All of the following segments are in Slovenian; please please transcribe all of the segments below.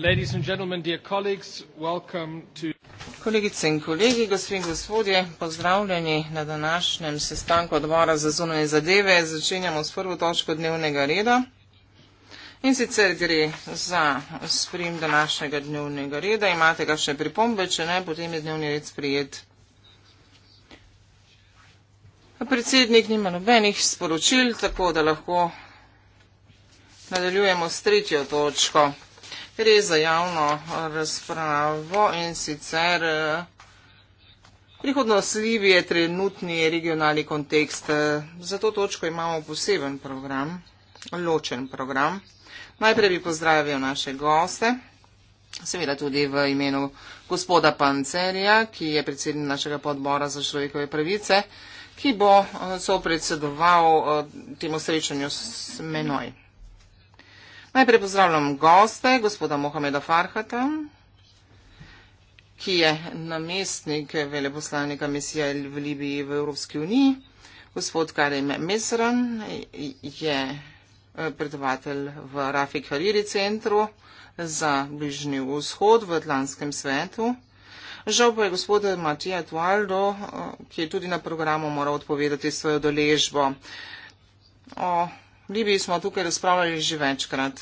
Ladies and gentlemen, dear colleagues, welcome to. Kolegice in kolegi, gospe in gospodje, pozdravljeni na današnjem sestanku odbora za zunanje zadeve. Začenjamo s prvo točko dnevnega reda. In sicer gre za sprejem današnjega dnevnega reda. Imate kakšne pripombe, če ne, potem je dnevni red sprejet. Predsednik nima nobenih sporočil, tako da lahko nadaljujemo s tretjo točko gre za javno eh, razpravo in sicer eh, prihodnost Libije, trenutni regionalni kontekst. Eh, za to točko imamo poseben program, ločen program. Najprej bi pozdravil naše goste, seveda tudi v imenu gospoda Pancerija, ki je predsednik našega podbora za človekove pravice, ki bo sopredsedoval temu srečanju s menoj. Mm -hmm. Najprej pozdravljam goste, gospoda Mohameda Farhata, ki je namestnik veleposlanika misije v Libiji v Evropski uniji. Gospod Karim Mesran je eh, predavatelj v Rafik Hariri centru za bližnji vzhod v Atlantskem svetu. Žal pa je gospod Matija Tualdo, eh, ki je tudi na programu moral odpovedati svojo doležbo. O V Libiji smo tukaj razpravljali že večkrat.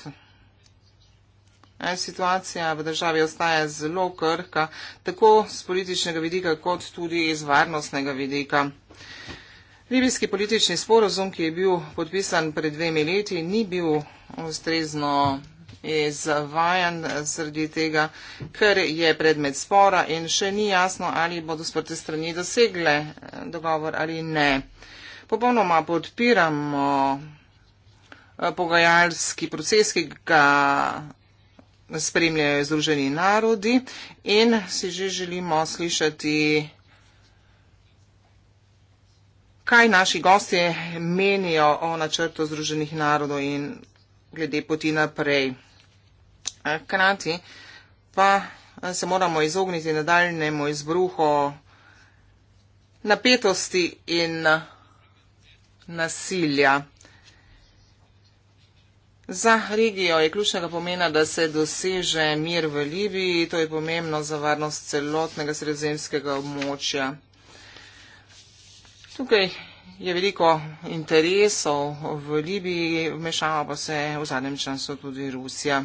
E, situacija v državi ostaja zelo krhka, tako z političnega vidika, kot tudi iz varnostnega vidika. Libijski politični sporozum, ki je bil podpisan pred dvemi leti, ni bil ustrezno izvajan sredi tega, ker je predmet spora in še ni jasno, ali bodo sprte strani dosegle dogovor ali ne. Popolnoma podpiramo Eh, pogajalski proces, ki ga spremljajo Združeni narodi in si že želimo slišati, kaj naši gostje menijo o načrtu Združenih narodov in glede poti naprej. Eh, Krati pa eh, se moramo izogniti nadaljnemu izbruhu napetosti in nasilja. Za regijo je ključnega pomena, da se doseže mir v Libiji. To je pomembno za varnost celotnega sredozemskega območja. Tukaj je veliko interesov v Libiji, vmešava pa se v zadnjem času tudi Rusija.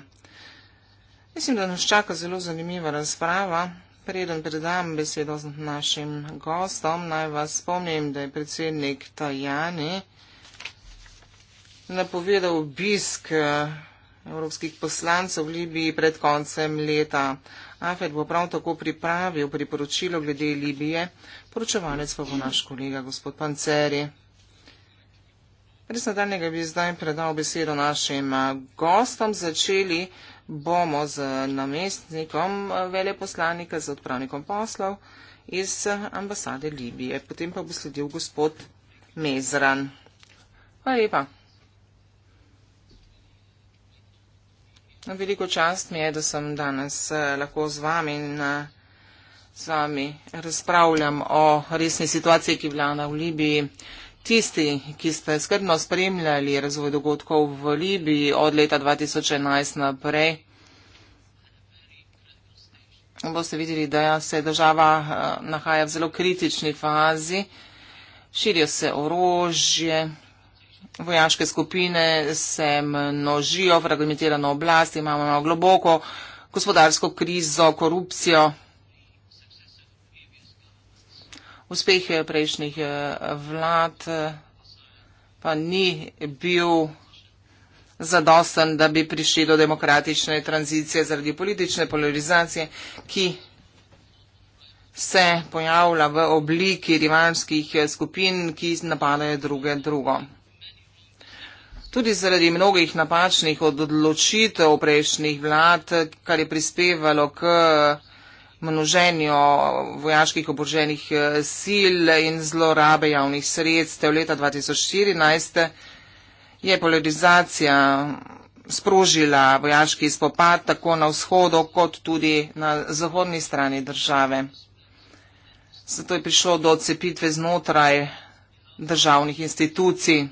Mislim, da nas čaka zelo zanimiva razprava. Preden predam besedo našim gostom, naj vas spomnim, da je predsednik Tajani napovedal obisk eh, evropskih poslancev v Libiji pred koncem leta. Afet bo prav tako pripravil priporočilo glede Libije, poročevalec pa bo naš kolega gospod Panceri. Res nadaljnega bi zdaj predal besedo našim eh, gostom. Začeli bomo z namestnikom eh, veleposlanika, z odpravnikom poslov iz ambasade Libije. Potem pa bo sledil gospod Mezran. Hvala lepa. Veliko čast mi je, da sem danes eh, lahko z vami in eh, z vami razpravljam o resni situaciji, ki vlada v Libiji. Tisti, ki ste skrbno spremljali razvoj dogodkov v Libiji od leta 2011 naprej, boste videli, da se država eh, nahaja v zelo kritični fazi, širijo se orožje vojaške skupine se množijo, fragmentirano oblast, imamo globoko gospodarsko krizo, korupcijo. Uspeh eh, prejšnjih eh, vlad eh, pa ni bil zadosten, da bi prišli do demokratične tranzicije zaradi politične polarizacije, ki se pojavlja v obliki rivalskih skupin, ki napadajo druge drugo tudi zaradi mnogih napačnih odločitev prejšnjih vlad, kar je prispevalo k množenju vojaških oboženih eh, sil in zlorabe javnih sredstev. Leta 2014 je polarizacija sprožila vojaški spopad tako na vzhodu kot tudi na zahodni strani države. Zato je prišlo do odcepitve znotraj državnih institucij.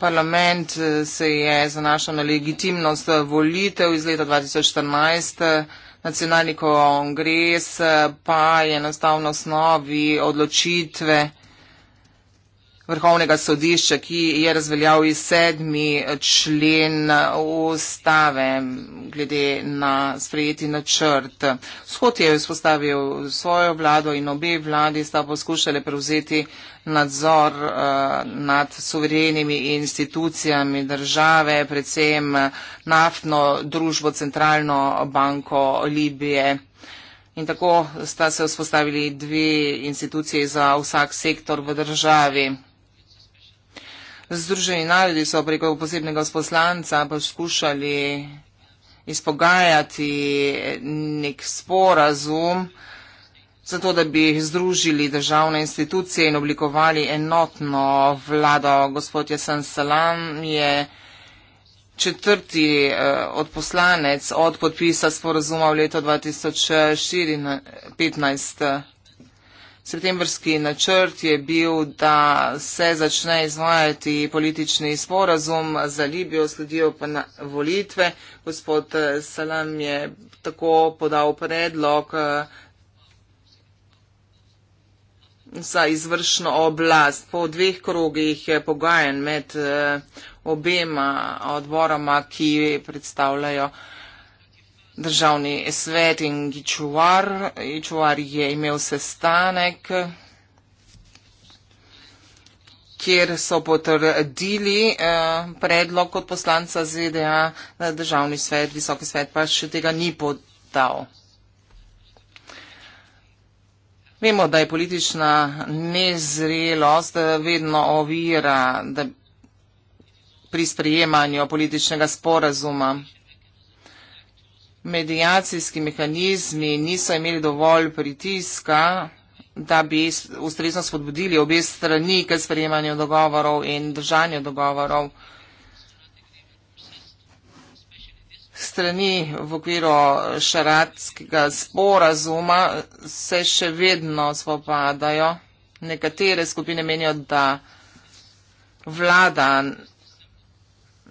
Parlament eh, se je zanašal na legitimnost eh, volitev iz leta 2014, eh, nacionalni kongres pa je nastal na osnovi odločitve vrhovnega sodišča, ki je razveljal iz sedmi člen ustave glede na sprejeti načrt. Vzhod je vzpostavil svojo vlado in obe vladi sta poskušali prevzeti nadzor eh, nad suverenimi institucijami države, predvsem naftno družbo Centralno banko Libije. In tako sta se vzpostavili dve institucije za vsak sektor v državi. Združeni narodi so preko posebnega poslanca poskušali izpogajati nek sporazum, zato da bi združili državne institucije in oblikovali enotno vlado. Gospod Jasen Salam je četrti eh, od poslanec od podpisa sporazuma v letu 2014-2015. Septembrski načrt je bil, da se začne izvajati politični sporazum za Libijo, sledijo pa na volitve. Gospod eh, Salam je tako podal predlog eh, za izvršno oblast. Po dveh krogih je pogajen med eh, obema odboroma, ki predstavljajo državni svet in Gičuvar. Gičuvar je imel sestanek, kjer so potrdili eh, predlog od poslanca ZDA, da državni svet, visoki svet pa še tega ni podal. Vemo, da je politična nezrelost eh, vedno ovira pri sprejemanju političnega sporazuma medijacijski mehanizmi niso imeli dovolj pritiska, da bi ustrezno spodbudili obe strani k sprejemanju dogovorov in držanju dogovorov. Strani v okviru šaratskega sporazuma se še vedno spopadajo. Nekatere skupine menijo, da vlada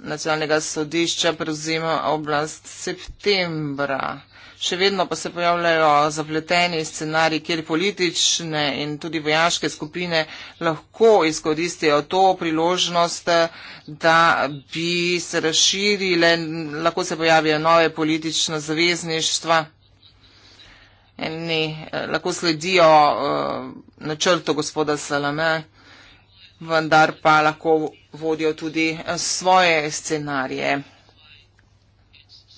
nacionalnega sodišča prevzema oblast septembra. Še vedno pa se pojavljajo zapleteni scenariji, kjer politične in tudi vojaške skupine lahko izkoristijo to priložnost, da bi se razširile, lahko se pojavijo nove politično zavezništva. Eni, eh, lahko sledijo eh, načrtu gospoda Salameja vendar pa lahko vodijo tudi eh, svoje scenarije.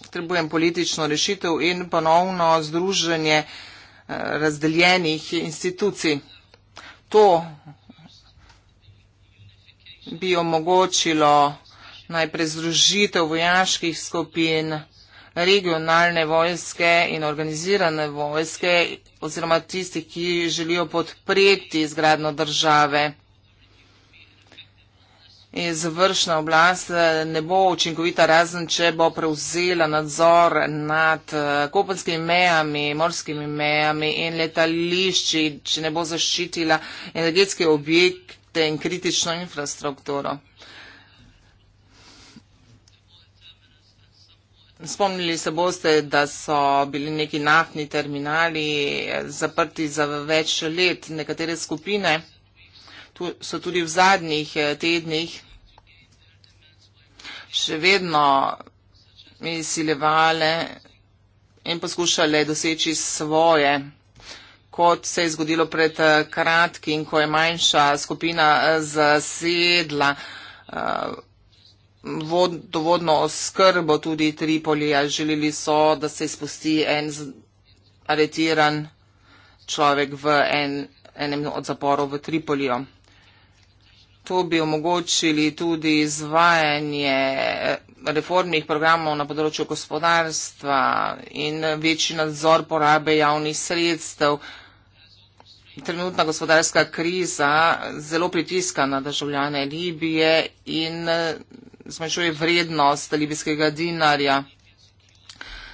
Potrebujem politično rešitev in ponovno združenje eh, razdeljenih institucij. To bi omogočilo najprej združitev vojaških skupin, regionalne vojske in organizirane vojske oziroma tistih, ki želijo podpreti zgradno države. Izvršna oblast eh, ne bo učinkovita, razen če bo prevzela nadzor nad eh, kopenskimi mejami, morskimi mejami in letališči, če ne bo zaščitila energetske objekte in kritično infrastrukturo. Spomnili se boste, da so bili neki naftni terminali eh, zaprti za več let nekatere skupine so tudi v zadnjih eh, tednih še vedno izsilevale in poskušale doseči svoje, kot se je zgodilo pred eh, kratkim, ko je manjša skupina eh, zasedla dovodno oskrbo tudi Tripolija. Želili so, da se izpusti en aretiran človek v en, enem od zaporov v Tripolijo. To bi omogočili tudi izvajanje eh, reformnih programov na področju gospodarstva in večji nadzor porabe javnih sredstev. Trenutna gospodarska kriza zelo pritiska na državljane Libije in eh, zmanjšuje vrednost libijskega dinarja.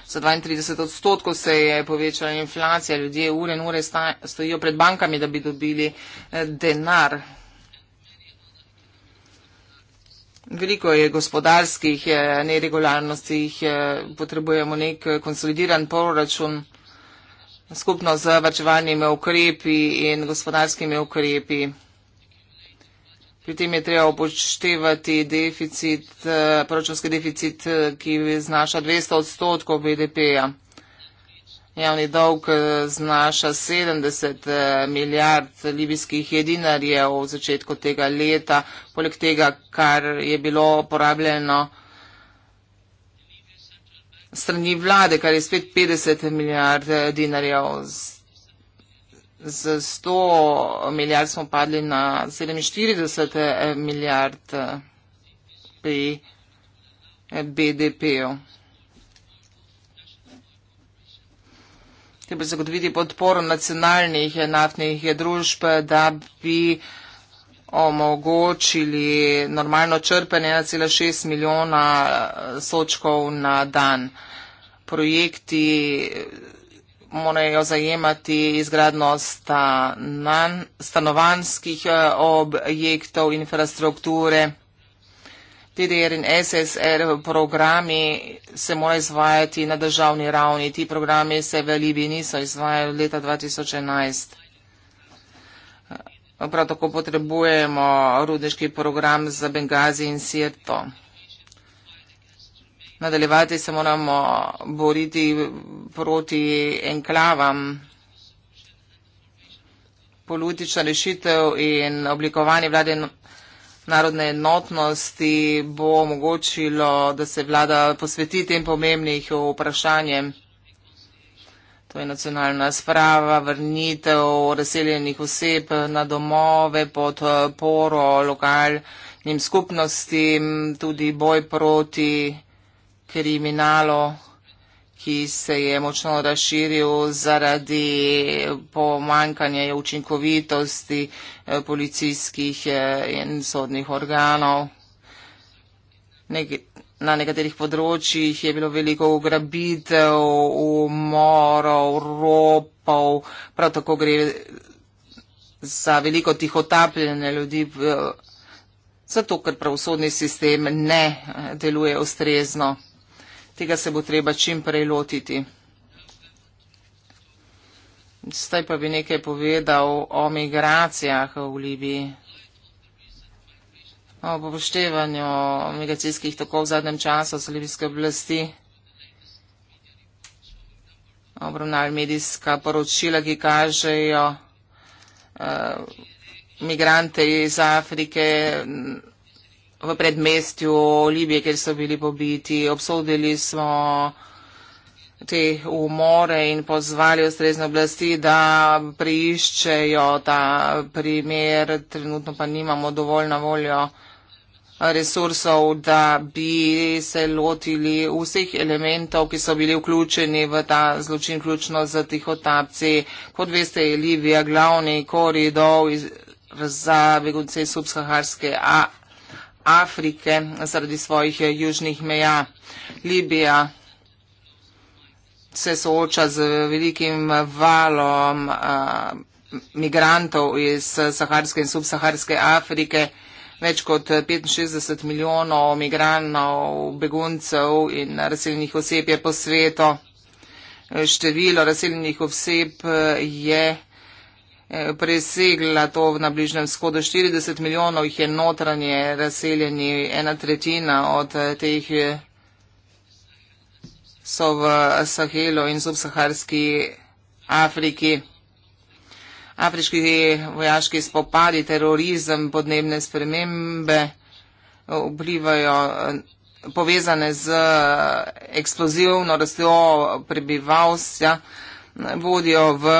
Za 32 odstotkov se je povečala inflacija, ljudje ure in ure stojijo pred bankami, da bi dobili eh, denar. Veliko je gospodarskih neregularnosti, potrebujemo nek konsolidiran proračun skupno z vrčevalnimi ukrepi in gospodarskimi ukrepi. Pri tem je treba upoštevati eh, proračunski deficit, eh, ki znaša 200 odstotkov BDP-ja. Javni dolg eh, znaša 70 eh, milijard libijskih jedinarjev v začetku tega leta, poleg tega, kar je bilo porabljeno strani vlade, kar je spet 50 milijard eh, dinarjev. Z 100 milijard smo padli na 47 milijard pri BDP-ju. treba zagotoviti podporo nacionalnih naftnih družb, da bi omogočili normalno črpanje 1,6 milijona eh, sočkov na dan. Projekti morajo zajemati izgradno stanovanskih eh, objektov, infrastrukture. Ti DRNSSR programi se morajo izvajati na državni ravni. Ti programi se v Libiji niso izvajali leta 2011. Prav tako potrebujemo rudniški program za Bengazi in Sirto. Nadaljevati se moramo boriti proti enklavam. Politična rešitev in oblikovanje vlade narodne enotnosti bo omogočilo, da se vlada posveti tem pomembnih vprašanjem. To je nacionalna sprava, vrnitev razseljenih oseb na domove, podporo eh, lokalnim skupnostim, tudi boj proti kriminalu ki se je močno razširil zaradi pomankanja učinkovitosti eh, policijskih eh, in sodnih organov. Nek Na nekaterih področjih je bilo veliko ugrabitev, umorov, ropov, prav tako gre za veliko tihotapljene ljudi, zato ker pravosodni sistem ne deluje ustrezno tega se bo treba čim prej lotiti. Zdaj pa bi nekaj povedal o migracijah v Libiji, o no, upoštevanju migracijskih tokov v zadnjem času z libijske oblasti, obravnali medijska poročila, ki kažejo uh, migrante iz Afrike v predmestju Libije, kjer so bili pobiti. Obsodili smo te umore in pozvali ustrezne oblasti, da priiščejo ta primer. Trenutno pa nimamo dovolj na voljo resursov, da bi se lotili vseh elementov, ki so bili vključeni v ta zločin, vključno z tihotapci. Kot veste, je Libija glavni koridor za begunce subsaharske A Afrike zaradi svojih eh, južnih meja. Libija se sooča z velikim valom eh, migrantov iz eh, saharske in subsaharske Afrike. Več kot 65 milijonov migrantov, beguncev in razseljenih oseb je po svetu. Število razseljenih oseb je presegla to na Bližnem vzhodu. 40 milijonov jih je notranje razseljeni, ena tretjina od eh, teh eh, so v Sahelu in subsaharski Afriki. Afriški vojaški spopadi, terorizem, podnebne spremembe eh, vplivajo povezane z eksplozivno rastjo prebivalstva, vodijo v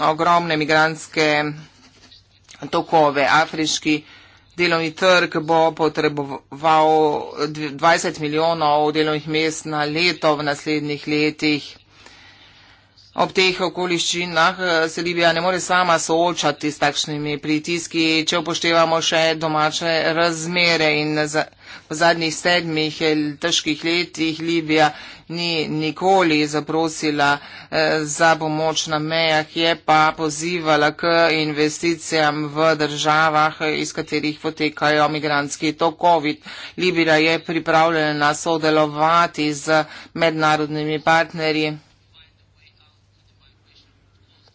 ogromne migranske tokove. Afriški delovni trg bo potreboval 20 milijonov delovnih mest na leto v naslednjih letih. Ob teh okoliščinah eh, se Libija ne more sama soočati s takšnimi pritiski, če upoštevamo še domače razmere in zanimljivosti v zadnjih sedmih eh, težkih letih Libija ni nikoli zaprosila eh, za pomoč na mejah, je pa pozivala k investicijam v državah, iz katerih potekajo migranski tokovi. Libija je pripravljena sodelovati z mednarodnimi partnerji.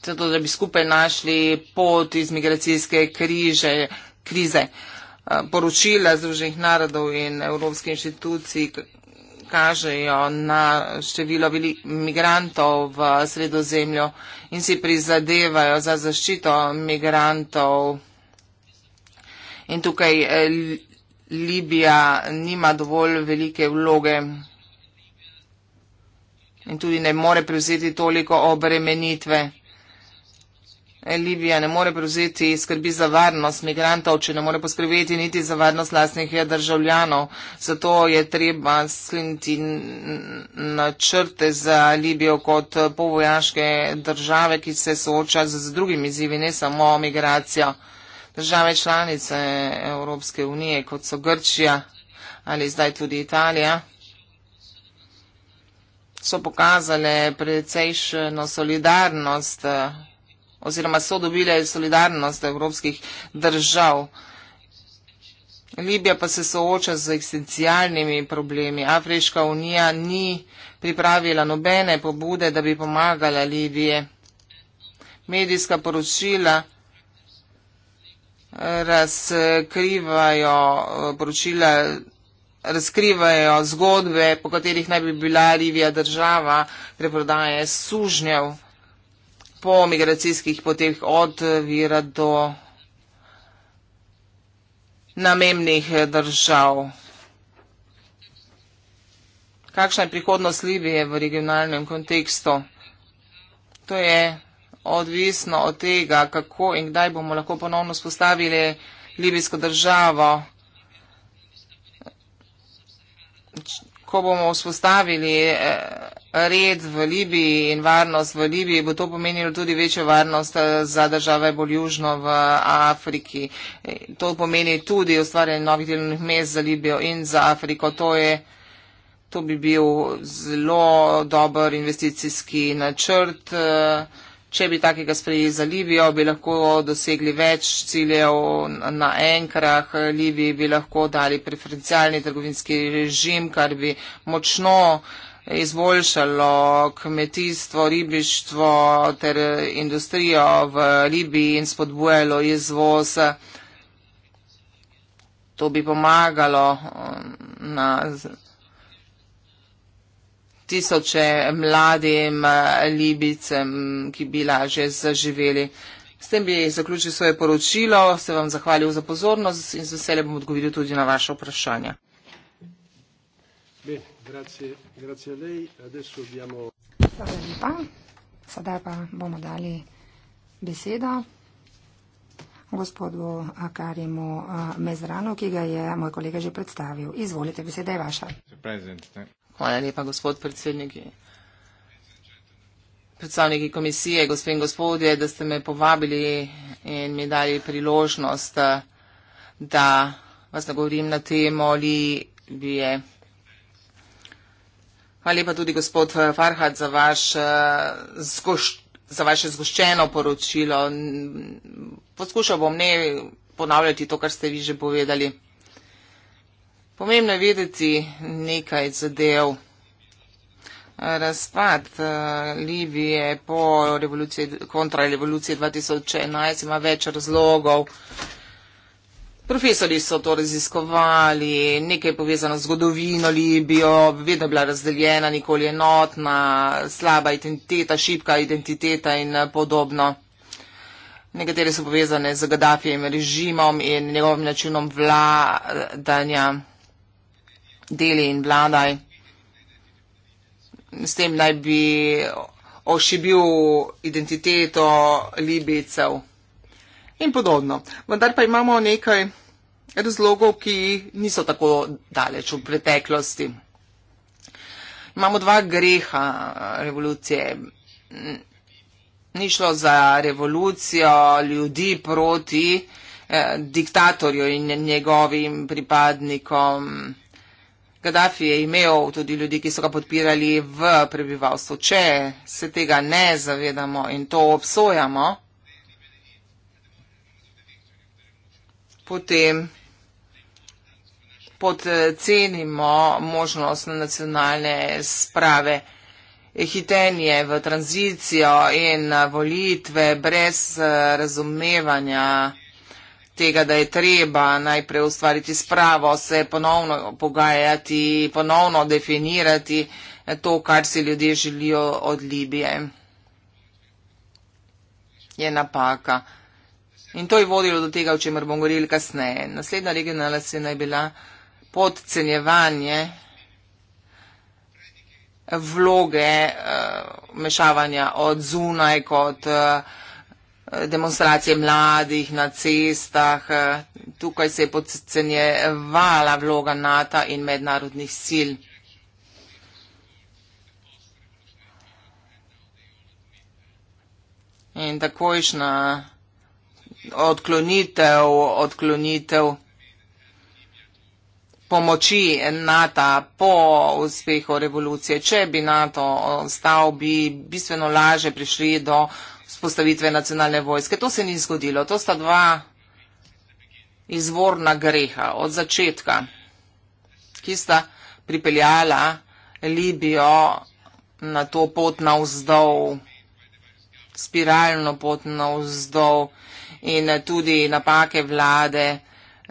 Zato, da bi skupaj našli pot iz migracijske krize poročila Združenih narodov in Evropskih inštitucij kažejo na število migrantov v sredozemlju in si prizadevajo za zaščito migrantov. In tukaj eh, Libija nima dovolj velike vloge in tudi ne more prevzeti toliko obremenitve. Eh, Libija ne more prevzeti skrbi za varnost migrantov, če ne more poskrbeti niti za varnost vlastnih eh, državljanov. Zato je treba skliniti načrte za Libijo kot eh, povojaške države, ki se sooča z drugimi izzivi, ne samo migracijo. Države članice Evropske unije, kot so Grčija ali zdaj tudi Italija, so pokazale precejšno solidarnost oziroma so dobile solidarnost evropskih držav. Libija pa se sooča z eksistencialnimi problemi. Afriška unija ni pripravila nobene pobude, da bi pomagala Libije. Medijska poročila eh, razkrivajo, eh, poročila razkrivajo zgodbe, po katerih naj bi bila Libija država preprodaje sužnjev po migracijskih poteh od vira do namemnih držav. Kakšna je prihodnost Libije v regionalnem kontekstu? To je odvisno od tega, kako in kdaj bomo lahko ponovno spostavili libijsko državo. Ko bomo spostavili eh, red v Libiji in varnost v Libiji, bo to pomenilo tudi večjo varnost eh, za države bolj južno v Afriki. To pomeni tudi ustvarjanje novih delovnih mest za Libijo in za Afriko. To, je, to bi bil zelo dober investicijski načrt. Eh, če bi takega sprejeli za Libijo, bi lahko dosegli več ciljev na enkrah. Libiji bi lahko dali preferencialni trgovinski režim, kar bi močno uh, izboljšalo kmetijstvo, ribištvo ter industrijo v ribi in spodbujalo izvoz. To bi pomagalo um, na tisoče mladim uh, Libicem, ki bi lažje zaživeli. S tem bi zaključil svoje poročilo, se vam zahvalil za pozornost in z veseljem bom odgovoril tudi na vaše vprašanje. Bene. Grazie, grazie a lei. Adesso abbiamo. Hvala lepa. Sedaj pa bomo dali besedo gospodu Karimu Mezranu, ki ga je moj kolega že predstavil. Izvolite, beseda je vaša. Hvala lepa, gospod predsednik. Predstavniki komisije, gospod in gospodje, da ste me povabili in mi dali priložnost, da vas nagovorim na temo, ali bi je Hvala lepa tudi gospod eh, Farhad za, vaš, eh, zgoš, za vaše zgoščeno poročilo. Poskušal bom ne ponavljati to, kar ste vi že povedali. Pomembno je vedeti nekaj zadev. Razpad eh, Libije po kontrarevoluciji 2011 ima več razlogov. Profesori so to raziskovali, nekaj povezano z zgodovino Libijo, vedno je bila razdeljena, nikoli enotna, slaba identiteta, šipka identiteta in eh, podobno. Nekatere so povezane z Gaddafijem režimom in njegovim načinom vladanja deli in vladaj. S tem naj bi ošibil identiteto Libijcev in podobno. Vendar pa imamo nekaj razlogov, ki niso tako daleč v preteklosti. Imamo dva greha revolucije. Ni šlo za revolucijo ljudi proti eh, diktatorju in njegovim pripadnikom. Gaddafi je imel tudi ljudi, ki so ga podpirali v prebivalstvu. Če se tega ne zavedamo in to obsojamo, potem podcenimo možnost nacionalne sprave. Hitenje v tranzicijo in volitve brez eh, razumevanja tega, da je treba najprej ustvariti spravo, se ponovno pogajati, ponovno definirati eh, to, kar si ljudje želijo od Libije. Je napaka. In to je vodilo do tega, o čemer bomo govorili kasneje. Naslednja regionala se naj bila podcenjevanje vloge uh, mešavanja od zunaj kot uh, demonstracije mladih na cestah. Eh, tukaj se je podcenjevala vloga NATO in mednarodnih sil. In takojšnja odklonitev, odklonitev pomoči NATO po uspehu revolucije. Če bi NATO ostal, bi bistveno laže prišli do spostavitve nacionalne vojske. To se ni zgodilo. To sta dva izvorna greha od začetka, ki sta pripeljala Libijo na to pot navzdol, spiralno pot navzdol in eh, tudi napake vlade,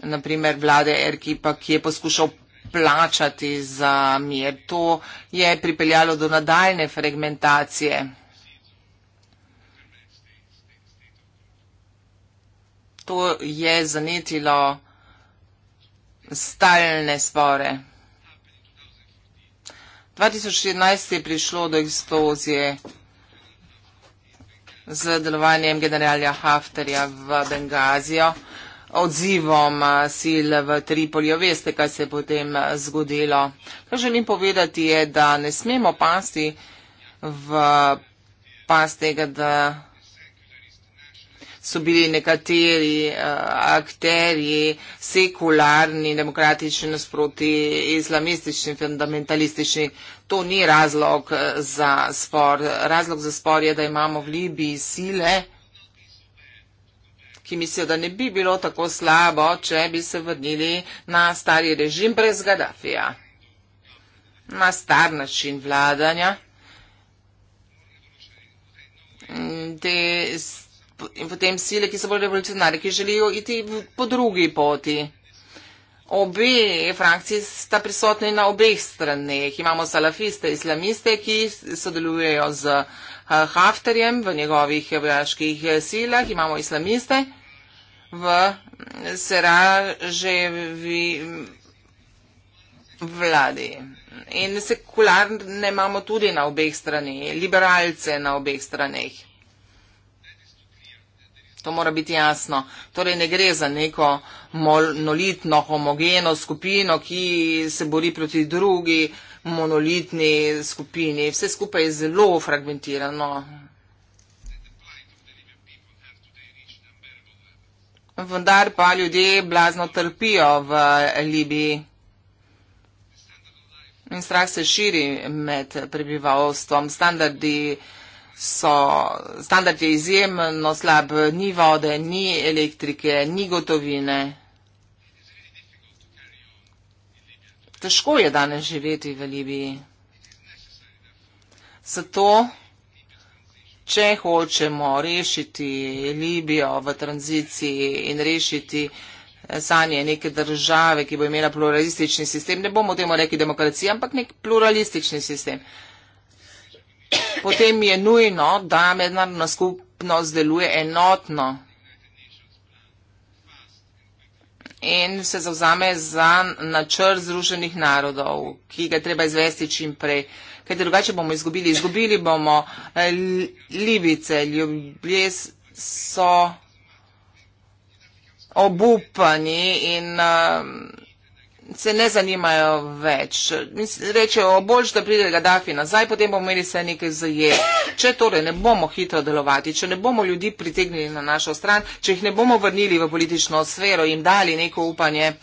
naprimer vlade Erkipa, ki je poskušal plačati za mir. To je pripeljalo do nadaljne fragmentacije. To je zanetilo stalne spore. 2014 je prišlo do eksplozije z delovanjem generalja Haftarja v Bengazijo, odzivom sil v Tripolijo. Veste, kaj se je potem zgodilo. Kar želim povedati je, da ne smemo pasti v pas tega, da so bili nekateri uh, akterji sekularni, demokratični nasproti islamistični, fundamentalistični. To ni razlog eh, za spor. Razlog za spor je, da imamo v Libiji sile, ki mislijo, da ne bi bilo tako slabo, če bi se vrnili na stari režim brez Gaddafija, na star način vladanja. Mm, te in potem sile, ki so bolj revolucionarne, ki želijo iti po drugi poti. Obe frakcije sta prisotni na obeh straneh. Imamo salafiste, islamiste, ki sodelujejo z eh, Haftarjem v njegovih vojaških eh, silah. Imamo islamiste v mm, Seraževi mm, vladi. In sekularne imamo tudi na obeh straneh, liberalce na obeh straneh to mora biti jasno. Torej ne gre za neko monolitno, homogeno skupino, ki se bori proti drugi monolitni skupini. Vse skupaj je zelo fragmentirano. Vendar pa ljudje blazno trpijo v Libiji. In strah se širi med prebivalstvom. Standardi uh, so, standard je izjemno slab, ni vode, ni elektrike, ni gotovine. Težko je danes živeti v Libiji. Zato, če hočemo rešiti Libijo v tranziciji in rešiti eh, sanje neke države, ki bo imela pluralistični sistem, ne bomo temu rekli demokracija, ampak nek pluralistični sistem potem je nujno, da mednarodna skupnost deluje enotno in se zavzame za načrt Združenih narodov, ki ga treba izvesti čim prej. Kaj drugače bomo izgubili? Izgubili bomo eh, Libice, ljubje so obupani in uh, se ne zanimajo več. Rečejo, boljš, da pride Gaddafi nazaj, potem bomo imeli vse nekaj zajet. Če torej ne bomo hitro delovati, če ne bomo ljudi pritegnili na našo stran, če jih ne bomo vrnili v politično sfero, jim dali neko upanje,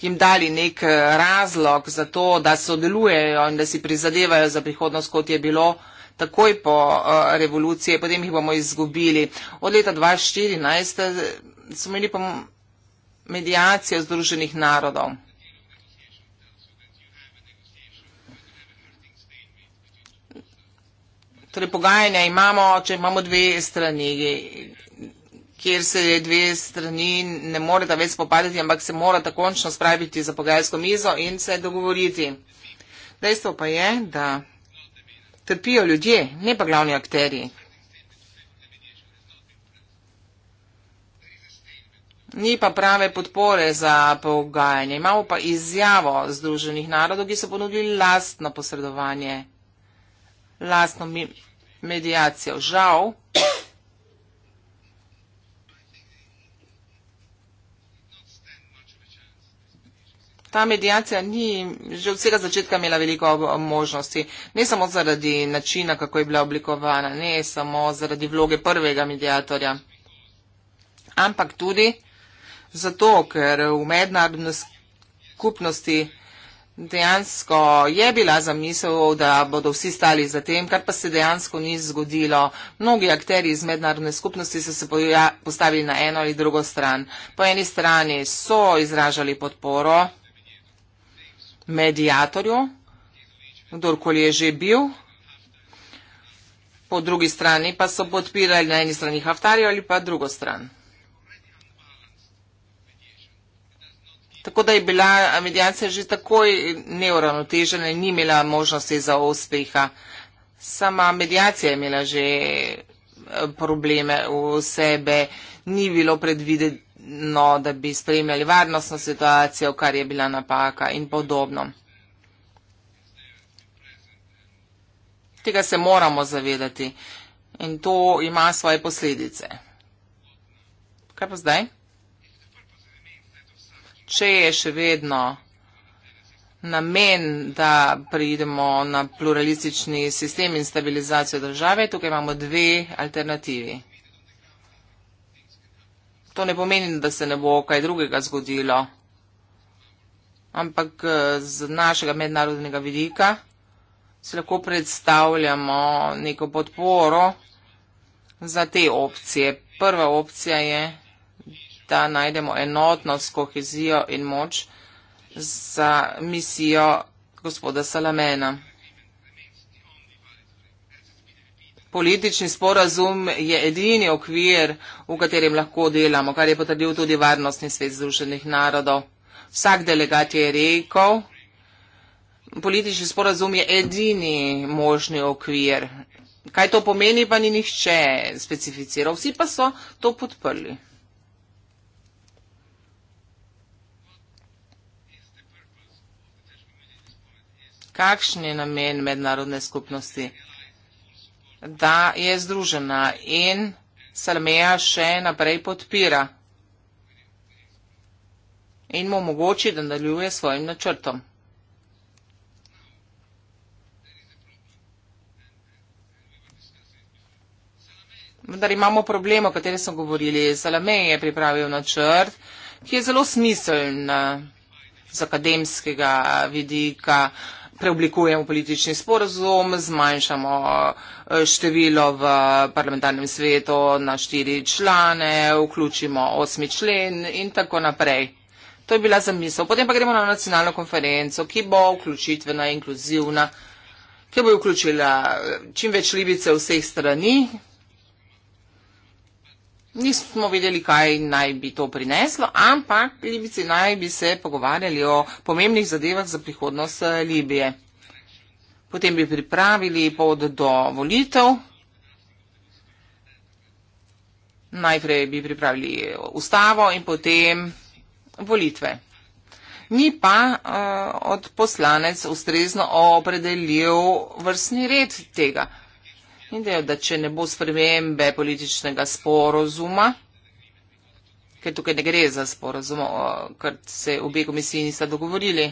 jim dali nek eh, razlog za to, da sodelujejo in da si prizadevajo za prihodnost, kot je bilo takoj po uh, revoluciji, potem jih bomo izgubili. Od leta 2014 eh, smo imeli pa medijacijo Združenih narodov. Torej, pogajanja imamo, če imamo dve strani, kjer se dve strani ne moreta več spopadati, ampak se morata končno spraviti za pogajalsko mizo in se dogovoriti. Dejstvo pa je, da trpijo ljudje, ne pa glavni akteri. Ni pa prave podpore za pogajanje. Imamo pa izjavo Združenih narodov, ki so ponudili lastno posredovanje, lastno medijacijo. Žal. Ta medijacija ni že od vsega začetka imela veliko možnosti. Ne samo zaradi načina, kako je bila oblikovana, ne samo zaradi vloge prvega medijatorja, ampak tudi zato, ker v mednarodni skupnosti dejansko je bila zamisel, da bodo vsi stali za tem, kar pa se dejansko ni zgodilo. Mnogi akteri iz mednarodne skupnosti so se postavili na eno ali drugo stran. Po eni strani so izražali podporo medijatorju, kdorkoli je že bil, po drugi strani pa so podpirali na eni strani Haftarja ali pa drugo stran. Tako da je bila medijacija že takoj neuravnotežena in ni imela možnosti za uspeha. Sama medijacija je imela že eh, probleme v sebe, ni bilo predvideno, da bi spremljali varnostno situacijo, kar je bila napaka in podobno. Tega se moramo zavedati in to ima svoje posledice. Kaj pa zdaj? če je še vedno namen, da pridemo na pluralistični sistem in stabilizacijo države, tukaj imamo dve alternativi. To ne pomeni, da se ne bo kaj drugega zgodilo, ampak z našega mednarodnega vidika se lahko predstavljamo neko podporo za te opcije. Prva opcija je da najdemo enotnost, kohezijo in moč za misijo gospoda Salamena. Politični sporazum je edini okvir, v katerem lahko delamo, kar je potrdil tudi Varnostni svet Združenih narodov. Vsak delegat je rekel, politični sporazum je edini možni okvir. Kaj to pomeni, pa ni nihče specificiral, vsi pa so to podprli. kakšen je namen mednarodne skupnosti, da je združena in Salmeja še naprej podpira in mu omogoči, da nadaljuje svojim načrtom. Vendar imamo problem, o katerem smo govorili. Salame je pripravil načrt, ki je zelo smiseln eh, z akademskega vidika preoblikujemo politični sporozum, zmanjšamo e, število v parlamentarnem svetu na štiri člane, vključimo osmi člen in tako naprej. To je bila zamisel. Potem pa gremo na nacionalno konferenco, ki bo vključitvena, inkluzivna, ki bo vključila e, čim več libice vseh strani, Nismo vedeli, kaj naj bi to prineslo, ampak Libici naj bi se pogovarjali o pomembnih zadevah za prihodnost eh, Libije. Potem bi pripravili pod do volitev. Najprej bi pripravili eh, ustavo in potem volitve. Ni pa uh, od poslanec ustrezno opredelil vrstni red tega idejo, da če ne bo spremembe političnega sporozuma, ker tukaj ne gre za sporozum, ker se obe komisiji nista dogovorili,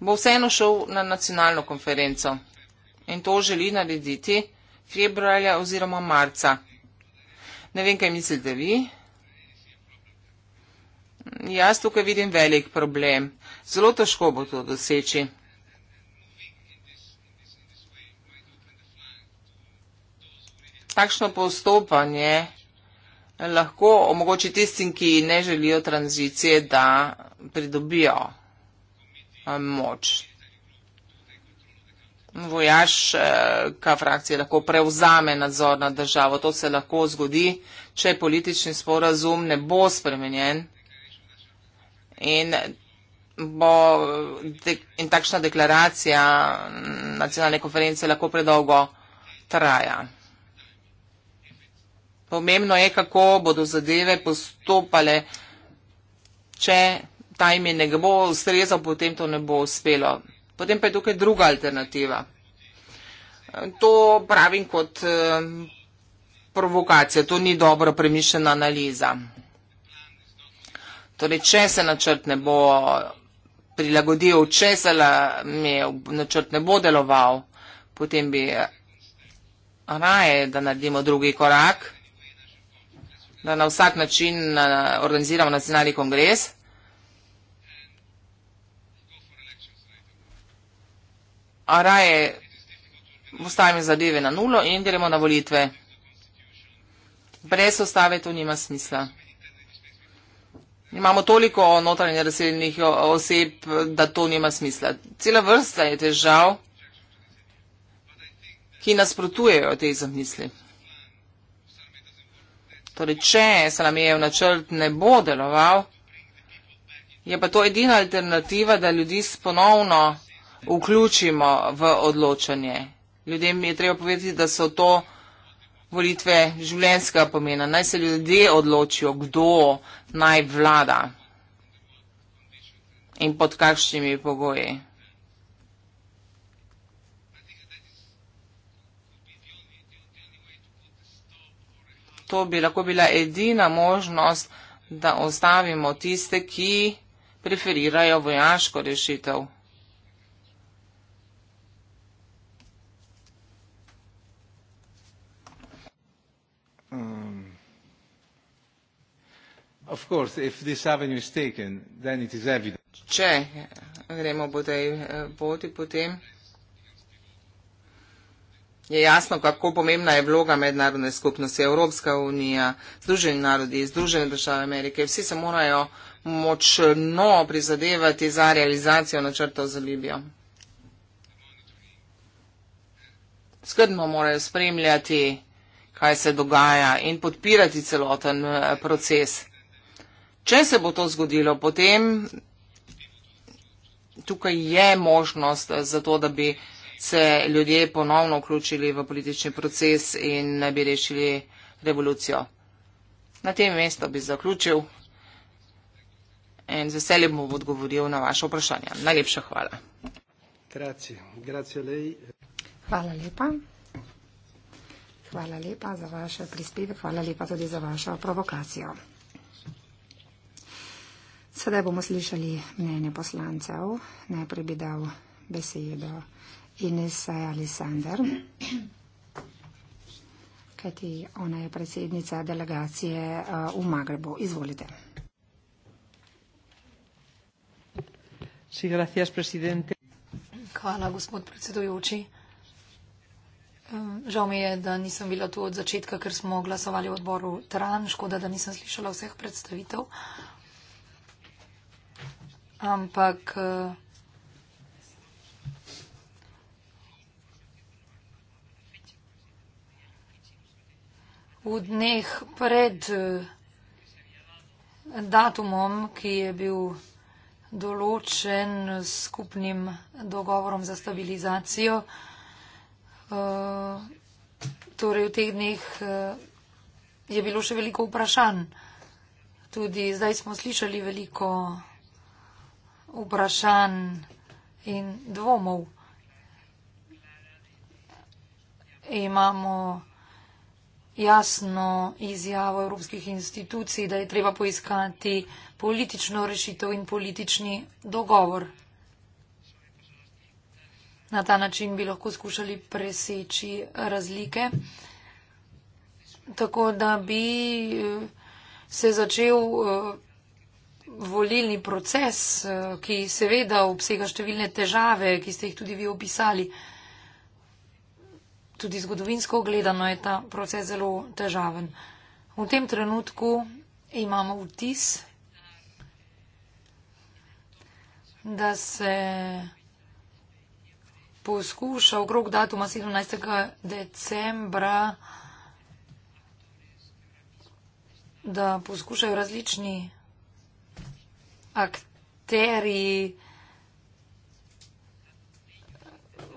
bo vseeno šel na nacionalno konferenco in to želi narediti februarja oziroma marca. Ne vem, kaj mislite vi. Jaz tukaj vidim velik problem. Zelo težko bo to doseči. takšno postopanje lahko omogoči tistim, ki ne želijo tranzicije, da pridobijo eh, moč. Vojaška eh, frakcija lahko prevzame nadzor nad državo. To se lahko zgodi, če politični sporazum ne bo spremenjen in, bo de in takšna deklaracija mm, nacionalne konference lahko predolgo traja. Pomembno je, kako bodo zadeve postopale. Če ta ime ne bo ustrezal, potem to ne bo uspelo. Potem pa je tukaj druga alternativa. To pravim kot eh, provokacija, to ni dobro premišljena analiza. Torej, če se načrt ne bo prilagodil, če se načrt ne bo deloval, potem bi raje, da naredimo drugi korak da na vsak način eh, organiziramo nacionalni kongres. A raje postavimo zadeve na nulo in gremo na volitve. Brez ostave to nima smisla. Imamo toliko notranje razseljenih oseb, da to nima smisla. Cela vrsta je težav, ki nasprotujejo tej zamisli. Torej, če Salamijev načrt ne bo deloval, je pa to edina alternativa, da ljudi sponovno vključimo v odločanje. Ljudem je treba povedati, da so to volitve življenjskega pomena. Naj se ljudje odločijo, kdo naj vlada in pod kakšnimi pogoji. to bi lahko bila edina možnost, da ostavimo tiste, ki preferirajo vojaško rešitev. Um, Če gremo po tej eh, poti, potem je jasno, kako pomembna je vloga mednarodne skupnosti, Evropska unija, Združeni narodi, Združene države Amerike. Vsi se morajo močno prizadevati za realizacijo načrtov za Libijo. Skrbno morajo spremljati, kaj se dogaja in podpirati celoten eh, proces. Če se bo to zgodilo, potem tukaj je možnost za to, da bi se ljudje ponovno vključili v politični proces in ne bi rešili revolucijo. Na tem mestu bi zaključil in z veseljem bom odgovoril na vaše vprašanje. Najlepša hvala. Grazie. Grazie lei. Hvala lepa. Hvala lepa za vaše prispeve, hvala lepa tudi za vašo provokacijo. Sedaj bomo slišali mnenje poslancev. Najprej bi dal besedo Inesa Alessandar, kajti ona je predsednica delegacije eh, v Magrebu. Izvolite. Hvala, gospod predsedujoči. Žal mi je, da nisem bila tu od začetka, ker smo glasovali v odboru Tran. Škoda, da nisem slišala vseh predstavitev. Ampak eh, v dneh pred eh, datumom, ki je bil določen skupnim dogovorom za stabilizacijo. Eh, torej v teh dneh eh, je bilo še veliko vprašanj. Tudi zdaj smo slišali veliko vprašanj in dvomov. Imamo jasno izjavo evropskih institucij, da je treba poiskati politično rešitev in politični dogovor. Na ta način bi lahko skušali preseči razlike, tako da bi eh, se začel eh, volilni proces, eh, ki seveda obsega številne težave, ki ste jih tudi vi opisali tudi zgodovinsko gledano je ta proces zelo težaven. V tem trenutku imamo vtis, da se poskuša okrog datuma 17. decembra, da poskušajo različni akteri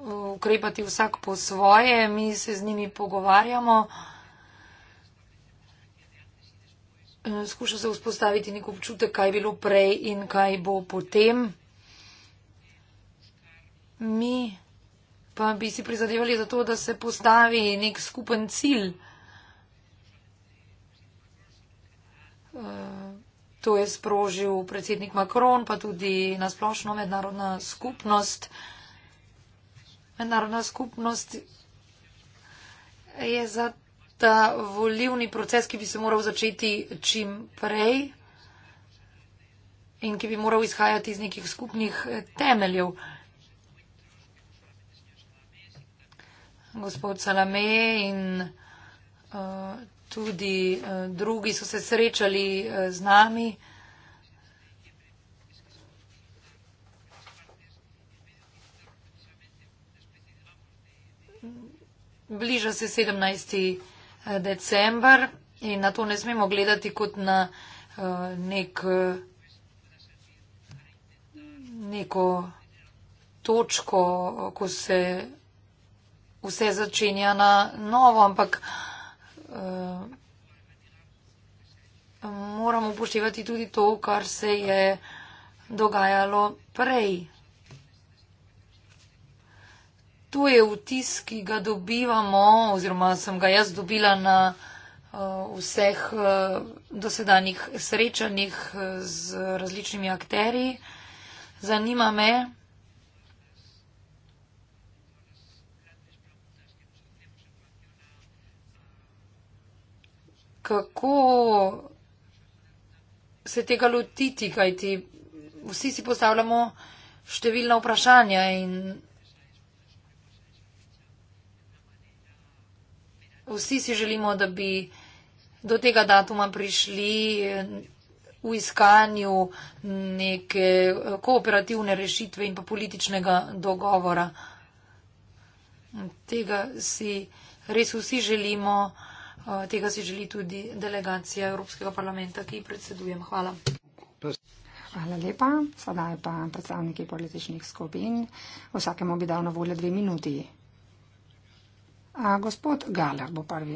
ukrepati vsak po svoje, mi se z njimi pogovarjamo. E, skuša se vzpostaviti nek občutek, kaj je bilo prej in kaj bo potem. Mi pa bi si prizadevali za to, da se postavi nek skupen cilj. E, to je sprožil predsednik Macron, pa tudi nasplošno mednarodna skupnost mednarodna skupnost je za ta volivni proces, ki bi se moral začeti čim prej in ki bi moral izhajati iz nekih skupnih temeljev. Gospod Salame in uh, tudi uh, drugi so se srečali uh, z nami. bliža se 17. Eh, december in na to ne smemo gledati kot na eh, nek, eh, neko točko, ko se vse začenja na novo, ampak moramo upoštevati tudi to, kar se je dogajalo prej to je vtis, ki ga dobivamo, oziroma sem ga jaz dobila na uh, vseh uh, dosedanjih srečanjih eh, z različnimi akteri. Zanima me, kako se tega lotiti, kajti vsi si postavljamo številna vprašanja in Vsi si želimo, da bi do tega datuma prišli v iskanju neke kooperativne rešitve in pa političnega dogovora. Tega si res vsi želimo, eh, tega si želi tudi delegacija Evropskega parlamenta, ki predsedujem. Hvala. Hvala lepa. Sedaj pa predstavniki političnih skupin. Vsakemu bi dal na voljo dve minuti. A gospod Galer bo prvi.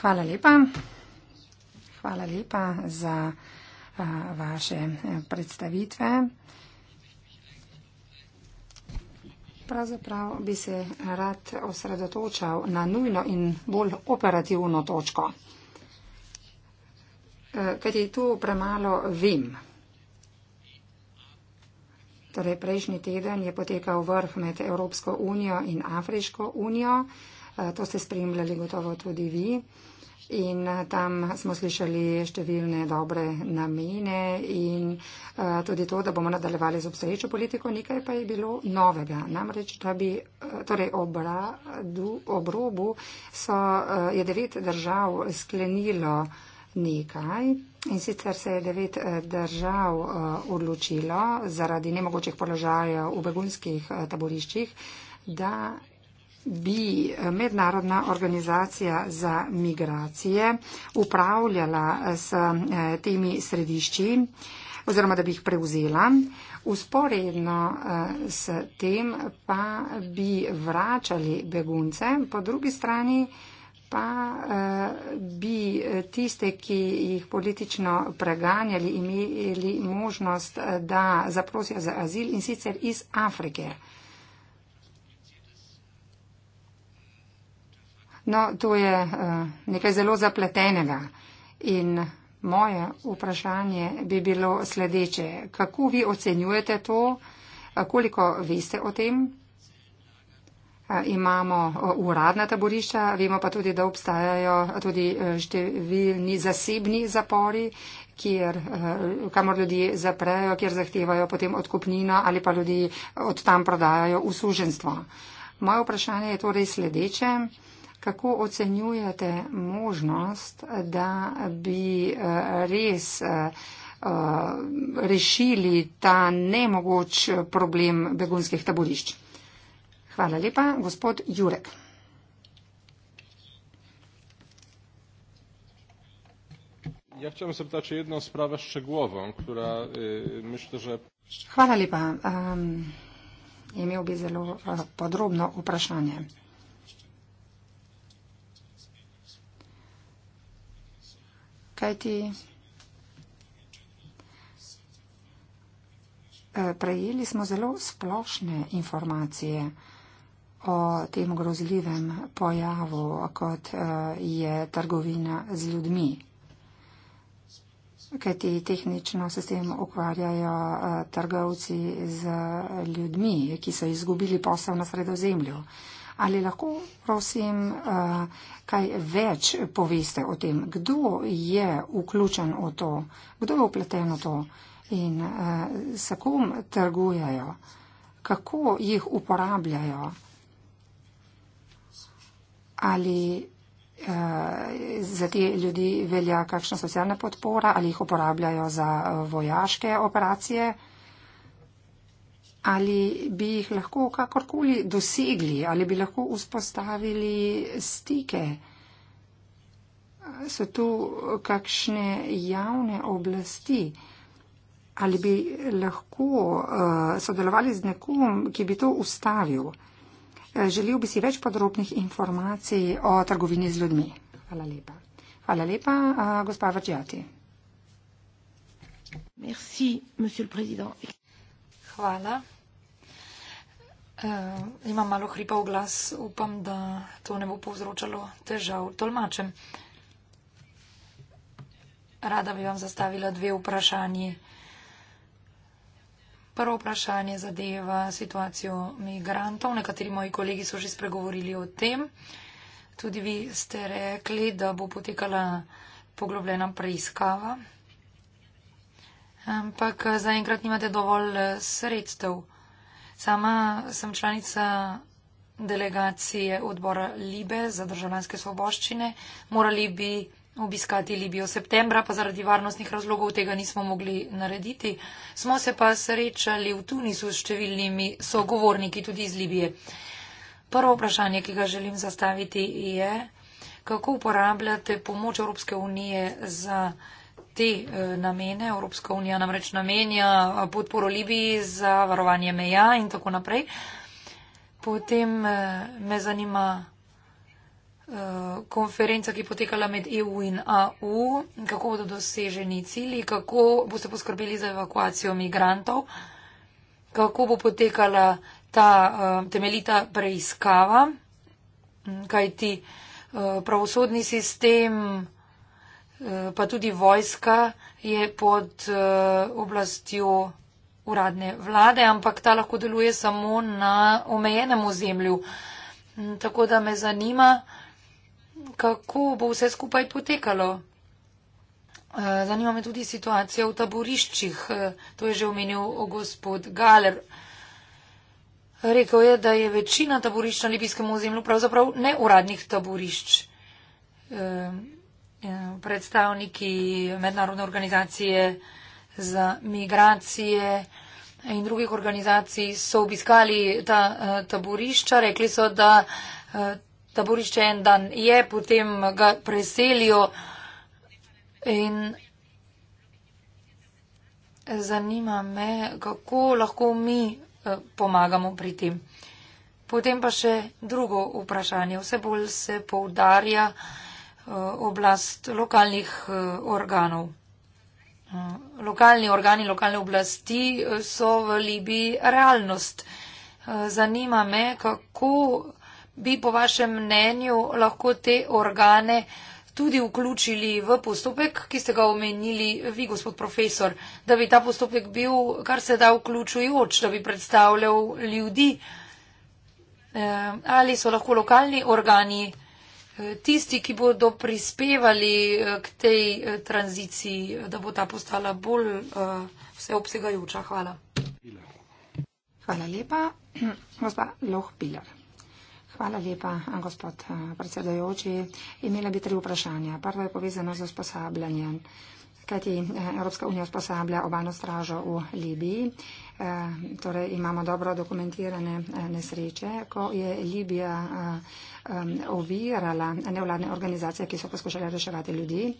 Hvala lepa. Hvala lepa za a, vaše e, predstavitve. Pravzaprav bi se rad osredotočal na nujno in bolj operativno točko. E, kajti tu premalo vem, Torej, prejšnji teden je potekal vrh med Evropsko unijo in Afriško unijo. E, to ste spremljali gotovo tudi vi. In e, tam smo slišali številne dobre namene in e, tudi to, da bomo nadaljevali z obstoječo politiko, nekaj pa je bilo novega. Namreč, da bi, torej ob robu je devet držav sklenilo nekaj, In sicer se je devet eh, držav eh, odločilo zaradi nemogočih položajev v begunskih eh, taboriščih, da bi mednarodna organizacija za migracije upravljala s temi središči oziroma da bi jih prevzela. Usporedno s tem pa bi vračali begunce, po drugi strani pa eh, bi eh, tiste, ki jih politično preganjali, imeli možnost, eh, da zaprosijo za azil in sicer iz Afrike. No, to je eh, nekaj zelo zapletenega in moje vprašanje bi bilo sledeče. Kako vi ocenjujete to, koliko veste o tem? imamo uradna taborišča, vemo pa tudi, da obstajajo tudi e, številni zasebni zapori, kjer, e, kamor ljudi zaprejo, kjer zahtevajo potem odkupnino ali pa ljudi od tam prodajajo usluženstvo. Moje vprašanje je torej sledeče. Kako ocenjujete možnost, da bi e, res rešili ta nemogoč problem begunskih taborišč? Hvala lepa. Gospod Jurek. Ja, chciałbym zapytać o jedną sprawę szczegółową, która y, myślę, że... Hvala lepa. Um, imel bi zelo e, podrobno vprašanje. Kaj ti e, prejeli smo zelo splošne informacije o tem grozljivem pojavu, kot eh, je trgovina z ljudmi. Kaj ti tehnično se s tem ukvarjajo eh, trgovci z ljudmi, ki so izgubili posel na sredozemlju. Ali lahko, prosim, eh, kaj več poveste o tem, kdo je vključen v to, kdo je upleten v to in s kom trgujejo, kako jih uporabljajo ali eh, za te ljudi velja kakšna socialna podpora, ali jih uporabljajo za eh, vojaške operacije, ali bi jih lahko kakorkoli dosegli, ali bi lahko vzpostavili stike. So tu kakšne javne oblasti? Ali bi lahko uh, sodelovali z nekom, ki bi to ustavil? Uh, Želel bi si več podrobnih informacij o trgovini z ljudmi. Hvala lepa. Hvala lepa, gospa Vrđati. Merci, monsieur le président. Hvala. Uh, imam malo hripa v glas, upam, da to ne bo povzročalo težav tolmačem. Rada bi vam zastavila dve vprašanje. Uh, Prvo vprašanje zadeva situacijo migrantov. Nekateri moji kolegi so že spregovorili o tem. Tudi vi ste rekli, da bo potekala poglobljena preiskava. Ampak zaenkrat nimate dovolj eh, sredstev. Sama sem članica delegacije odbora Libe za državljanske svoboščine. Morali bi obiskati Libijo. Septembra pa zaradi varnostnih razlogov tega nismo mogli narediti. Smo se pa srečali v Tunisu s številnimi sogovorniki tudi iz Libije. Prvo vprašanje, ki ga želim zastaviti, je, kako uporabljate pomoč Evropske unije za te eh, namene. Evropska unija namreč namenja eh, podporo Libiji za varovanje meja in tako naprej. Potem eh, me zanima, Eh, konferenca, ki je potekala med EU in AU, kako bodo doseženi cilji, kako boste poskrbeli za evakuacijo migrantov, kako bo potekala ta eh, temeljita preiskava, mm, kajti eh, pravosodni sistem, pa tudi vojska je pod oblastjo uradne vlade, ampak ta lahko deluje samo na omejenem ozemlju. Mm, tako da me zanima, kako bo vse skupaj potekalo. Eh, zanima me tudi situacija v taboriščih. Eh, to je že omenil gospod Galer. Rekel je, da je večina taborišč na libijskem ozemlju pravzaprav neuradnih taborišč. Eh, predstavniki mednarodne organizacije za migracije in drugih organizacij so obiskali ta taborišča. Rekli so, da taborišče en dan je, potem ga preselijo in zanima me, kako lahko mi eh, pomagamo pri tem. Potem pa še drugo vprašanje. Vse bolj se poudarja eh, oblast lokalnih eh, organov. Lokalni organi, lokalne oblasti so v Libiji realnost. Zanima me, kako bi po vašem mnenju lahko te organe tudi vključili v postopek, ki ste ga omenili vi, gospod profesor, da bi ta postopek bil kar se da vključujoč, da bi predstavljal ljudi, eh, ali so lahko lokalni organi eh, tisti, ki bodo prispevali eh, k tej tranziciji, da bo ta postala bolj vseobsegajoča. Hvala. Hvala lepa. Gospa Loh Pilar. Hvala lepa, gospod eh, predsedajoči. Imela bi tri vprašanja. Prvo je povezano z usposabljanjem. Kajti eh, Evropska unija usposablja obalno stražo v Libiji, e, torej imamo dobro dokumentirane nesreče. Ko je Libija. E, um, ovirala nevladne organizacije, ki so poskušale reševati ljudi.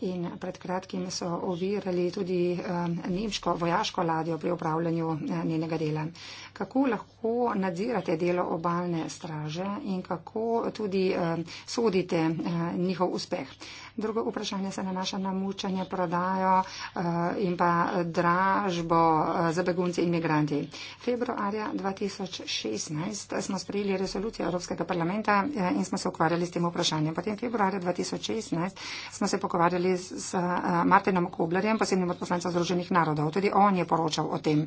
In pred kratkim so ovirali tudi um, nemško vojaško ladjo pri upravljanju uh, njenega dela. Kako lahko nadzirate delo obalne straže in kako tudi um, sodite uh, njihov uspeh? Drugo vprašanje se nanaša na mučanje, prodajo uh, in pa dražbo uh, za begunce in migranti. Februarja 2016 smo sprejeli resolucijo Evropskega parlamenta Eh, in smo se ukvarjali s tem vprašanjem. Potem februarja 2016 smo se pokovarjali s eh, Martinom Koblerjem, posebnim odposlancem Združenih narodov. Tudi on je poročal o tem.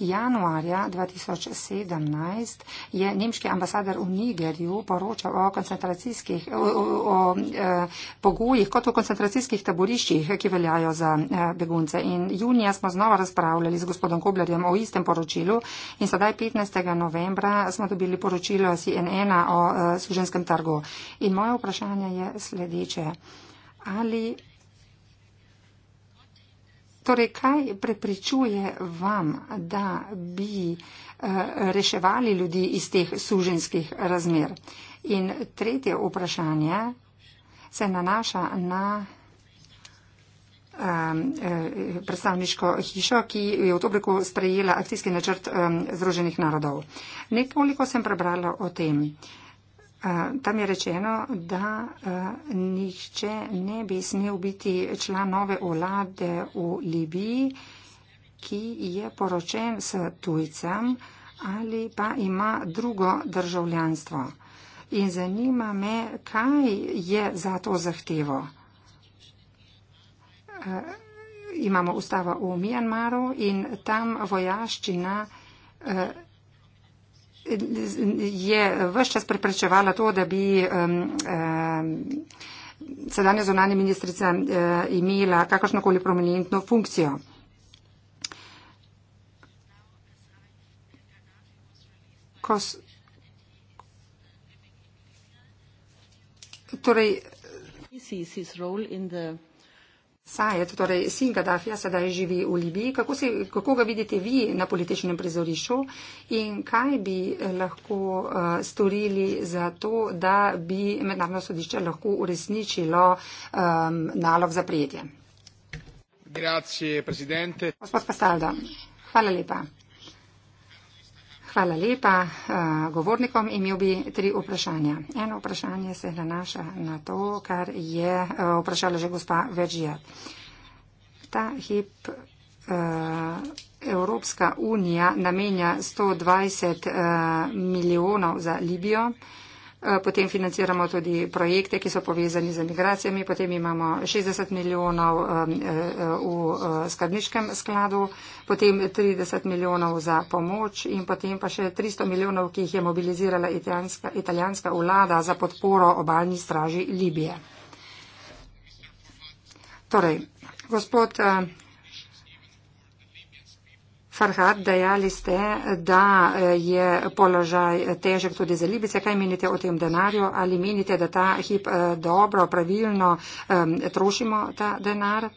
Januarja 2017 je nemški ambasador v Nigerju poročal o koncentracijskih o, o, o, eh, pogojih kot o koncentracijskih taboriščih, ki veljajo za begunce. In junija smo znova razpravljali z gospodom Koblerjem o istem poročilu in sedaj 15. novembra smo dobili poročilo CNN-a o ženskem trgu. In moje vprašanje je sledeče. Ali, torej, kaj prepričuje vam, da bi eh, reševali ljudi iz teh suženskih razmer? In tretje vprašanje se nanaša na eh, predstavniško hišo, ki je v Tobriku sprejela akcijski načrt Združenih narodov. Nekoliko sem prebrala o tem. Eh, tam je rečeno, da eh, nihče ne bi smel biti član nove vlade v Libiji, ki je poročen s tujcem ali pa ima drugo državljanstvo. In zanima me, kaj je za to zahtevo. Eh, imamo ustavo v Mjanmaru in tam vojaščina je vse čas preprečevala to, da bi um, um, sedanja zunanja ministrica uh, imela kakršnokoli prominentno funkcijo. Kos, torej, Sajed, torej sin Gaddafija, sedaj živi v Libiji. Kako, se, kako ga vidite vi na političnem prizorišču in kaj bi lahko uh, storili za to, da bi mednarodno sodišče lahko uresničilo um, nalog za prijetje? Grazie, Gospod Pastalda, hvala lepa. Hvala lepa eh, govornikom. Imel bi tri vprašanja. Eno vprašanje se nanaša na to, kar je eh, vprašala že gospa Veržija. Ta hip eh, Evropska unija namenja 120 milijonov za Libijo. Eh, potem financiramo tudi projekte, ki so povezani z migracijami, potem imamo 60 milijonov eh, eh, v skrbniškem skladu, potem 30 milijonov za pomoč in potem pa še 300 milijonov, ki jih je mobilizirala italijanska, italijanska vlada za podporo obaljni straži Libije. Torej, gospod Farhad, dejali ste, da eh, je položaj težek tudi za Libice. Kaj menite o tem denarju? Ali menite, da ta hip eh, dobro, pravilno um, trošimo ta denar?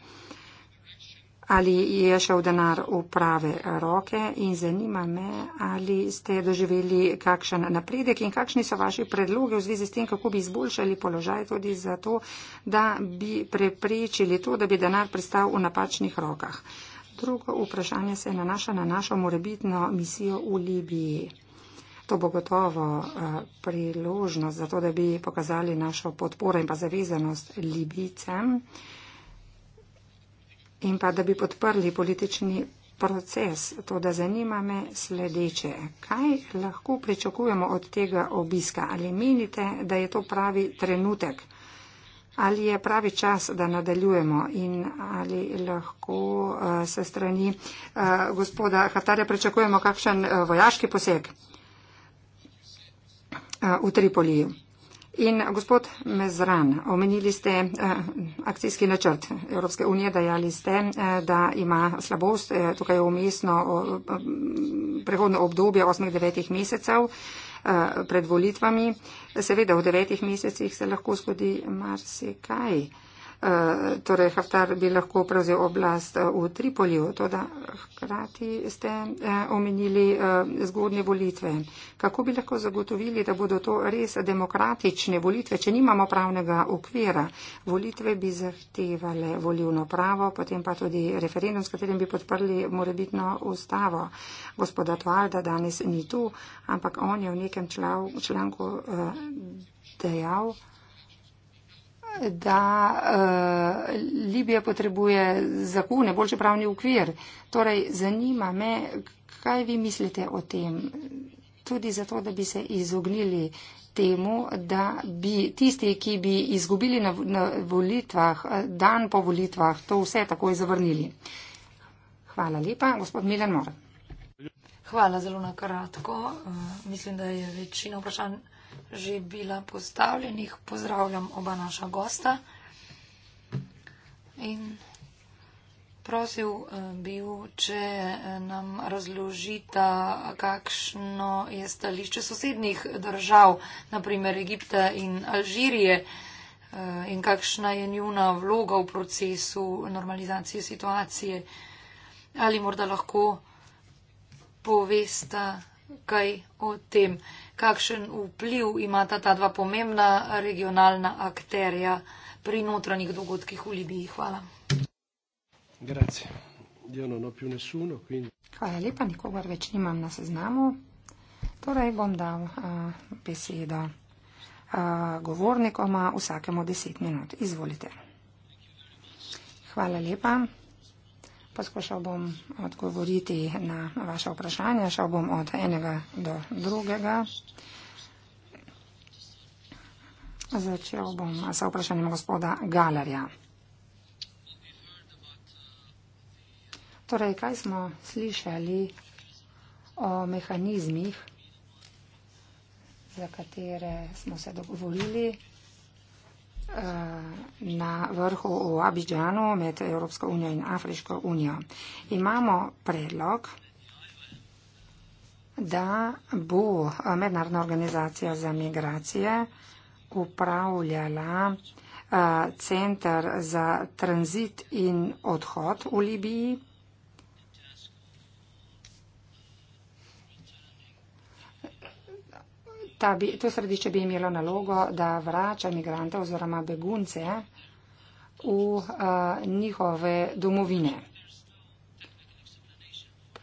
Ali je šel denar v prave roke? In zanima me, ali ste doživeli kakšen napredek in kakšni so vaši predloge v zvezi s tem, kako bi izboljšali položaj tudi za to, da bi preprečili to, da bi denar pristal v napačnih rokah. Drugo vprašanje se nanaša na našo morebitno misijo v Libiji. To bo gotovo eh, priložnost za to, da bi pokazali našo podporo in pa zavezanost Libijcem in pa da bi podprli politični proces. To, da zanima me sledeče. Kaj lahko pričakujemo od tega obiska? Ali menite, da je to pravi trenutek? Ali je pravi čas, da nadaljujemo in ali lahko uh, se strani uh, gospoda Hatarja pričakujemo kakšen uh, vojaški poseg uh, v Tripoliju. In gospod Mezran, omenili ste eh, akcijski načrt Evropske unije, dajali ste, eh, da ima slabost, eh, tukaj je umestno eh, prehodno obdobje 8-9 mesecev. Eh, pred volitvami. Seveda v devetih mesecih se lahko zgodi marsikaj. Eh, torej Haftar bi lahko prevzel oblast eh, v Tripoliju, to da hkrati ste eh, omenili zgodnje volitve. Kako bi lahko zagotovili, da bodo to res demokratične volitve, če nimamo pravnega okvira? Volitve bi zahtevale volivno pravo, potem pa tudi referendum, s katerim bi podprli morebitno ustavo. Gospoda Tualda danes ni tu, ampak on je v nekem članku dejal da uh, Libija potrebuje zakone, boljši pravni ukvir. Torej, zanima me, kaj vi mislite o tem. Tudi zato, da bi se izognili temu, da bi tisti, ki bi izgubili na, na volitvah, dan po volitvah, to vse takoj zavrnili. Hvala lepa, gospod Milan Mor. Hvala zelo na kratko. Uh, mislim, da je večina vprašanj že bila postavljenih. Pozdravljam oba naša gosta. In prosil eh, bi, če eh, nam razložita, kakšno je stališče sosednjih držav, naprimer Egipta in Alžirije, eh, in kakšna je njuna vloga v procesu normalizacije situacije. Ali morda lahko povesta kaj o tem kakšen vpliv imata ta dva pomembna regionalna akterja pri notranjih dogodkih v Libiji. Hvala. Hvala lepa, nikogar več nimam na seznamu. Torej bom dal a, besedo a, govornikoma vsakemu deset minut. Izvolite. Hvala lepa. Poskušal bom odgovoriti na vaše vprašanje, šel bom od enega do drugega. Začel bom s vprašanjem gospoda Galerja. Torej, kaj smo slišali o mehanizmih, za katere smo se dogovorili? Eh, na vrhu v Abidžanu med Evropsko unijo in Afriško unijo. Imamo predlog, da bo mednarodna organizacija za migracije upravljala eh, center za tranzit in odhod v Libiji. ta, to središče bi imelo nalogo, da vrača imigrante oziroma begunce eh, v a, eh, njihove domovine.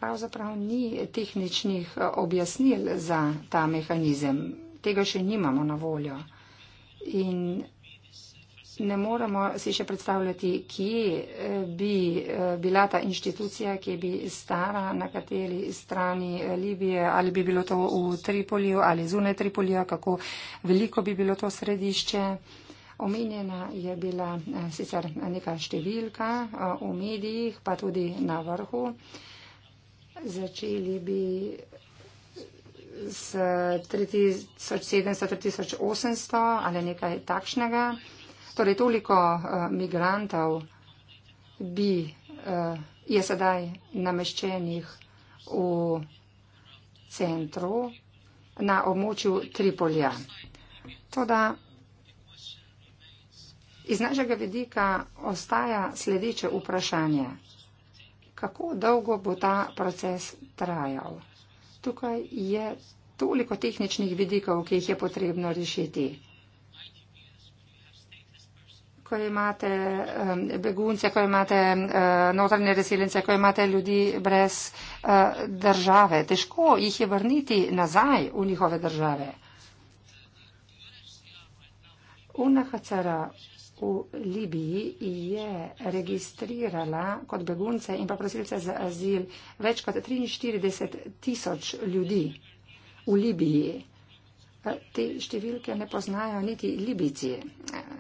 Pravzaprav ni tehničnih eh, objasnil za ta mehanizem. Tega še nimamo na voljo. In ne moremo si še predstavljati, kje eh, bi eh, bila ta inštitucija, kje bi stala, na kateri strani eh, Libije, ali bi bilo to v Tripoliju ali zunaj Tripolija, kako veliko bi bilo to središče. Omenjena je bila sicer neka številka v medijih, pa tudi na vrhu. Začeli bi s 3700-3800 ali nekaj takšnega. Torej, toliko uh, migrantov bi, uh, je sedaj nameščenih v centru na območju Tripolja. Toda iz našega vedika ostaja sledeče vprašanje. Kako dolgo bo ta proces trajal? Tukaj je toliko tehničnih vidikov, ki jih je potrebno rešiti ko imate um, begunce, ko imate uh, notranje resilence, ko imate ljudi brez uh, države. Težko jih je vrniti nazaj v njihove države. UNHCR v Libiji je registrirala kot begunce in pa prosilce za azil več kot 43 tisoč ljudi v Libiji. Eh, te številke ne poznajo niti Libici. Eh,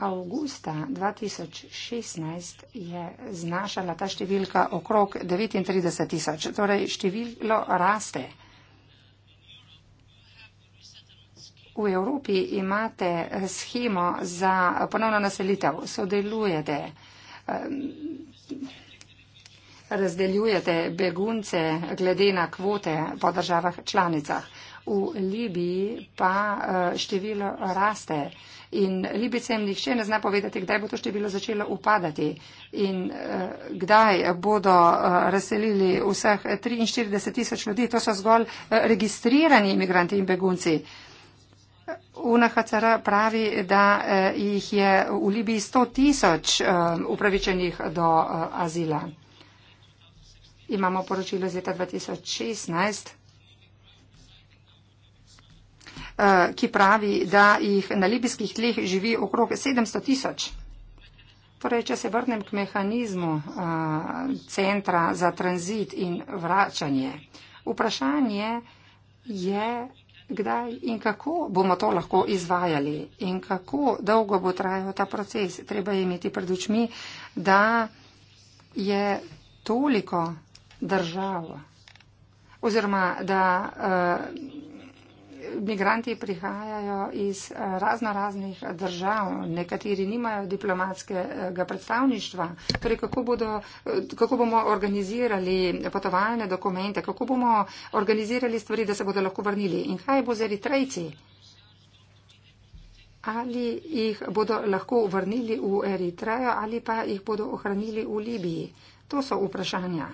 Augusta 2016 je znašala ta številka okrog 39 tisoč, torej število raste. V Evropi imate schemo za ponovno naselitev, sodelujete, razdeljujete begunce glede na kvote po državah članicah v Libiji pa eh, število raste. In Libicem nihče ne zna povedati, kdaj bo to število začelo upadati in eh, kdaj bodo eh, razselili vseh 43 tisoč ljudi. To so zgolj registrirani imigranti in begunci. UNHCR pravi, da jih je v Libiji 100 tisoč upravičenih do azila. Imamo poročilo iz leta 2016. Eh, ki pravi, da jih na libijskih tleh živi okrog 700 tisoč. Torej, če se vrnem k mehanizmu eh, centra za tranzit in vračanje, vprašanje je, kdaj in kako bomo to lahko izvajali in kako dolgo bo trajal ta proces. Treba je imeti pred očmi, da je toliko držav oziroma da. Uh, migranti prihajajo iz eh, razno raznih držav, nekateri nimajo diplomatskega predstavništva. Torej, kako, bodo, eh, kako bomo organizirali potovalne dokumente, kako bomo organizirali stvari, da se bodo lahko vrnili in kaj bo z Eritrejci? Ali jih bodo lahko vrnili v Eritrejo ali pa jih bodo ohranili v Libiji? To so vprašanja.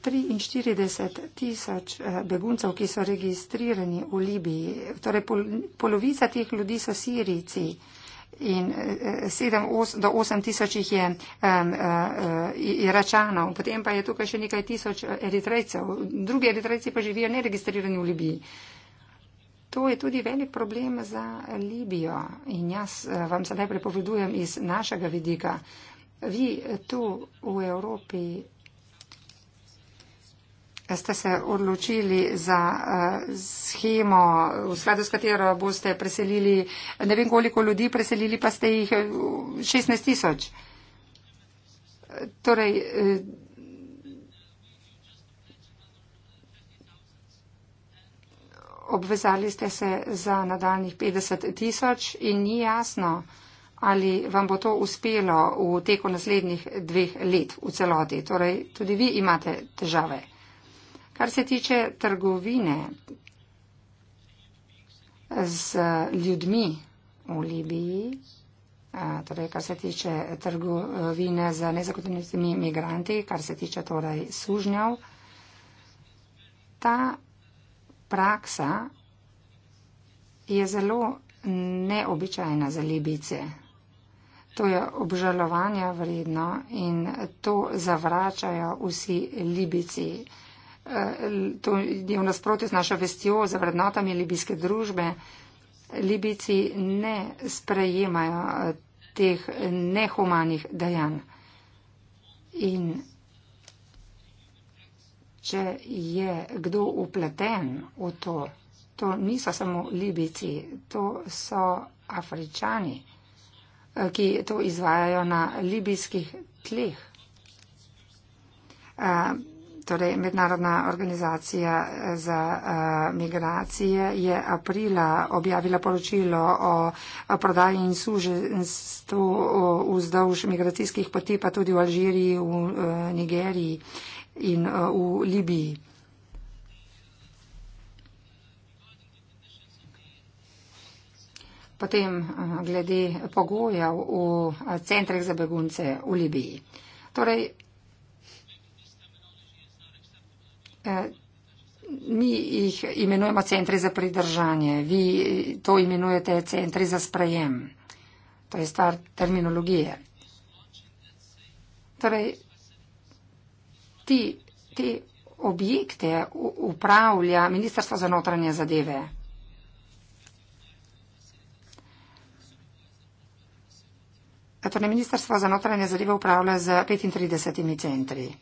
43 tisoč eh, beguncev, ki so registrirani v Libiji. Torej, pol, polovica teh ljudi so Sirici in 7 eh, eh, do 8 tisoč jih je um, uh, iračanov. Potem pa je tukaj še nekaj tisoč eritrejcev. Drugi eritrejci pa živijo neregistrirani v Libiji. To je tudi velik problem za Libijo in jaz vam sedaj prepovedujem iz našega vidika. Vi tu v Evropi ste se odločili za eh, schemo, v skladu s katero boste preselili, ne vem koliko ljudi preselili, pa ste jih 16 eh, tisoč. Torej, eh, obvezali ste se za nadaljnih 50 tisoč in ni jasno, ali vam bo to uspelo v teku naslednjih dveh let v celoti. Torej, tudi vi imate težave. Kar se tiče trgovine z ljudmi v Libiji, torej kar se tiče trgovine z nezakonitimi migranti, kar se tiče torej sužnjav, ta praksa je zelo neobičajna za Libice. To je obžalovanja vredno in to zavračajo vsi Libici to je v nasprotju z našo vestjo, z vrednotami libijske družbe. Libijci ne sprejemajo eh, teh nehumanih dejanj. In če je kdo upleten v to, to niso samo Libijci, to so Afričani, eh, ki to izvajajo na libijskih tleh. Eh, torej mednarodna organizacija eh, za uh, migracije je aprila objavila poročilo o prodaji in suženstvu vzdolž migracijskih poti, pa tudi v Alžiriji, v uh, Nigeriji in uh, v Libiji. Potem glede pogojev v centrih za begunce v Libiji. Torej, Eh, mi jih imenujemo centri za pridržanje, vi to imenujete centri za sprejem. To je stvar terminologije. Torej, ti, ti objekte upravlja Ministrstvo za notranje zadeve. Torej, Ministrstvo za notranje zadeve upravlja z 35 centri.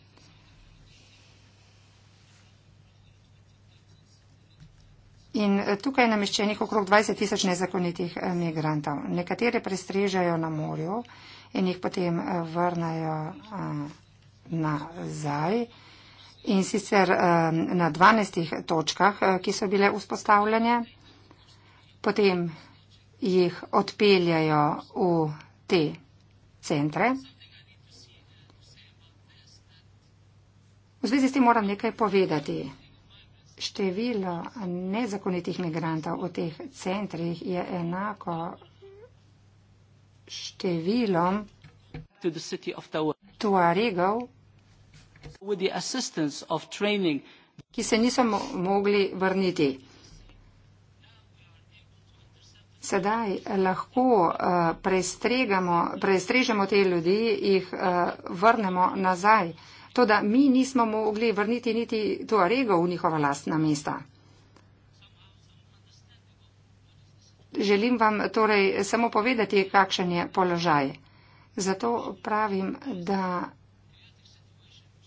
In eh, tukaj je nameščenih okrog 20 tisoč nezakonitih eh, migrantov. Nekatere prestrežajo na morju in jih potem eh, vrnajo nazaj. In sicer na 12 točkah, ki so bile vzpostavljene, potem jih odpeljajo v te centre. V zvezi s tem moram nekaj povedati. Število nezakonitih migrantov v teh centrih je enako številom tuaregov, ki se niso mogli vrniti. Sedaj lahko uh, prestrežemo te ljudi, jih uh, vrnemo nazaj. Uh, to, da mi nismo mogli vrniti niti Tuarego v njihova lastna mesta. Želim vam torej samo povedati, kakšen je položaj. Zato pravim, da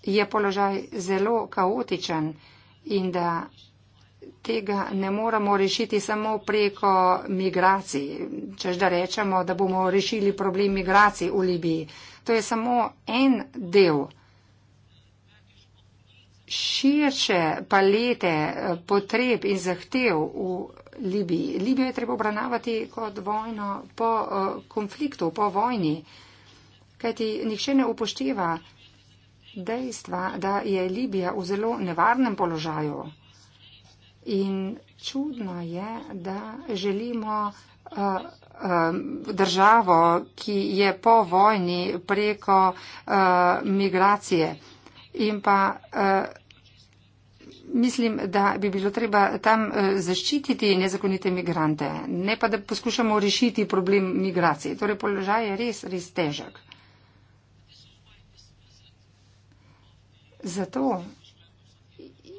je položaj zelo kaotičen in da tega ne moramo rešiti samo preko migracij. Čež da rečemo, da bomo rešili problem migracij v Libiji. To je samo en del širše palete eh, potreb in zahtev v Libiji. Libijo je treba obravnavati kot vojno po eh, konfliktu, po vojni, kajti nihče ne upošteva dejstva, da je Libija v zelo nevarnem položaju. In čudno je, da želimo eh, državo, ki je po vojni preko uh, migracije in pa uh, mislim, da bi bilo treba tam eh, zaščititi nezakonite migrante, ne pa da poskušamo rešiti problem migracije. Torej, položaj je res, res težek. Zato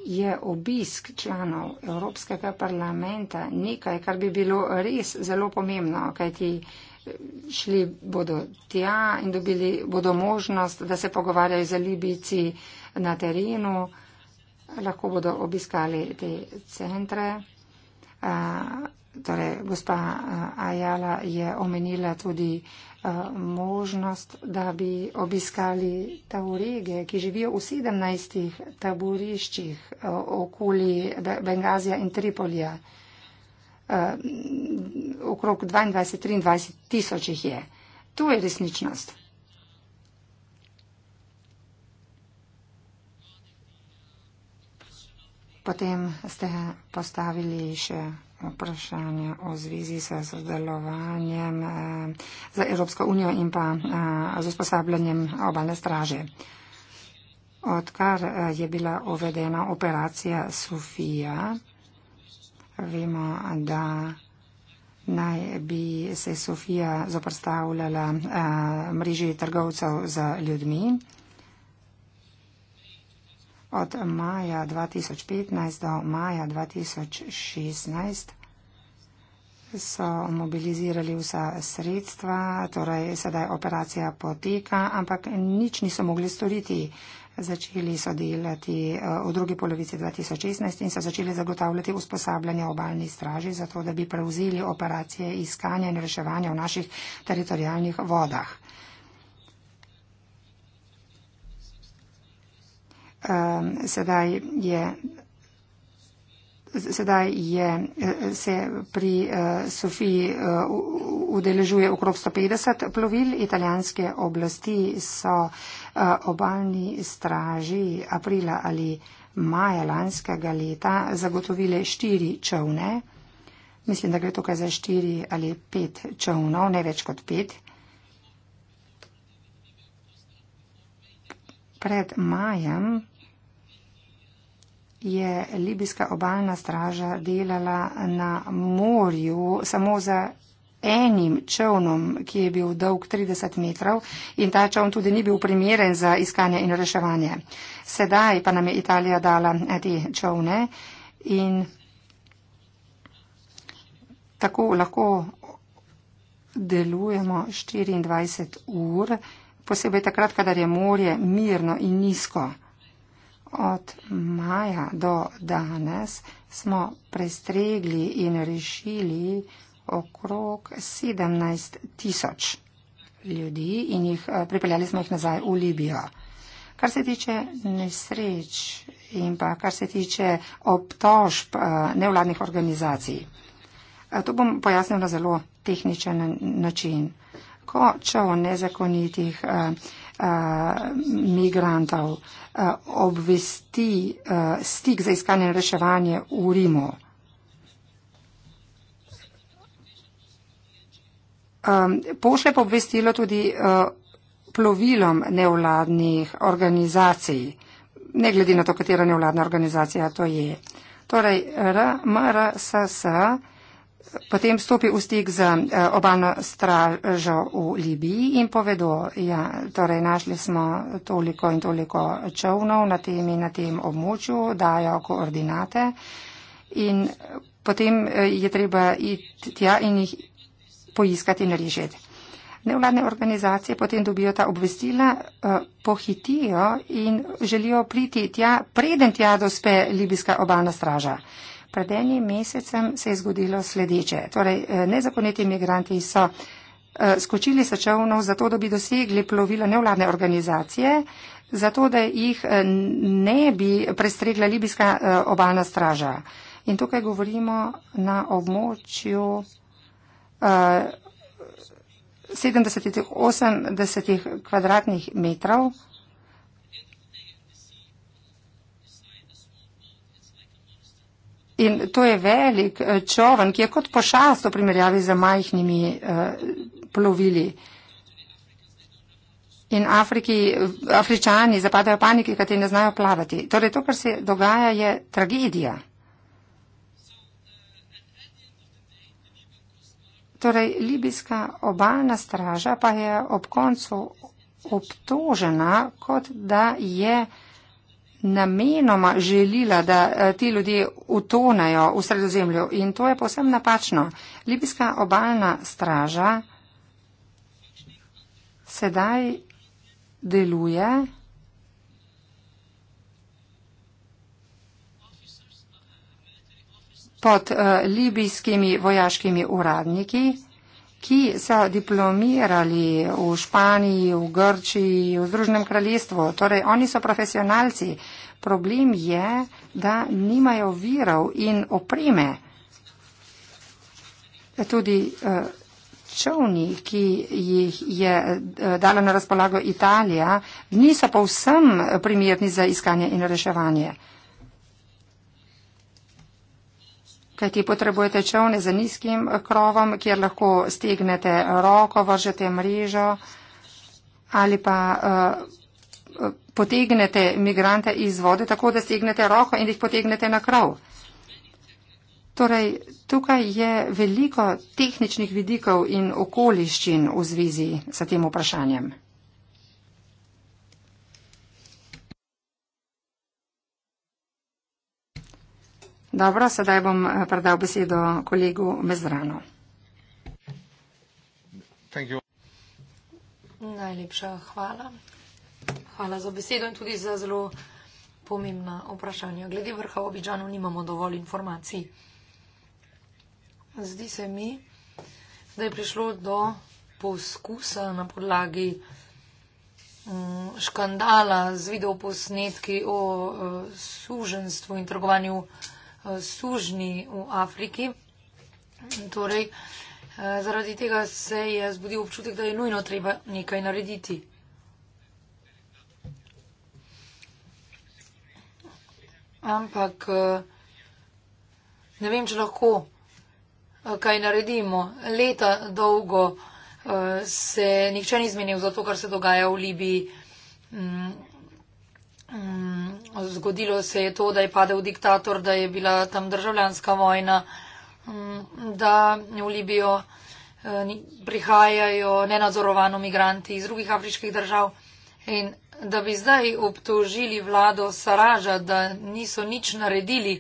je obisk članov Evropskega parlamenta nekaj, kar bi bilo res zelo pomembno, kajti eh, šli bodo tja in dobili bodo možnost, da se pogovarjajo za Libijci na terenu lahko bodo obiskali te centre. Uh, torej, gospa Ajala je omenila tudi uh, možnost, da bi obiskali taurige, ki živijo v 17 taboriščih uh, okoli Bengazija in Tripolija. Uh, okrog 22-23 tisoč jih je. To je resničnost. Potem ste postavili še vprašanje o zvezi s sodelovanjem eh, z Evropsko unijo in pa eh, z usposabljanjem obalne straže. Odkar eh, je bila uvedena operacija Sofija, vemo, da naj bi se Sofija zoprstavljala mreži trgovcev z ljudmi od maja 2015 do maja 2016 so mobilizirali vsa sredstva, torej sedaj operacija poteka, ampak nič niso mogli storiti. Začeli so delati eh, v drugi polovici 2016 in so začeli zagotavljati usposabljanje obaljni straži, zato da bi prevzeli operacije iskanja in reševanja v naših teritorijalnih vodah. Ehm, sedaj je. Sedaj je, eh, se pri uh, Sofiji uh, udeležuje okrog 150 plovil. Italijanske oblasti so uh, obalni straži aprila ali maja lanskega leta zagotovile štiri čovne. Mislim, da gre tukaj za štiri ali pet čovnov, ne več kot pet. Pred majem je libijska obalna straža delala na morju samo za enim čovnom, ki je bil dolg 30 metrov in ta čovn tudi ni bil primeren za iskanje in reševanje. Sedaj pa nam je Italija dala eh, te čovne in tako lahko delujemo 24 ur, posebej takrat, kadar je morje mirno in nizko. Od maja do danes smo prestregli in rešili okrog 17 tisoč ljudi in jih eh, pripeljali smo jih nazaj v Libijo. Kar se tiče nesreč in pa kar se tiče obtožb eh, nevladnih organizacij, eh, to bom pojasnil na zelo tehničen način. Ko čovn nezakonitih uh, Eh, migrantov eh, obvesti eh, stik za iskanje in reševanje v Rimu. Pošlje pa obvestilo tudi plovilom nevladnih organizacij, ne glede na to, katera nevladna organizacija to je. Torej, RMRSS potem stopi v stik z eh, obalno stražo v Libiji in povedo, ja, torej našli smo toliko in toliko čovnov na tem in na tem območju, dajo koordinate in eh, potem eh, je treba iti tja in jih poiskati in rešiti. Nevladne organizacije potem dobijo ta obvestila, pohitijo in želijo priti tja, preden tja dospe libijska obalna straža. Pred enim mesecem se je zgodilo sledeče. Torej, eh, nezakoniti imigranti so eh, skočili sa čovnov zato, da bi dosegli plovila nevladne organizacije, zato, da jih eh, ne bi prestregla libijska obalna straža. In tukaj govorimo na območju uh, 70-80 kvadratnih metrov. In to je velik eh, čovn, ki je kot pošast v primerjavi z majhnimi eh, plovili. In Afriki, Afričani zapadajo paniki, kateri ne znajo plavati. Torej, to, kar se dogaja, je tragedija. Torej, libijska obalna straža pa je ob koncu obtožena, kot da je namenoma želila, da eh, ti ljudje utonejo v sredozemlju in to je posebno napačno. Libijska obaljna straža sedaj deluje pod uh, libijskimi vojaškimi uradniki ki so diplomirali v Španiji, v Grčiji, v Združenem kraljestvu. Torej, oni so profesionalci. Problem je, da nimajo virov in opreme. Tudi eh, čovni, ki jih je eh, dala na razpolago Italija, niso povsem primerni za iskanje in reševanje. Kaj ti potrebujete čovne za nizkim krovom, kjer lahko stegnete roko, vržete mrežo ali pa eh, potegnete migranta iz vode, tako da stegnete roko in jih potegnete na krov. Torej, tukaj je veliko tehničnih vidikov in okoliščin v zvezi s tem vprašanjem. Dobro, sedaj bom eh, predal besedo kolegu Mezrano. Najlepša hvala. Hvala za besedo in tudi za zelo pomembna vprašanja. Glede vrha v Obidžanu nimamo dovolj informacij. Zdi se mi, da je prišlo do poskusa na podlagi mm, škandala z videoposnetki o eh, suženstvu in trgovanju. Eh, sužnji v Afriki. Torej, eh, zaradi tega se je zbudil občutek, da je nujno treba nekaj narediti. Ampak eh, ne vem, če lahko kaj naredimo. Leta dolgo se nihče ni zmenil za to, kar se dogaja v Libiji. Mm, Mm, zgodilo se je to, da je padel diktator, da je bila tam državljanska vojna, mm, da v Libijo eh, prihajajo nenadzorovano migranti iz drugih afriških držav in da bi zdaj obtožili vlado Saraža, da niso nič naredili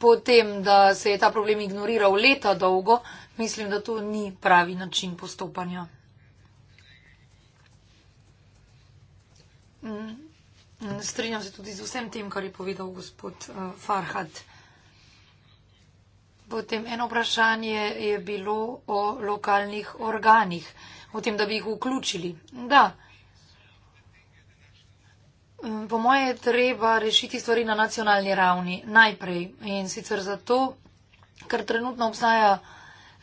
potem, da se je ta problem ignoriral leta dolgo, mislim, da to ni pravi način postopanja. Mm. Mm, strinjam se tudi z vsem tem, kar je povedal gospod uh, Farhad. Potem eno vprašanje je bilo o lokalnih organih, o tem, da bi jih vključili. Da, mm, po moje je treba rešiti stvari na nacionalni ravni najprej in sicer zato, ker trenutno obstaja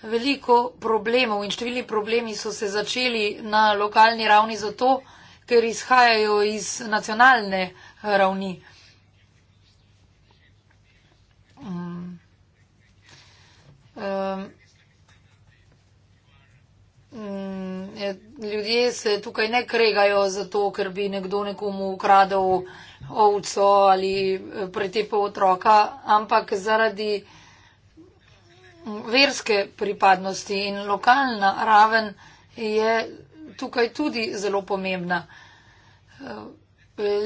veliko problemov in številni problemi so se začeli na lokalni ravni zato, ker ker izhajajo iz nacionalne ravni. Um, um, ljudje se tukaj ne kregajo zato, ker bi nekdo nekomu ukradel ovco ali pretepal otroka, ampak zaradi verske pripadnosti in lokalna raven je tukaj tudi zelo pomembna. Eh,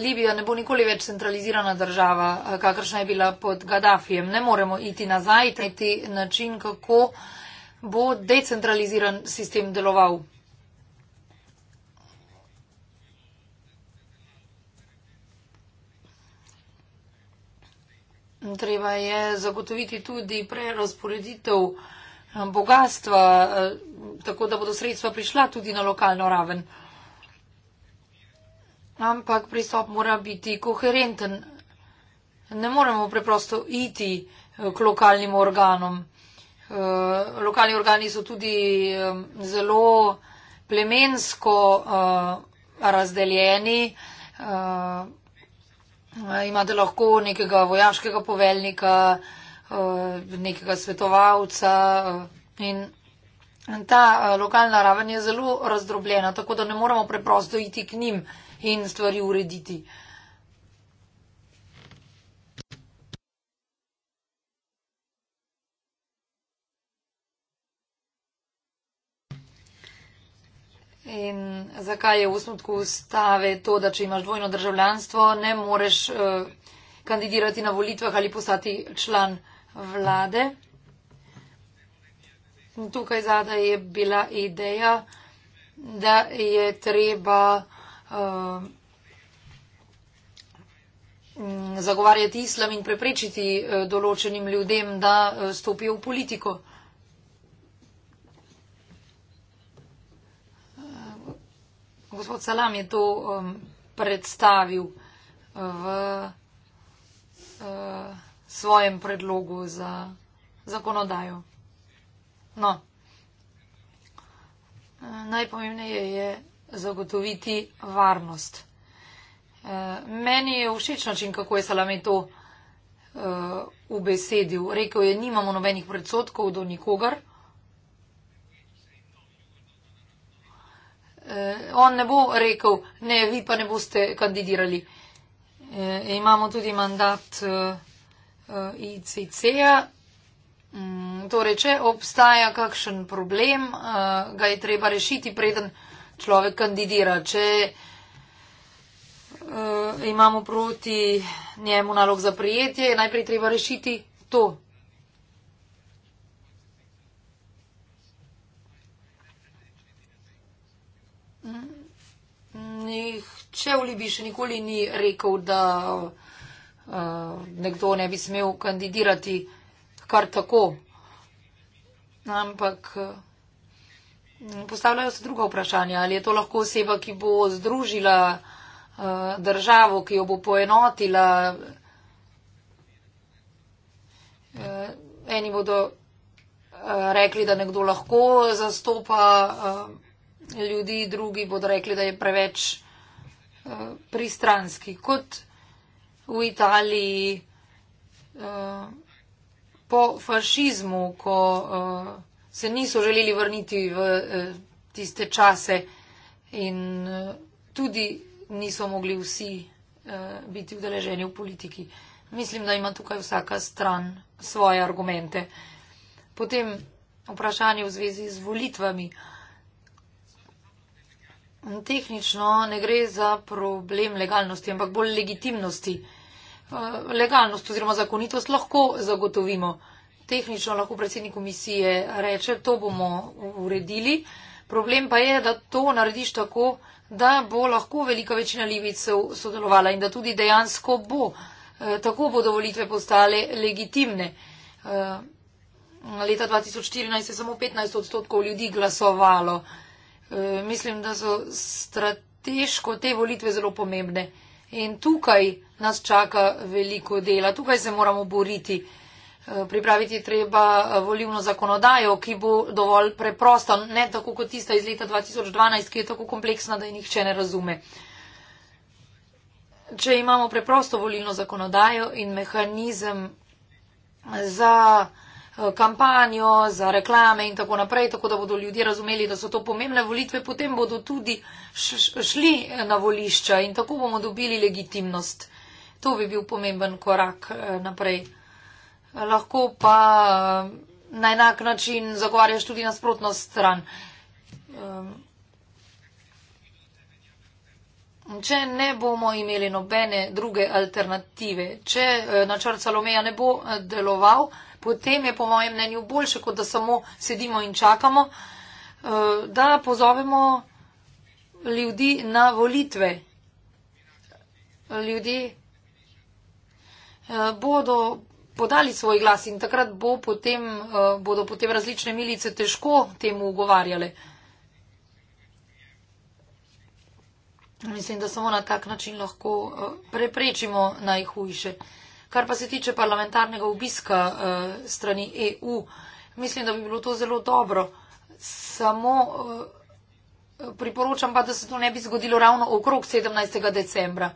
Libija ne bo nikoli več centralizirana država, eh, kakršna je bila pod Gaddafijem. Ne moremo iti nazaj, tajti način, kako bo decentraliziran sistem deloval. Treba je zagotoviti tudi prerasporeditev Eh, bogatstva, eh, tako da bodo sredstva prišla tudi na lokalno raven. Ampak pristop mora biti koherenten. Ne moremo preprosto iti eh, k lokalnim organom. Lokalni organi so tudi zelo plemensko razdeljeni. Imate lahko nekega vojaškega poveljnika, Eh, nekega svetovalca eh, in ta eh, lokalna raven je zelo razdrobljena, tako da ne moramo preprosto iti k njim in stvari urediti. In zakaj je v osnutku ustave to, da če imaš dvojno državljanstvo, ne moreš uh, kandidirati na volitvah ali postati član vlade. Tukaj zada je bila ideja, da je treba uh, zagovarjati islam in preprečiti uh, določenim ljudem, da uh, stopijo v politiko. Gospod Salam je to um, predstavil v. Uh, svojem predlogu za zakonodajo. No, najpomembneje je zagotoviti varnost. Eh, meni je všeč način, kako je Salame to eh, ubesedil. Rekel je, nimamo nobenih predsotkov do nikogar. Eh, on ne bo rekel, ne, vi pa ne boste kandidirali. Imamo tudi mandat uh, eh, ICC-ja. Mm, torej, če obstaja kakšen problem, uh, ga je treba rešiti, preden človek kandidira. Če uh, imamo proti njemu nalog za prijetje, je najprej treba rešiti to. Mm, nihče v Libiji še nikoli ni rekel, da. Uh, Eh, nekdo ne bi smel kandidirati kar tako. Ampak eh, postavljajo se druga vprašanja, ali je to lahko oseba, ki bo združila eh, državo, ki jo bo poenotila. Eni bodo rekli, da nekdo lahko zastopa ljudi, drugi bodo rekli, da je preveč pristranski. Kot v Italiji uh, po fašizmu, ko uh, se niso želeli vrniti v uh, tiste čase in uh, tudi niso mogli vsi uh, biti udeleženi v politiki. Mislim, da ima tukaj vsaka stran svoje argumente. Potem vprašanje v zvezi z volitvami. Tehnično ne gre za problem legalnosti, ampak bolj legitimnosti. Uh, Eh, legalnost oziroma zakonitost lahko zagotovimo. Tehnično lahko predsednik komisije reče, to bomo uredili. Problem pa je, da to narediš tako, da bo lahko velika večina libicev sodelovala in da tudi dejansko bo. Eh, tako bodo volitve postale legitimne. Eh, leta 2014 je samo 15 odstotkov ljudi glasovalo. Mislim, da so strateško te volitve zelo pomembne. In tukaj nas čaka veliko dela. Tukaj se moramo boriti. Eh, pripraviti je treba eh, volivno zakonodajo, ki bo dovolj preprosta, ne tako kot tista iz leta 2012, ki je tako kompleksna, da je nihče ne razume. Če imamo preprosto volilno zakonodajo in mehanizem eh, za kampanjo, za reklame in tako naprej, tako da bodo ljudje razumeli, da so to pomembne volitve, potem bodo tudi šli na volišča in tako bomo dobili legitimnost. To bi bil pomemben korak eh, naprej. Lahko pa eh, na enak način zagovarjaš tudi nasprotno stran. Ehm, če ne bomo imeli nobene druge alternative, če eh, načrt Salomeja ne bo deloval, potem je po mojem mnenju boljše, kot da samo sedimo in čakamo, da pozovemo ljudi na volitve. Ljudje Eh, bodo podali svoj glas in takrat bo potem, eh, bodo potem različne milice težko temu ugovarjale. Mislim, da samo na tak način lahko eh, preprečimo najhujše. Kar pa se tiče parlamentarnega obiska strani EU, mislim, da bi bilo to zelo dobro. Samo priporočam pa, da se to ne bi zgodilo ravno okrog 17. decembra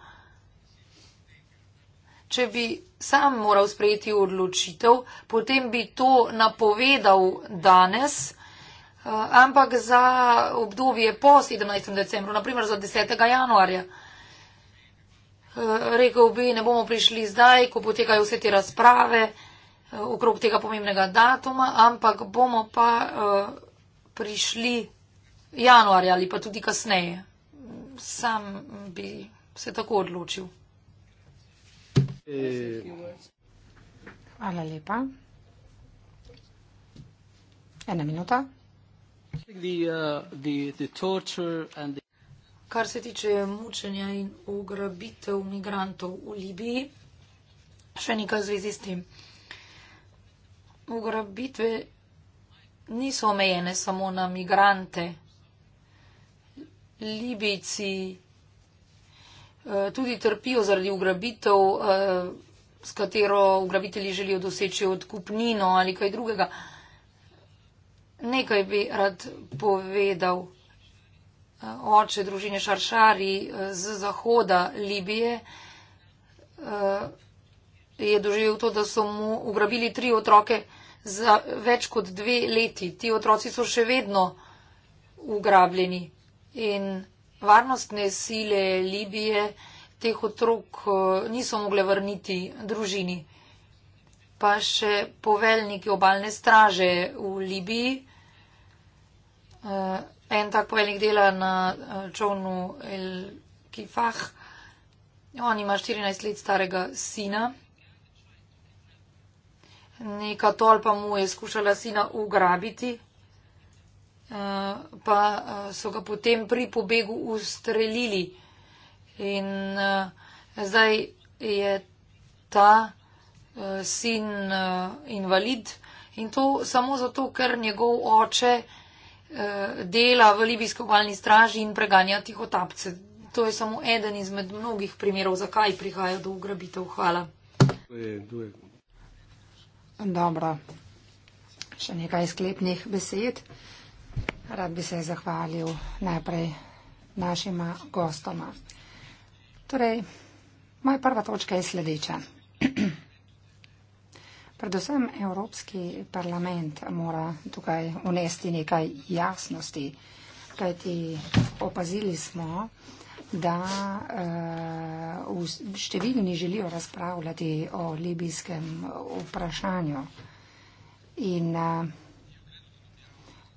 če bi sam moral sprejeti odločitev, potem bi to napovedal danes, eh, ampak za obdobje po 17. decembru, naprimer za 10. januarja. Eh, rekel bi, ne bomo prišli zdaj, ko potekajo vse te razprave eh, okrog tega pomembnega datuma, ampak bomo pa prišli januarja ali pa tudi kasneje. Sam bi se tako odločil. Eh... Hvala lepa. Ena minuta. Uh, Kar se tiče mučenja in ugrabitev migrantov v Libiji, še nekaj zvezi s tem. Ugrabitve niso omejene samo na migrante. Libijci Eh, tudi trpijo zaradi ugrabitev, eh, s katero ugrabitelji želijo doseči odkupnino ali kaj drugega. Nekaj bi rad povedal eh, oče družine Šaršari z zahoda Libije. Je doživel to, da so mu ugrabili tri otroke za več kot dve leti. Ti otroci so še vedno ugrabljeni. In varnostne sile Libije teh otrok eh, niso mogle vrniti družini. Pa še poveljniki obalne straže v Libiji. Eh, en tak poveljnik dela na eh, čovnu El Kifah. On ima 14 let starega sina. Neka tolpa mu je skušala sina ugrabiti. Eh, pa eh, so ga potem pri pobegu ustrelili. In uh, zdaj je ta uh, sin uh, invalid in to samo zato, ker njegov oče uh, dela v libijski obalni straži in preganja tihotapce. To je samo eden izmed mnogih primerov, zakaj prihaja do ugrabitev. Hvala. Dobro. Še nekaj sklepnih besed. Rad bi se zahvalil najprej našima gostoma. Torej, moja prva točka je sledeča. Predvsem Evropski parlament mora tukaj unesti nekaj jasnosti, kajti opazili smo, da uh, številni želijo razpravljati o libijskem vprašanju. In, uh,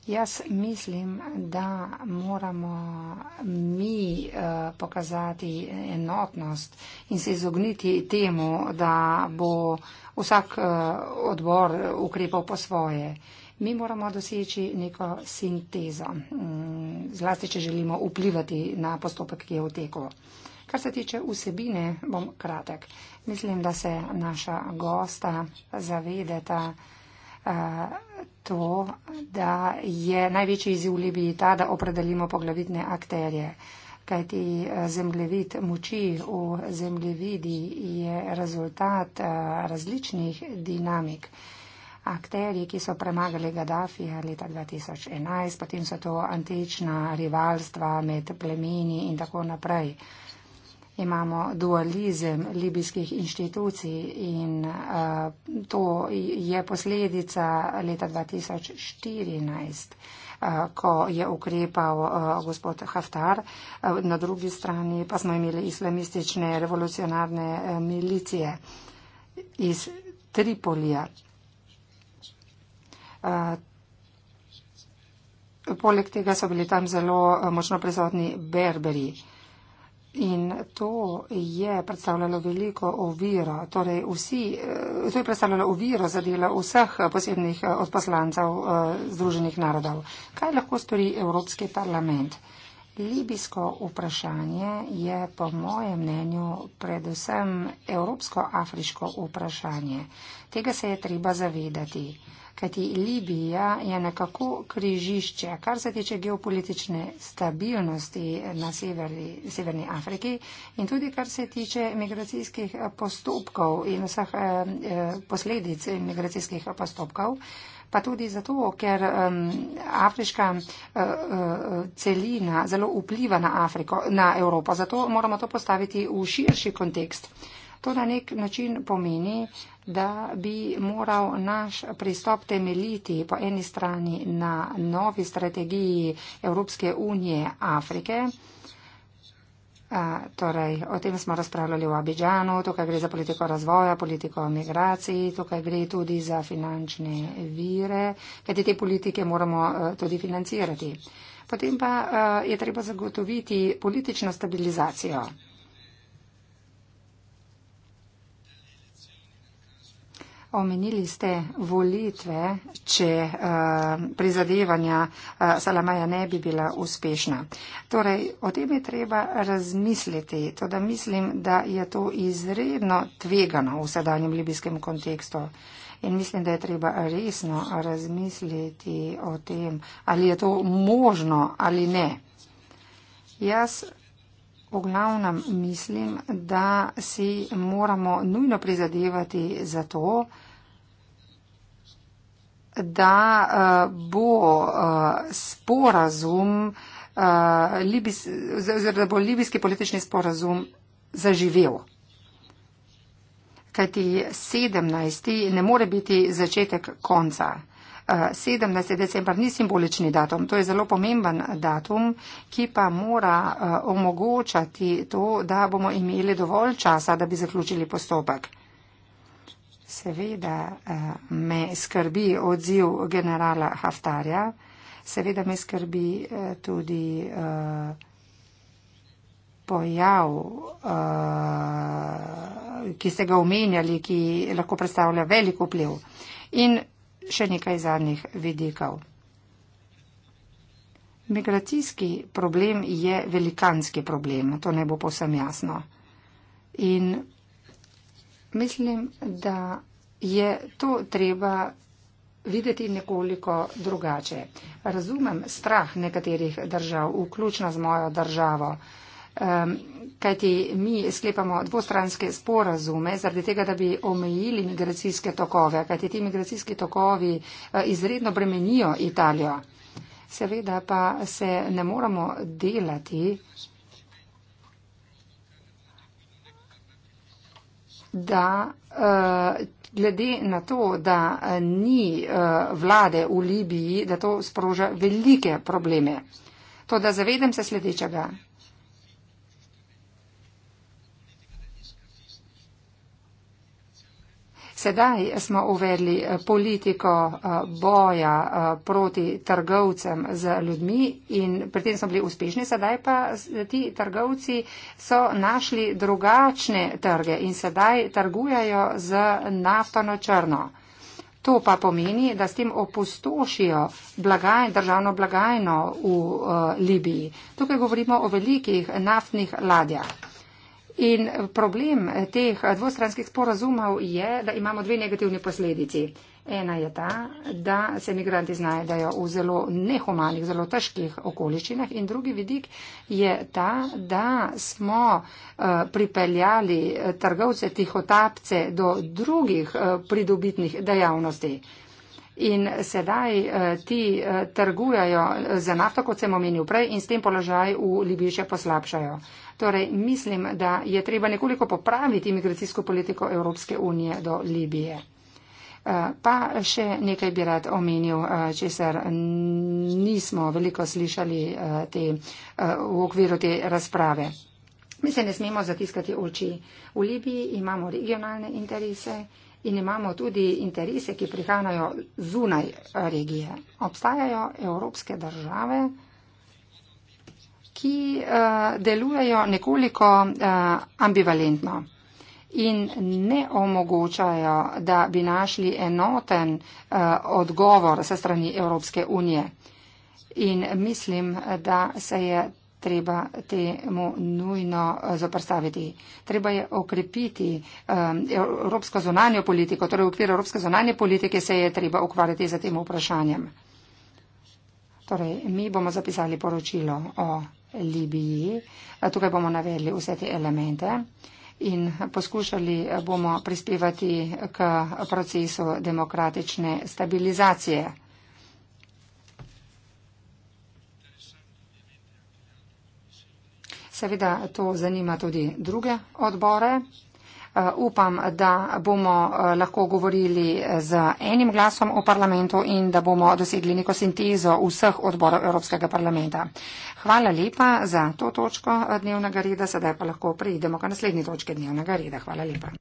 Jaz mislim, da moramo mi uh, pokazati enotnost in se izogniti temu, da bo vsak uh, odbor ukrepal po svoje. Mi moramo doseči neko sintezo, um, zlasti če želimo vplivati na postopek, ki je v teku. Kar se tiče vsebine, bom kratek. Mislim, da se naša gosta zavedeta. Uh, eh, to, da je največji izziv v Libiji ta, da opredelimo poglavitne akterje. Kajti eh, zemljevid moči v zemljevidi je rezultat eh, različnih dinamik. Akterji, ki so premagali Gaddafija leta 2011, potem so to antična rivalstva med plemeni in tako naprej imamo dualizem libijskih inštitucij in uh, to je posledica leta 2014, uh, eh, ko je ukrepal uh, gospod Haftar, uh, na drugi strani pa smo imeli islamistične revolucionarne uh, milicije iz Tripolija. Uh, Poleg tega so bili tam zelo močno prisotni berberi. Uh, In to je predstavljalo veliko oviro, torej vsi, eh, to je predstavljalo oviro za delo vseh posebnih eh, odposlancev eh, Združenih narodov. Kaj lahko stori Evropski parlament? Libijsko vprašanje je po mojem mnenju predvsem evropsko-afriško vprašanje. Tega se je treba zavedati kajti Libija je nekako križišče, kar se tiče geopolitične stabilnosti na severi, severni Afriki in tudi kar se tiče migracijskih postopkov in vseh eh, eh, posledic migracijskih postopkov. Pa tudi zato, ker um, afriška uh, celina zelo vpliva na Afriko, na Evropo. Zato moramo to postaviti v širši kontekst. To na nek način pomeni, da bi moral naš pristop temeljiti po eni strani na novi strategiji Evropske unije Afrike. A, torej, o tem smo razpravljali v Abidžanu, tukaj gre za politiko razvoja, politiko migracij, tukaj gre tudi za finančne vire, kajti te politike moramo a, tudi financirati. Potem pa a, je treba zagotoviti politično stabilizacijo. Omenili ste volitve, če uh, prizadevanja uh, Salamaja ne bi bila uspešna. Torej, o tem je treba razmisliti, to da mislim, da je to izredno tvegano v sedanjem libijskem kontekstu. In mislim, da je treba resno razmisliti o tem, ali je to možno ali ne. Jaz V glavnem mislim, da si moramo nujno prizadevati za to, da eh, bo eh, sporazum, eh, da bo libijski politični sporazum zaživel. Kajti 17. ne more biti začetek konca. 17. decembar ni simbolični datum, to je zelo pomemben datum, ki pa mora eh, omogočati to, da bomo imeli dovolj časa, da bi zaključili postopek. Seveda eh, me skrbi odziv generala Haftarja, seveda me skrbi eh, tudi pojav, ki ste ga omenjali, ki lahko predstavlja veliko vpliv. In še nekaj zadnjih vidikov. Migracijski problem je velikanski problem, to ne bo posem jasno. In mislim, da je to treba videti nekoliko drugače. Razumem strah nekaterih držav, vključno z mojo državo. Um, kajti mi sklepamo dvostranske sporazume zaradi tega, da bi omejili migracijske tokove, kajti ti migracijski tokovi eh, izredno bremenijo Italijo. Seveda pa se ne moramo delati, da eh, glede na to, da eh, ni vlade v Libiji, da to sproža velike probleme. To, da zavedem se sledečega. Sedaj smo uvedli eh, politiko eh, boja eh, proti trgovcem z ljudmi in pri tem smo bili uspešni, sedaj pa ti trgovci so našli drugačne trge in sedaj trgujajo z nafto na črno. To pa pomeni, da s tem opustošijo blagaj, državno blagajno v uh, Libiji. Tukaj govorimo o velikih naftnih ladjah. In problem teh dvostranskih sporazumov je, da imamo dve negativni posledici. Ena je ta, da se migranti znajdejo v zelo nehumanih, zelo težkih okoliščinah in drugi vidik je ta, da smo eh, pripeljali eh, trgovce, tihotapce do drugih eh, pridobitnih dejavnosti in sedaj eh, ti eh, trgujajo za nafto, kot sem omenil prej, in s tem položaj v Libiji še poslabšajo. Torej, mislim, da je treba nekoliko popraviti imigracijsko politiko Evropske unije do Libije. Eh, pa še nekaj bi rad omenil, česar nismo veliko slišali te, v okviru te razprave. Mi se ne smemo zatiskati oči. V Libiji imamo regionalne interese in imamo tudi interese, ki prihajajo zunaj regije. Obstajajo evropske države, ki uh, delujejo nekoliko uh, ambivalentno in ne omogočajo, da bi našli enoten uh, odgovor se strani Evropske unije. In mislim, da se je treba temu nujno eh, zoprstaviti. Treba je okrepiti um, evropsko zonanje politiko, torej v okviru evropske zonanje politike se je treba ukvarjati za tem vprašanjem. Torej, mi bomo zapisali poročilo o Libiji, eh, tukaj bomo navedli vse te elemente in poskušali bomo prispevati k procesu demokratične stabilizacije. Seveda to zanima tudi druge odbore. Eh, upam, da bomo eh, lahko govorili z enim glasom o parlamentu in da bomo dosegli neko sintezo vseh odborov Evropskega parlamenta. Hvala lepa za to točko eh, dnevnega reda. Sedaj pa lahko prejdemo k naslednji točki dnevnega reda. Hvala lepa.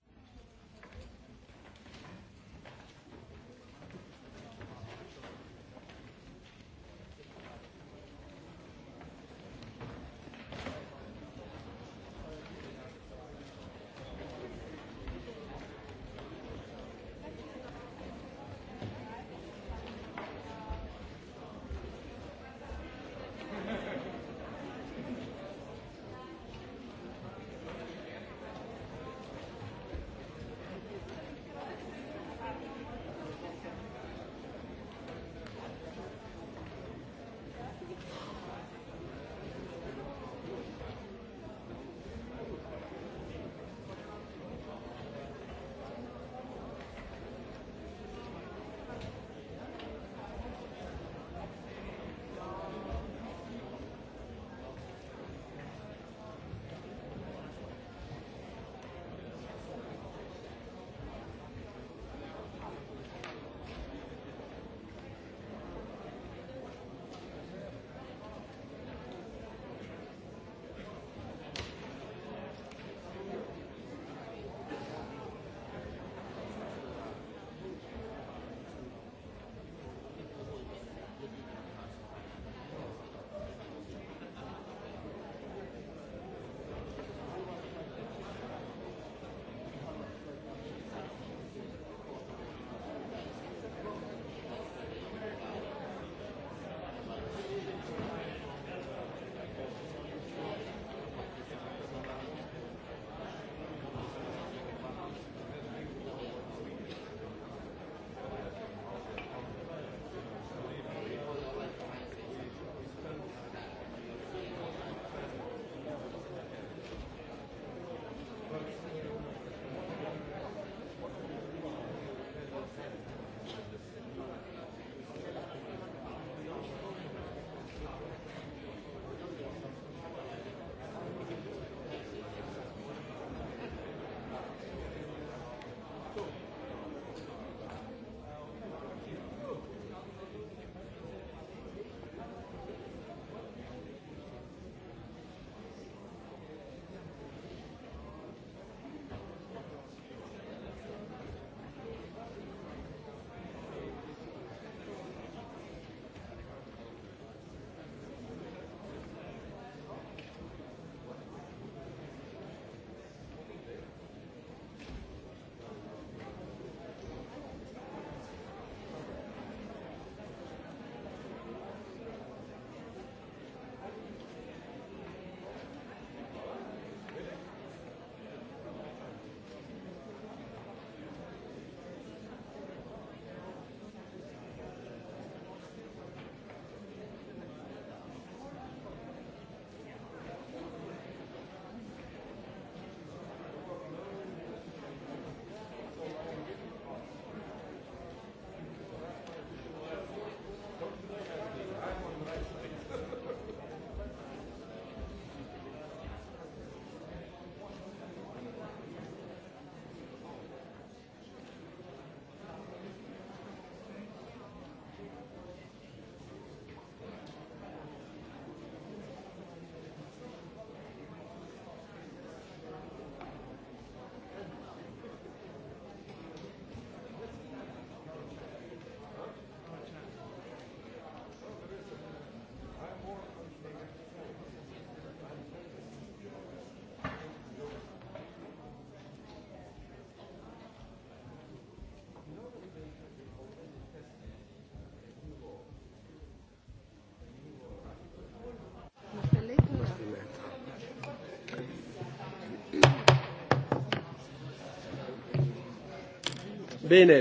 Bene,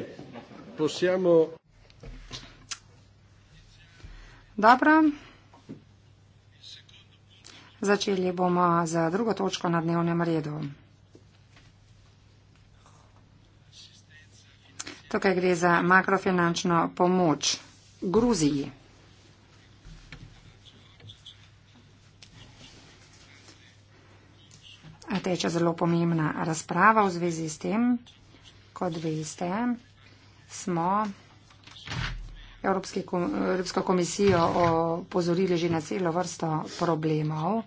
possiamo. Dobro. Začeli bomo z drugo točko na dnevnem redu. Tukaj gre za makrofinančno pomoč Gruziji. Teče zelo pomembna razprava v zvezi s tem kot veste, smo Evropski, Evropsko komisijo opozorili že na celo vrsto problemov,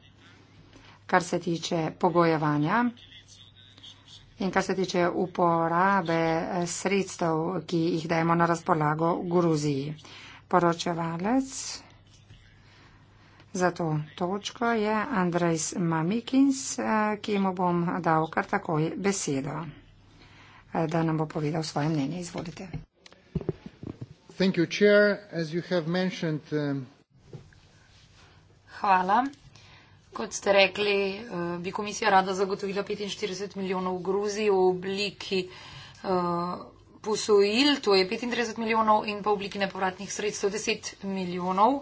kar se tiče pogojevanja in kar se tiče uporabe sredstev, ki jih dajemo na razpolago Gruziji. Poročevalec za to točko je Andrej Mamikins, ki mu bom dal kar takoj besedo da nam bo povedal svoje mnenje. Izvolite. Um, Hvala. Kot ste rekli, uh, bi komisija rada zagotovila 45 milijonov v Gruziji v obliki uh, posojil, to je 35 milijonov in pa v obliki nepovratnih sredstev 10 milijonov.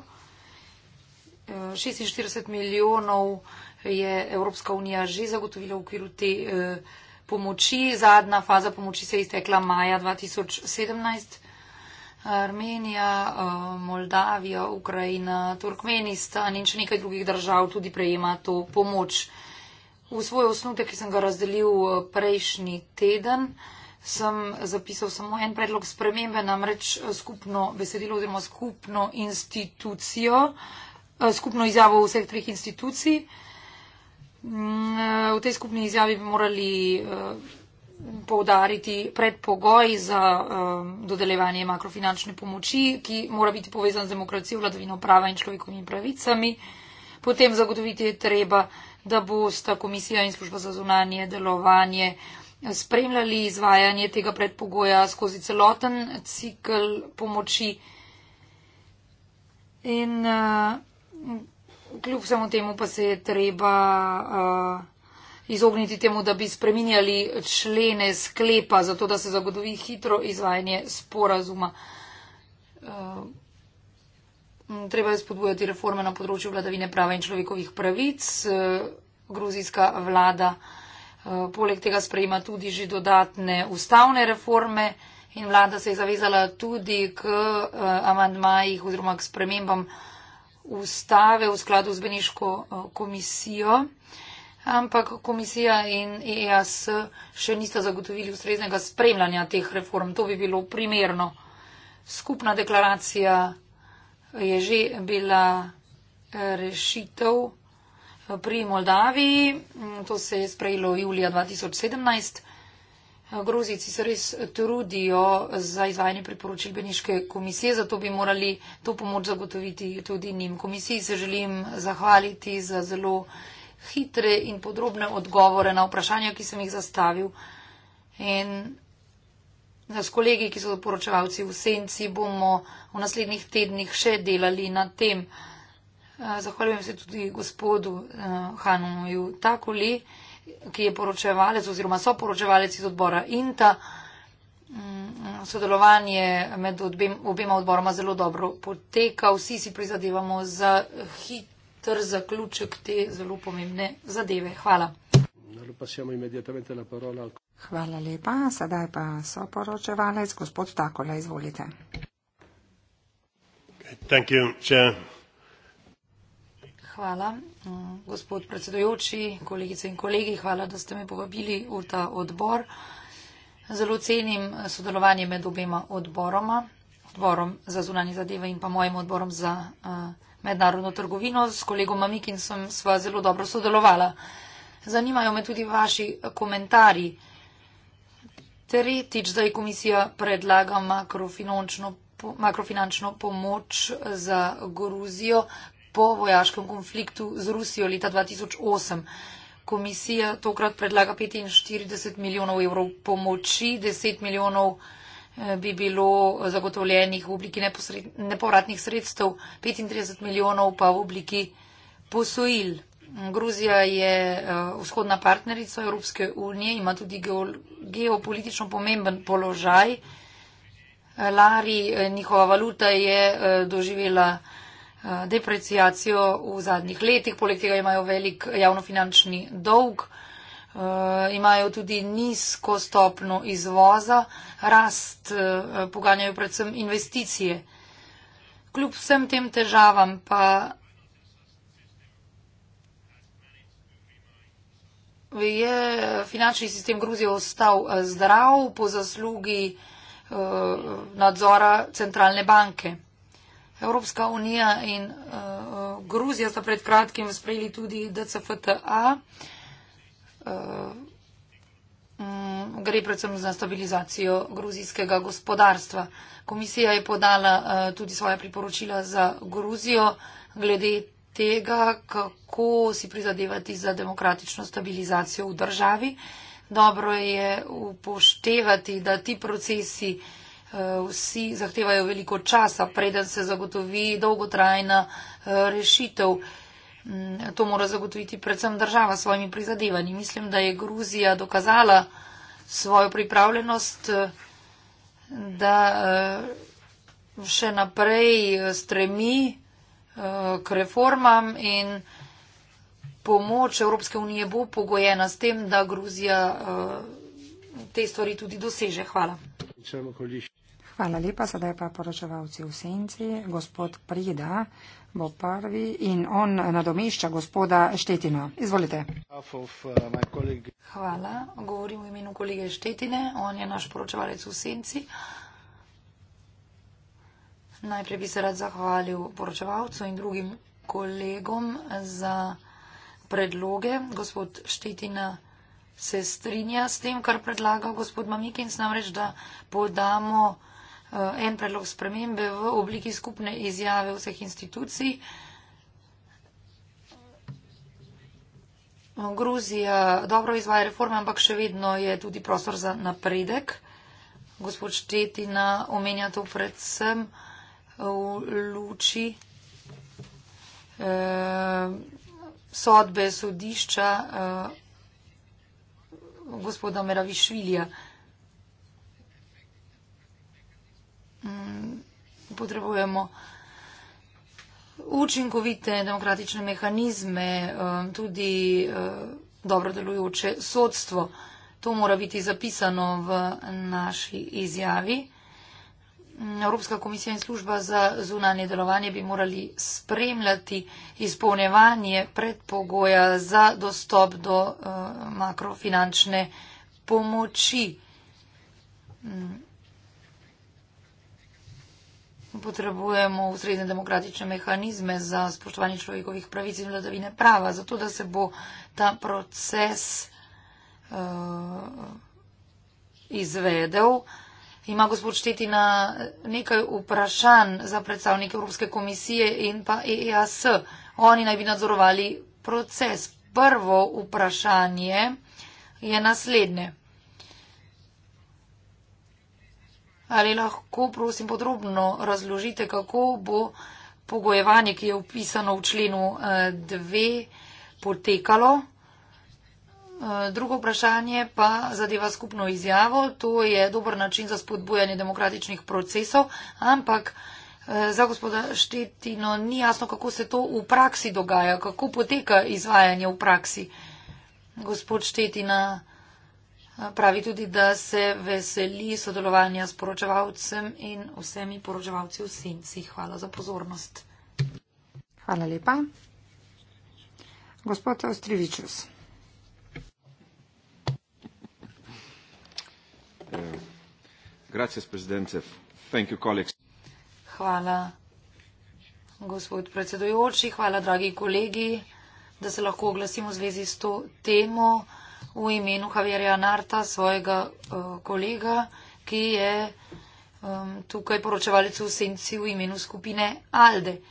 46 uh, milijonov je Evropska unija že zagotovila v okviru te pomoči. Zadnja faza pomoči se je iztekla maja 2017. Armenija, eh, Moldavija, Ukrajina, Turkmenistan in še nekaj drugih držav tudi prejema to pomoč. V svoj osnutek, ki sem ga razdelil eh, prejšnji teden, sem zapisal samo en predlog spremembe, namreč eh, skupno besedilo oziroma skupno institucijo, skupno izjavo vseh treh institucij. Mm, v tej skupni izjavi bi morali eh, poudariti predpogoj za eh, dodelevanje makrofinančne pomoči, ki mora biti povezan z demokracijo, vladavino prava in človekovimi pravicami. Potem zagotoviti je treba, da bosta komisija in služba za zunanje delovanje spremljali izvajanje tega predpogoja skozi celoten cikl pomoči. In, uh, kljub vsemu temu pa se je treba uh, izogniti temu, da bi spreminjali člene sklepa, zato da se zagotovi hitro izvajanje sporazuma. Uh, treba je spodbujati reforme na področju vladavine prava in človekovih pravic. Uh, gruzijska vlada uh, poleg tega sprejema tudi že dodatne ustavne reforme. In vlada se je zavezala tudi k uh, amandmajih oziroma k spremembam uh, ustave v skladu z Beneško eh, komisijo, ampak komisija in EAS e še nista zagotovili ustreznega spremljanja teh reform. To bi bilo primerno. Skupna deklaracija eh, je že bila eh, rešitev pri Moldaviji. Mm, to se je sprejelo julija 2017. Grozici se res trudijo za izvajanje priporočil Beniške komisije, zato bi morali to pomoč zagotoviti tudi njim. Komisiji se želim zahvaliti za zelo hitre in podrobne odgovore na vprašanja, ki sem jih zastavil. In s kolegi, ki so poročevalci v Senci, bomo v naslednjih tednih še delali na tem. Eh, zahvaljujem se tudi gospodu eh, Hanu Jutakuli ki je poročevalec oziroma so poročevalec iz odbora INTA. Mm, sodelovanje med obema odboroma zelo dobro poteka. Vsi si prizadevamo za hiter zaključek te zelo pomembne zadeve. Hvala. Hvala lepa. Sedaj pa so poročevalec, gospod Takole, izvolite. Hvala. Gospod predsedojoči, kolegice in kolegi, hvala, da ste me povabili v ta odbor. Zelo cenim sodelovanje med obema odboroma, odborom za zunanje zadeve in pa mojim odborom za mednarodno trgovino. S kolegom Mamikin sem sva zelo dobro sodelovala. Zanimajo me tudi vaši komentarji. Tretjič, da je komisija predlaga makrofinančno, makrofinančno pomoč za Gruzijo po vojaškem konfliktu z Rusijo leta 2008. Komisija tokrat predlaga 45 milijonov evrov pomoči, 10 milijonov eh, bi bilo zagotovljenih v obliki nepovratnih sredstev, 35 milijonov pa v obliki posojil. Gruzija je eh, vzhodna partnerica Evropske unije, ima tudi geopolitično pomemben položaj. Lari, eh, njihova valuta je doživela. Eh, depreciacijo v zadnjih letih, poleg tega imajo velik javnofinančni dolg, eh, imajo tudi nizko stopno izvoza, rast eh, poganjajo predvsem investicije. Kljub vsem tem težavam pa je finančni sistem Gruzije ostal zdrav po zaslugi nadzora centralne banke. Evropska unija in uh, Gruzija sta pred kratkim sprejeli tudi DCFTA. Uh, eh, mm, gre predvsem za stabilizacijo gruzijskega gospodarstva. Komisija je podala uh, tudi svoje priporočila za Gruzijo glede tega, kako si prizadevati za demokratično stabilizacijo v državi. Dobro je upoštevati, da ti procesi uh, Eh, vsi zahtevajo veliko časa, preden se zagotovi dolgotrajna eh, rešitev. Mm, to mora zagotoviti predvsem država s svojimi prizadevanji. Mislim, da je Gruzija dokazala svojo pripravljenost, eh, da še naprej stremi k reformam in pomoč Evropske unije bo pogojena s tem, da Gruzija te stvari tudi doseže. Hvala. Hvala lepa, sedaj pa poročevalci v senci. Gospod Prida bo prvi in on nadomešča gospoda Štetina. Izvolite. Hvala, govorim v imenu kolege Štetine, on je naš poročevalec v senci. Najprej bi se rad zahvalil poročevalcu in drugim kolegom za predloge. Gospod Štetina se strinja s tem, kar predlaga gospod Mamikins, namreč da podamo Eh, en predlog spremembe v obliki skupne izjave vseh institucij. Eh, Gruzija dobro izvaja reforme, ampak še vedno je tudi prostor za napredek. Gospod Štetina omenja to predvsem eh, v luči eh, sodbe sodišča eh, gospoda Meravišvilija. Eh, Mm, potrebujemo učinkovite demokratične mehanizme, um, tudi uh, dobro delujoče sodstvo. To mora biti zapisano v naši izjavi. Mm, Evropska komisija in služba za zunanje delovanje bi morali spremljati izpolnevanje predpogoja za dostop do uh, makrofinančne pomoči. Mm, potrebujemo ustrezne demokratične mehanizme za spoštovanje človekovih pravic in vladavine prava, zato da se bo ta proces uh, izvedel. Ima gospod Šteti na nekaj vprašanj za predstavnike Evropske komisije in pa EAS. E Oni naj bi nadzorovali proces. Prvo vprašanje je naslednje. Ali lahko, prosim, podrobno razložite, kako bo pogojevanje, ki je upisano v členu 2, eh, potekalo? Eh, drugo vprašanje pa zadeva skupno izjavo. To je dober način za spodbujanje demokratičnih procesov, ampak eh, za gospoda Štetino ni jasno, kako se to v praksi dogaja, kako poteka izvajanje v praksi. Gospod Štetina. Pravi tudi, da se veseli sodelovanja s poročevalcem in vsemi poročevalci v Sinci. Hvala za pozornost. Hvala lepa. Gospod Ostrivičus. Eh, Hvala, gospod predsedujoči. Hvala, dragi kolegi, da se lahko oglasimo v zvezi s to temo v imenu Javierja Narta, svojega uh, kolega, ki je um, tukaj poročevalec v senci v imenu skupine Alde.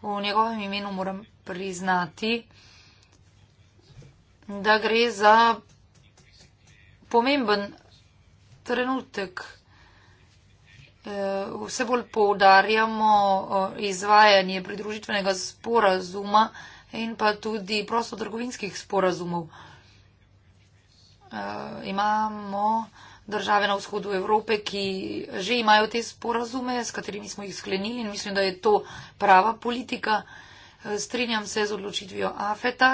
V njegovem imenu moram priznati, da gre za pomemben trenutek. Eh, vse bolj poudarjamo eh, izvajanje pridružitvenega sporazuma in pa tudi prostotrgovinskih sporazumov. Uh, imamo države na vzhodu Evrope, ki že imajo te sporazume, s katerimi smo jih sklenili in mislim, da je to prava politika. Uh, strinjam se z odločitvijo AFETA,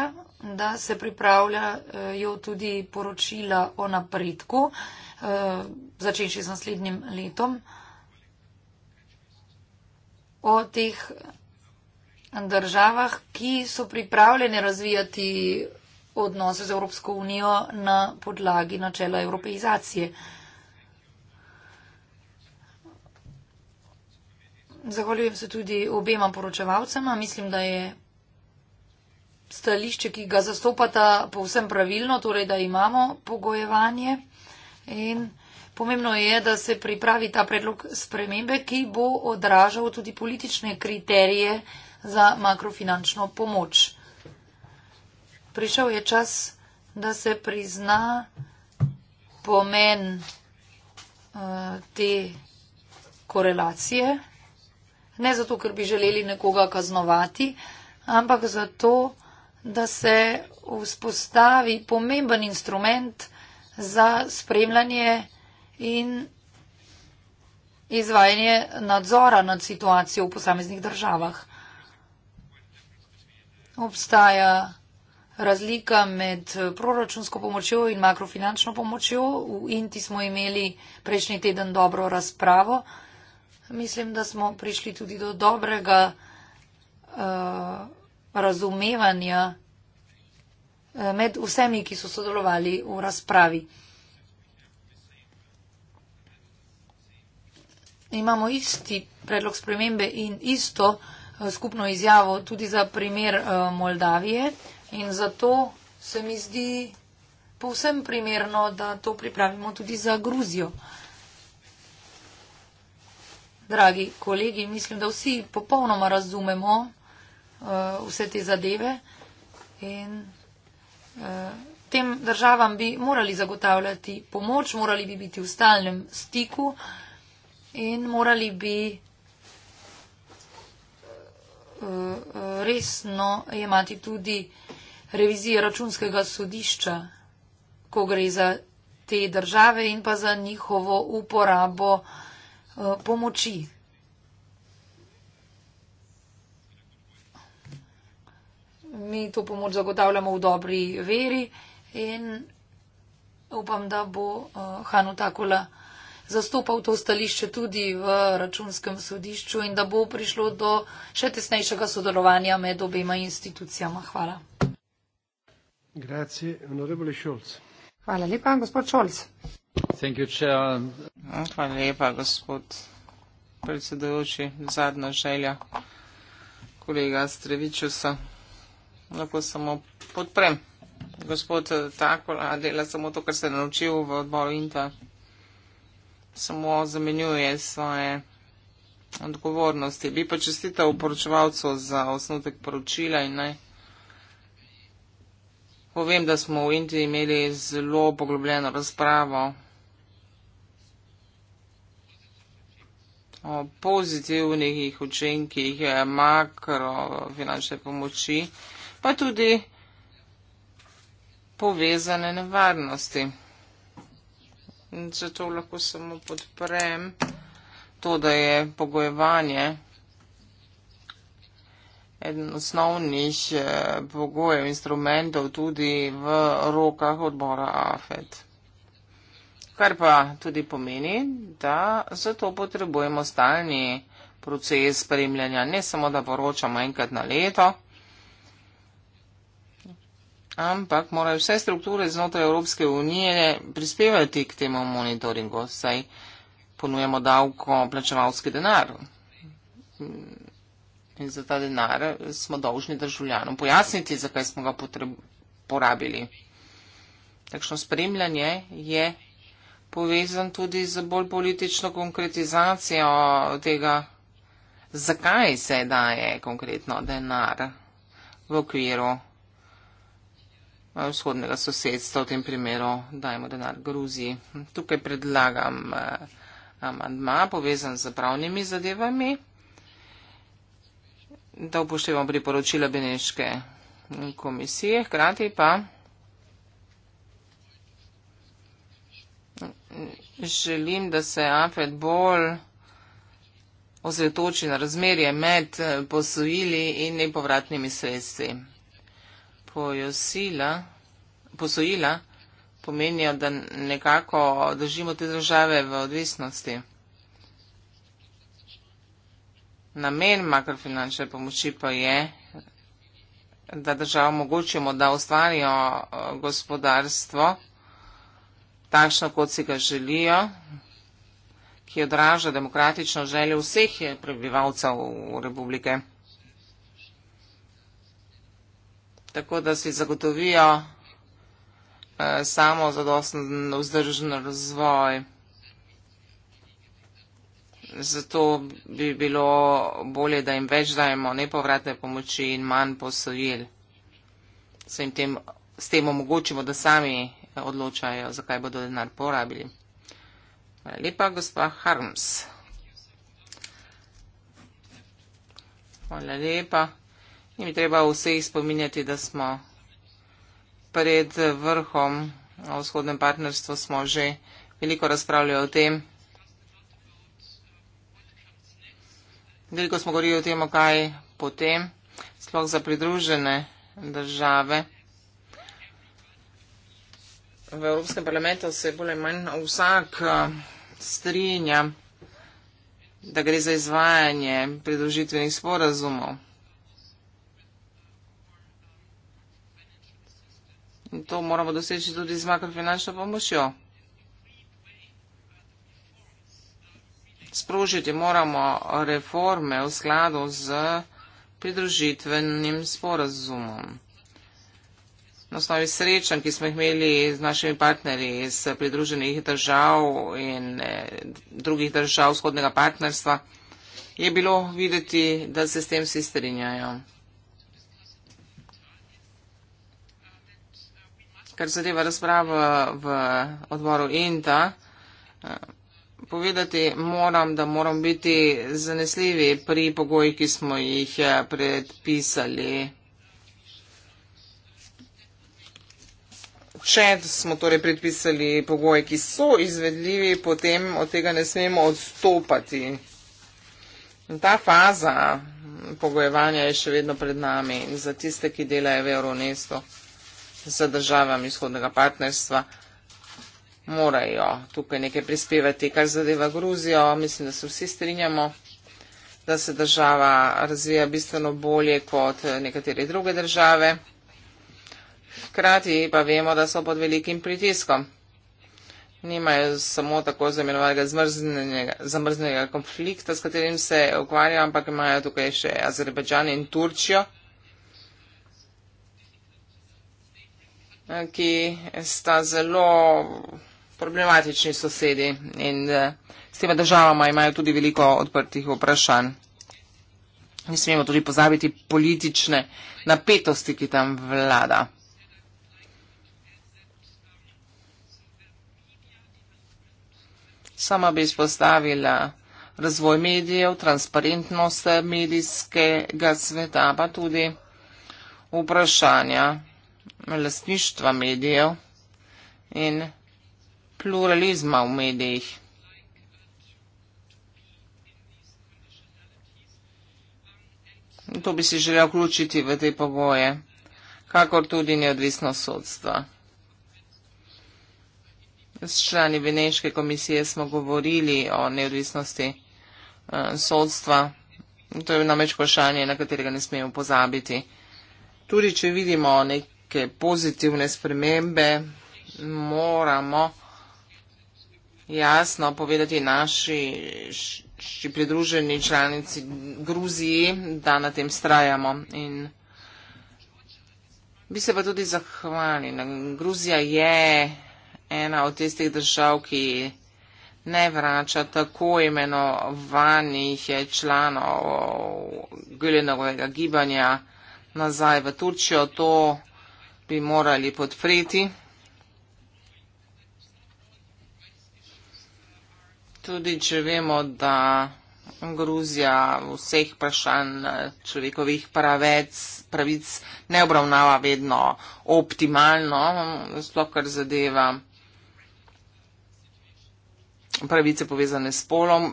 da se pripravljajo eh, tudi poročila o napredku, uh, začenši z naslednjim letom, o teh državah, ki so pripravljene razvijati odnose z Evropsko unijo na podlagi načela evropeizacije. Zahvaljujem se tudi obema poročevalcema. Mislim, da je stališče, ki ga zastopata, povsem pravilno, torej da imamo pogojevanje. In pomembno je, da se pripravi ta predlog spremembe, ki bo odražal tudi politične kriterije za makrofinančno pomoč prišel je čas, da se prizna pomen eh, te korelacije. Ne zato, ker bi želeli nekoga kaznovati, ampak zato, da se vzpostavi pomemben instrument za spremljanje in izvajanje nadzora nad situacijo v posameznih državah. Obstaja razlika med proračunsko pomočjo in makrofinančno pomočjo. V Inti smo imeli prejšnji teden dobro razpravo. Mislim, da smo prišli tudi do dobrega uh, razumevanja eh, med vsemi, ki so sodelovali v razpravi. Imamo isti predlog spremembe in isto eh, skupno izjavo tudi za primer Moldavije. In zato se mi zdi povsem primerno, da to pripravimo tudi za Gruzijo. Dragi kolegi, mislim, da vsi popolnoma razumemo uh, vse te zadeve in uh, tem državam bi morali zagotavljati pomoč, morali bi biti v stalnem stiku in morali bi uh, resno jemati tudi uh, revizije računskega sodišča, ko gre za te države in pa za njihovo uporabo eh, pomoči. Mi to pomoč zagotavljamo v dobri veri in upam, da bo eh, Hanu takola zastopal to stališče tudi v računskem sodišču in da bo prišlo do še tesnejšega sodelovanja med obema institucijama. Hvala. Hvala lepa, gospod Šolc. Ja, hvala lepa, gospod predsedujoči. Zadnja želja kolega Strevičusa. Lahko samo podprem. Gospod Takola dela samo to, kar se je naučil v odboru Inta. Samo zamenjuje svoje odgovornosti. Bi pa čestitev poročevalcu za osnutek poročila in naj. Ne povem, da smo v Indiji imeli zelo poglobljeno razpravo o pozitivnih učinkih eh, makrofinančne pomoči, pa tudi povezane nevarnosti. In zato lahko samo podprem to, da je pogojevanje eden osnovnih eh, pogojev instrumentov tudi v rokah odbora AFED. Kar pa tudi pomeni, da zato potrebujemo stalni proces spremljanja, ne samo da poročamo enkrat na leto, ampak morajo vse strukture znotraj Evropske unije prispevati k temu monitoringu, saj ponujemo davko plačevalski denar in za ta denar smo dolžni državljanom pojasniti, zakaj smo ga porabili. Takšno spremljanje je povezan tudi z bolj politično konkretizacijo tega, zakaj se daje konkretno denar v okviru eh, vzhodnega sosedstva, v tem primeru dajemo denar Gruziji. Tukaj predlagam eh, amandma povezan z pravnimi zadevami da upoštevamo priporočila Beneške komisije, hkrati pa želim, da se AFED bolj ozretoči na razmerje med eh, posojili in nepovratnimi sredstvi. Pojosila, posojila pomenijo, da nekako držimo te države v odvisnosti. Namen makrofinančne pomoči pa je, da državo omogočimo, da ustvarijo eh, gospodarstvo takšno, kot si ga želijo, ki odraža demokratično željo vseh eh, prebivalcev republike. Tako da si zagotovijo eh, samo zadostno vzdržen razvoj. Zato bi bilo bolje, da jim več dajemo nepovratne pomoči in manj posojil. S tem omogočimo, da sami eh, odločajo, zakaj bodo denar porabili. Hvala lepa, gospa Harms. Hvala lepa. In mi treba vse spominjati, da smo pred vrhom o vzhodnem partnerstvu, smo že veliko razpravljali o tem. Veliko smo govorili o tem, kaj potem, sploh za pridružene države. V Evropskem parlamentu se bolj ali manj vsak eh, strinja, da gre za izvajanje pridružitvenih sporazumov. In to moramo doseči tudi z makrofinančno pomočjo. sprožiti moramo reforme v skladu z pridružitvenim sporazumom. Na osnovi srečan, ki smo jih imeli z našimi partnerji iz pridruženih držav in eh, drugih držav vzhodnega partnerstva, je bilo videti, da se s tem vsi strinjajo. Kar zadeva razprava v odboru INTA, eh, povedati moram, da moram biti zanesljivi pri pogoji, ki smo jih eh, predpisali. Če smo torej predpisali pogoje, ki so izvedljivi, potem od tega ne smemo odstopati. In ta faza pogojevanja je še vedno pred nami in za tiste, ki delajo v Euronestu, za državami vzhodnega partnerstva morajo tukaj nekaj prispevati. Kar zadeva Gruzijo, mislim, da se vsi strinjamo, da se država razvija bistveno bolje kot nekatere druge države. Hkrati pa vemo, da so pod velikim pritiskom. Nimajo samo tako zamenovanega zamrznega konflikta, s katerim se ukvarjajo, ampak imajo tukaj še Azerbajdžan in Turčijo, ki sta zelo problematični sosedi in eh, s tema državama imajo tudi veliko odprtih vprašanj. Ne smemo tudi pozabiti politične napetosti, ki tam vlada. Sama bi izpostavila razvoj medijev, transparentnost medijskega sveta, pa tudi vprašanja lastništva medijev in vprašanja pluralizma v medijih. To bi si želel vključiti v te pogoje, kakor tudi neodvisnost sodstva. S člani Veneške komisije smo govorili o neodvisnosti eh, sodstva. To je namreč vprašanje, na katerega ne smemo pozabiti. Tudi če vidimo neke pozitivne spremembe, moramo jasno povedati naši še pridruženi članici Gruziji, da na tem strajamo. In bi se pa tudi zahvali. Gruzija je ena od tistih držav, ki ne vrača tako imenovanih članov Gülenovega gibanja nazaj v Turčijo. To bi morali podpreti. Tudi če vemo, da Gruzija vseh vprašanj eh, človekovih pravec, pravic ne obravnava vedno optimalno, sploh kar zadeva pravice povezane s polom,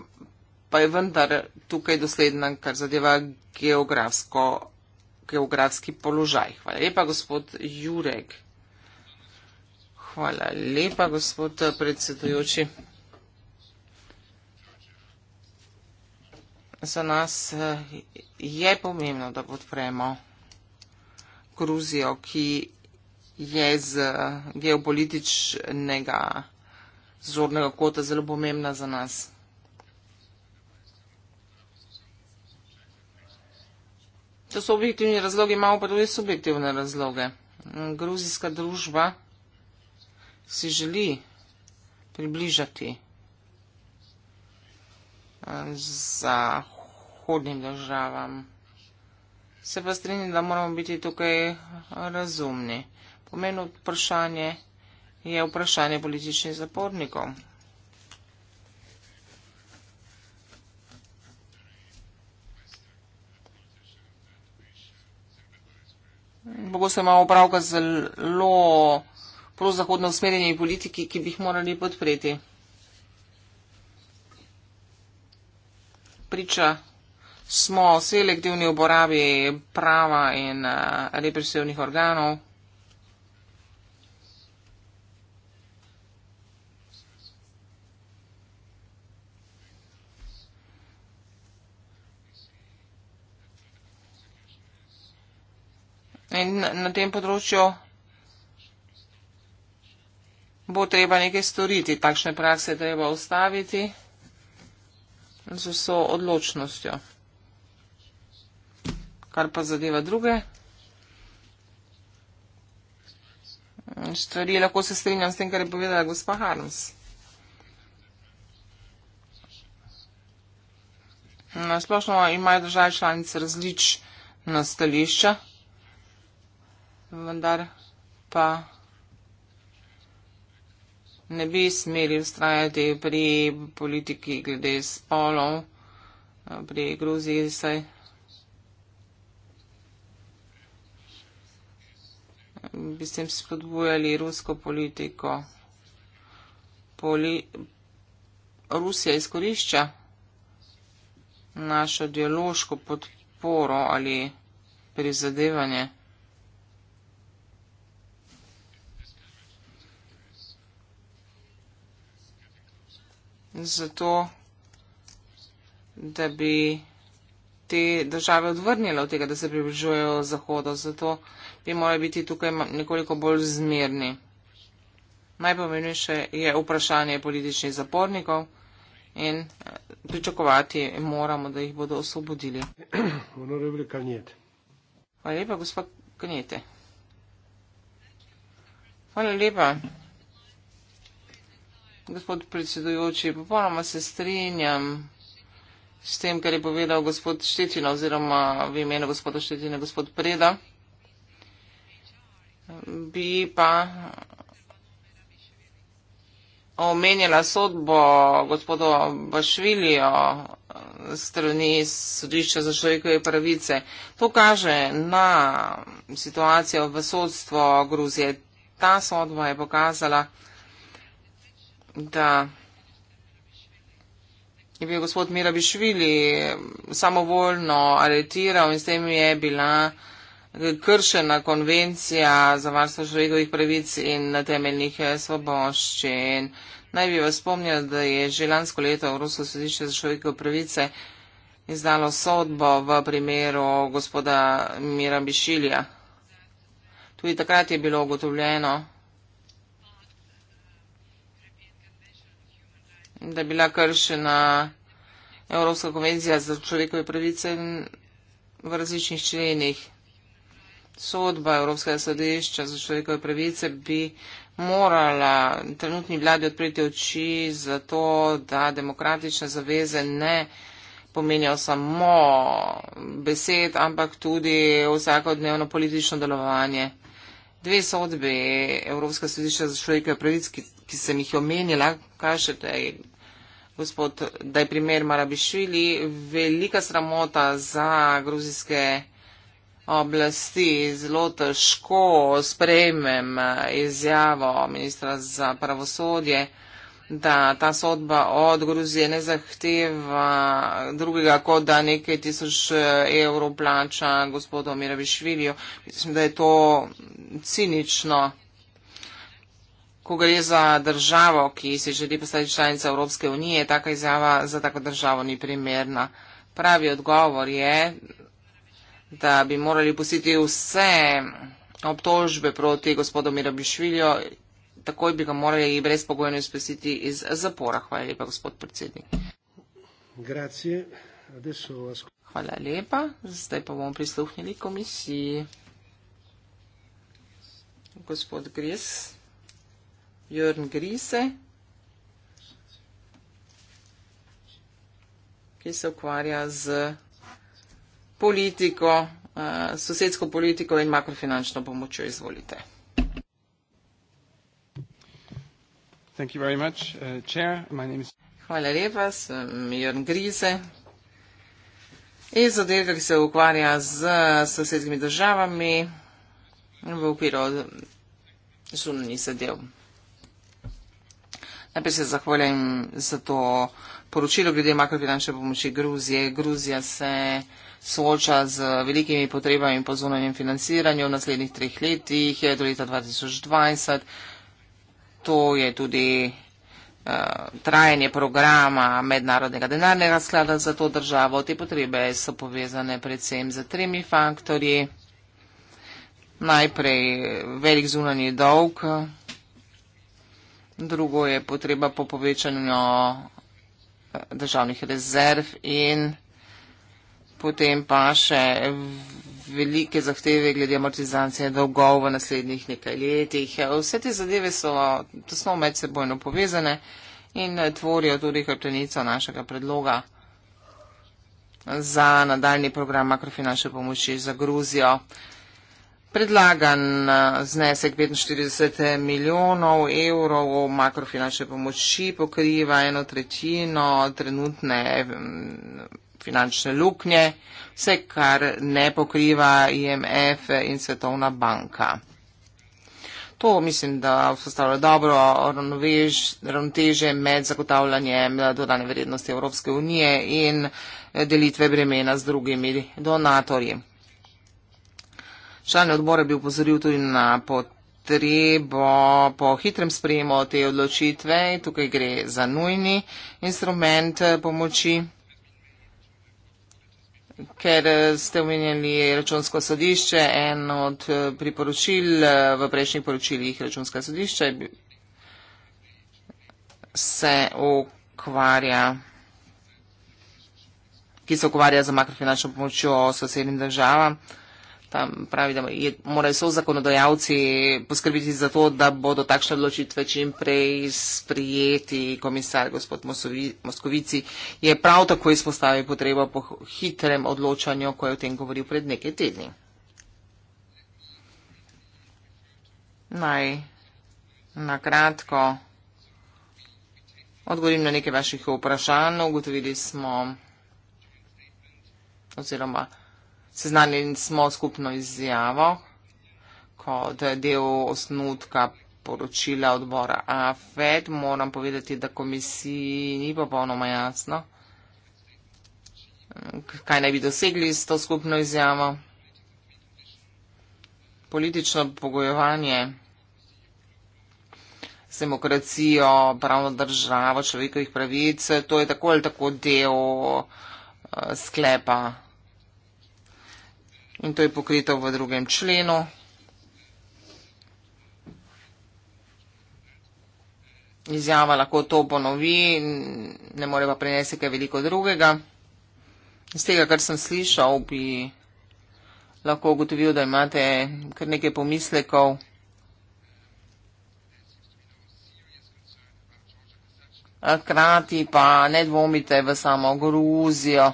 pa je vendar tukaj dosledna, kar zadeva geografsko geografski položaj. Hvala lepa, gospod Jurek. Hvala lepa, gospod eh, predsedujoči. za nas eh, je pomembno, da podpremo Gruzijo, ki je z eh, geopolitičnega zornega kota zelo pomembna za nas. To so objektivni razlogi, imamo pa tudi subjektivne razloge. Mm, Gruzijska družba si želi približati zahodnim državam. Se pa strinjam, da moramo biti tukaj razumni. Pomenu vprašanje je vprašanje političnih zapornikov. Bogo se imamo upravka zelo prozahodno usmerjenje politiki, ki bi jih morali podpreti. priča smo selektivni uporabi prava in eh, represivnih organov. In na tem področju bo treba nekaj storiti, takšne prakse treba ustaviti z vso odločnostjo. Kar pa zadeva druge. Stvari lahko se strinjam s tem, kar je povedala gospa Harms. Na splošno imajo države članice različna stališča, vendar pa ne bi smeli ustrajati pri politiki glede spolov, pri Gruziji saj. Bi s tem spodbujali rusko politiko. Poli Rusija izkorišča našo dialoško podporo ali prizadevanje. zato, da bi te države odvrnile od tega, da se približujejo Zahodu. Zato bi morali biti tukaj nekoliko bolj zmerni. Najpomembnejše je vprašanje političnih zapornikov in eh, pričakovati moramo, da jih bodo osvobodili. Hvala lepa, gospod Kanjete. Hvala lepa gospod predsedujoči, popolnoma se strinjam s tem, kar je povedal gospod Štetina oziroma v imenu gospoda Štetina gospod Preda. Bi pa omenjala sodbo gospodo Bašvilijo strani sodišča za človekove pravice. To kaže na situacijo v sodstvo Gruzije. Ta sodba je pokazala, da je bil gospod Mirabišvili samovoljno aretiral in s tem je bila kršena konvencija za varstvo človekovih pravic in temeljnih eh, svoboščin. Naj bi vas spomnil, da je že lansko leto Evropsko sodišče za človekove pravice izdalo sodbo v primeru gospoda Mirabišilja. Tudi takrat je bilo ugotovljeno, da je bila kršena Evropska konvencija za človekove pravice v različnih členih. Sodba Evropskega sodišča za človekove pravice bi morala trenutni vladi odpreti oči za to, da demokratične zaveze ne pomenijo samo besed, ampak tudi vsakodnevno politično delovanje. Dve sodbe Evropskega sodišča za človekove pravice, ki sem jih omenila, kaže, da je, gospod, da je primer Marabišvili velika sramota za gruzijske oblasti. Zelo težko sprejmem eh, izjavo ministra za pravosodje, da ta sodba od Gruzije ne zahteva drugega, kot da nekaj tisoč eh, evrov plača gospodu Mirabišviliju. Mislim, da je to cinično ko gre za državo, ki si želi postati članica Evropske unije, taka izjava za tako državo ni primerna. Pravi odgovor je, da bi morali pustiti vse obtožbe proti gospodu Mirabišviljo, takoj bi ga morali i brezpogojno izpustiti iz zapora. Hvala lepa, gospod predsednik. Hvala lepa. Zdaj pa bomo prisluhnili komisiji. Gospod Gris. Jörn Grise, ki se ukvarja z politiko, uh, sosedsko politiko in makrofinančno pomočjo. Izvolite. Thank you very much, uh, chair. My name is... Hvala lepa, sem Jörn Grise. Iz oddelka, ki se ukvarja z eh, sosednjimi državami v okviru zunanjih zadev. Najprej se zahvaljujem za to poročilo glede makrofinančne pomoči Gruzije. Gruzija se sooča z velikimi potrebami po zunanjem financiranju v naslednjih treh letih, do leta 2020. To je tudi eh, trajanje programa Mednarodnega denarnega sklada za to državo. Te potrebe so povezane predvsem z tremi faktorji. Najprej eh, velik zunanji dolg, drugo je potreba po povečanju eh, državnih rezerv in potem pa še velike zahteve glede amortizacije dolgov v naslednjih nekaj letih. Vse te zadeve so tesno medsebojno povezane in tvorijo tudi hrbtenico našega predloga za nadaljni program makrofinančne pomoči za Gruzijo. Predlagan eh, znesek 45 milijonov evrov makrofinančne pomoči pokriva eno tretjino trenutne mm, finančne luknje, vse kar ne pokriva IMF in Svetovna banka. To mislim, da vzpostavlja dobro ravnoteže med zagotavljanjem dodane vrednosti Evropske unije in delitve bremena z drugimi donatorji. Član odbora bi upozoril tudi na potrebo po hitrem sprejemu te odločitve. Tukaj gre za nujni instrument eh, pomoči. Ker eh, ste omenjali računsko sodišče, en od eh, priporočil v prejšnjih poročilih računska sodišča se ukvarja, ki se ukvarja za makrofinančno pomočjo sosednjim državam. Tam pravi, da je, morajo so zakonodajalci poskrbiti za to, da bodo takšne odločitve čim prej sprijeti. Komisar gospod Moskovici je prav tako izpostavil potrebo po hitrem odločanju, ko je o tem govoril pred nekaj tedni. Naj na kratko odgovorim na nekaj vaših vprašanj. Ugotovili smo oziroma seznanjeni smo skupno izjavo kot del osnutka poročila odbora AFED. Moram povedati, da komisiji ni popolnoma jasno, kaj naj bi dosegli s to skupno izjavo. Politično pogojevanje s demokracijo, pravno državo, človekovih pravic, to je tako ali tako del eh, sklepa in to je pokrito v drugem členu. Izjava lahko to ponovi, ne more pa prenesti kaj veliko drugega. Z tega, kar sem slišal, bi lahko ugotovil, da imate kar nekaj pomislekov. Hkrati pa ne dvomite v samo Gruzijo.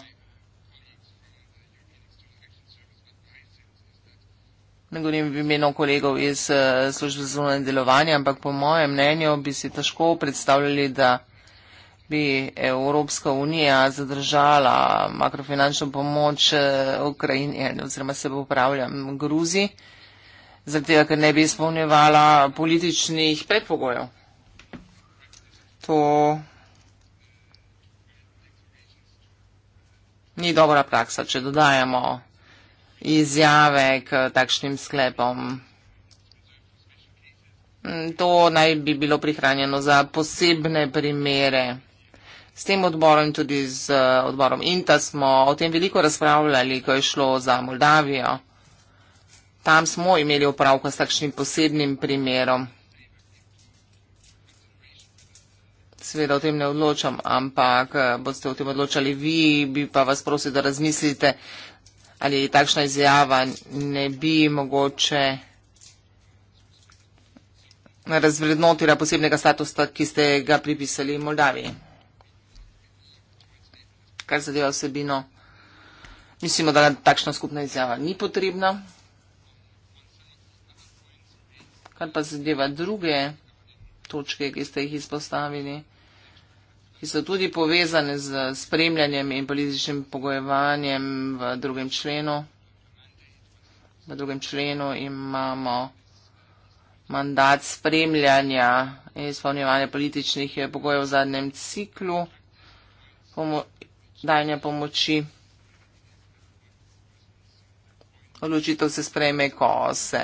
ne govorim v imenu kolegov iz uh, službe zunanje delovanja, ampak po mojem mnenju bi si težko predstavljali, da bi Evropska unija zadržala makrofinančno pomoč eh, Ukrajini eh, oziroma se popravlja Gruzi, zato ker ne bi izpolnjevala političnih predpogojev. To ni dobra praksa, če dodajamo izjave k takšnim sklepom. To naj bi bilo prihranjeno za posebne primere. S tem odborom in tudi z eh, odborom INTA smo o tem veliko razpravljali, ko je šlo za Moldavijo. Tam smo imeli opravka s takšnim posebnim primerom. Seveda o tem ne odločam, ampak eh, boste o tem odločali vi, bi pa vas prosil, da razmislite, ali takšna izjava ne bi mogoče razvrednotila posebnega statusa, ki ste ga pripisali Moldaviji. Kar zadeva vsebino, mislimo, da takšna skupna izjava ni potrebna. Kar pa zadeva druge točke, ki ste jih izpostavili ki so tudi povezane z spremljanjem in političnim pogojevanjem v drugem členu. V drugem členu imamo mandat spremljanja in izpolnjevanja političnih pogojev v zadnjem ciklu pomo danja pomoči. Odločitev se sprejme, ko se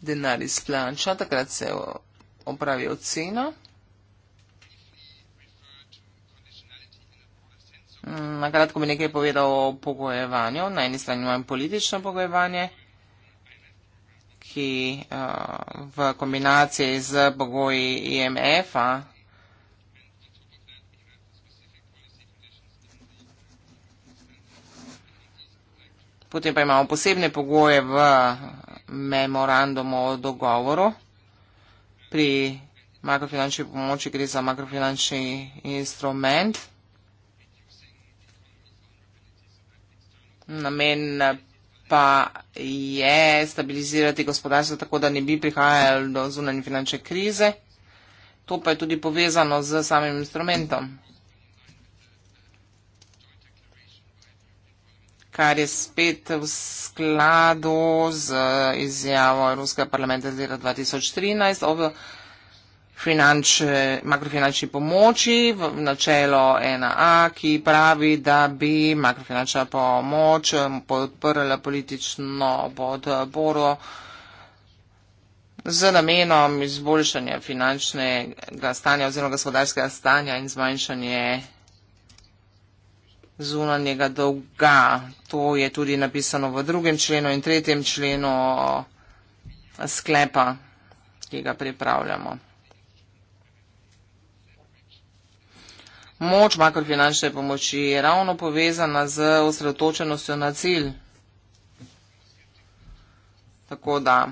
denar izplača, takrat se opravi oceno. Na kratko bi nekaj povedal o pogojevanju. Na eni strani imam politično pogojevanje, ki eh, v kombinaciji z pogoji IMF-a e Potem pa imamo posebne pogoje v memorandumu o dogovoru pri makrofinančni pomoči gre za makrofinančni instrument. Namen pa je stabilizirati gospodarstvo tako, da ne bi prihajalo do zunanje finančne krize. To pa je tudi povezano z samim instrumentom. kar je spet v skladu z izjavo Ruskega parlamenta z leta 2013 o finanč, makrofinančni pomoči v načelo 1A, ki pravi, da bi makrofinančna pomoč podprla politično podporo z namenom izboljšanja finančnega stanja oziroma gospodarskega stanja in zmanjšanje zunanjega dolga. To je tudi napisano v drugem členu in tretjem členu sklepa, ki ga pripravljamo. Moč makrofinančne pomoči je ravno povezana z osredotočenostjo na cilj. Tako da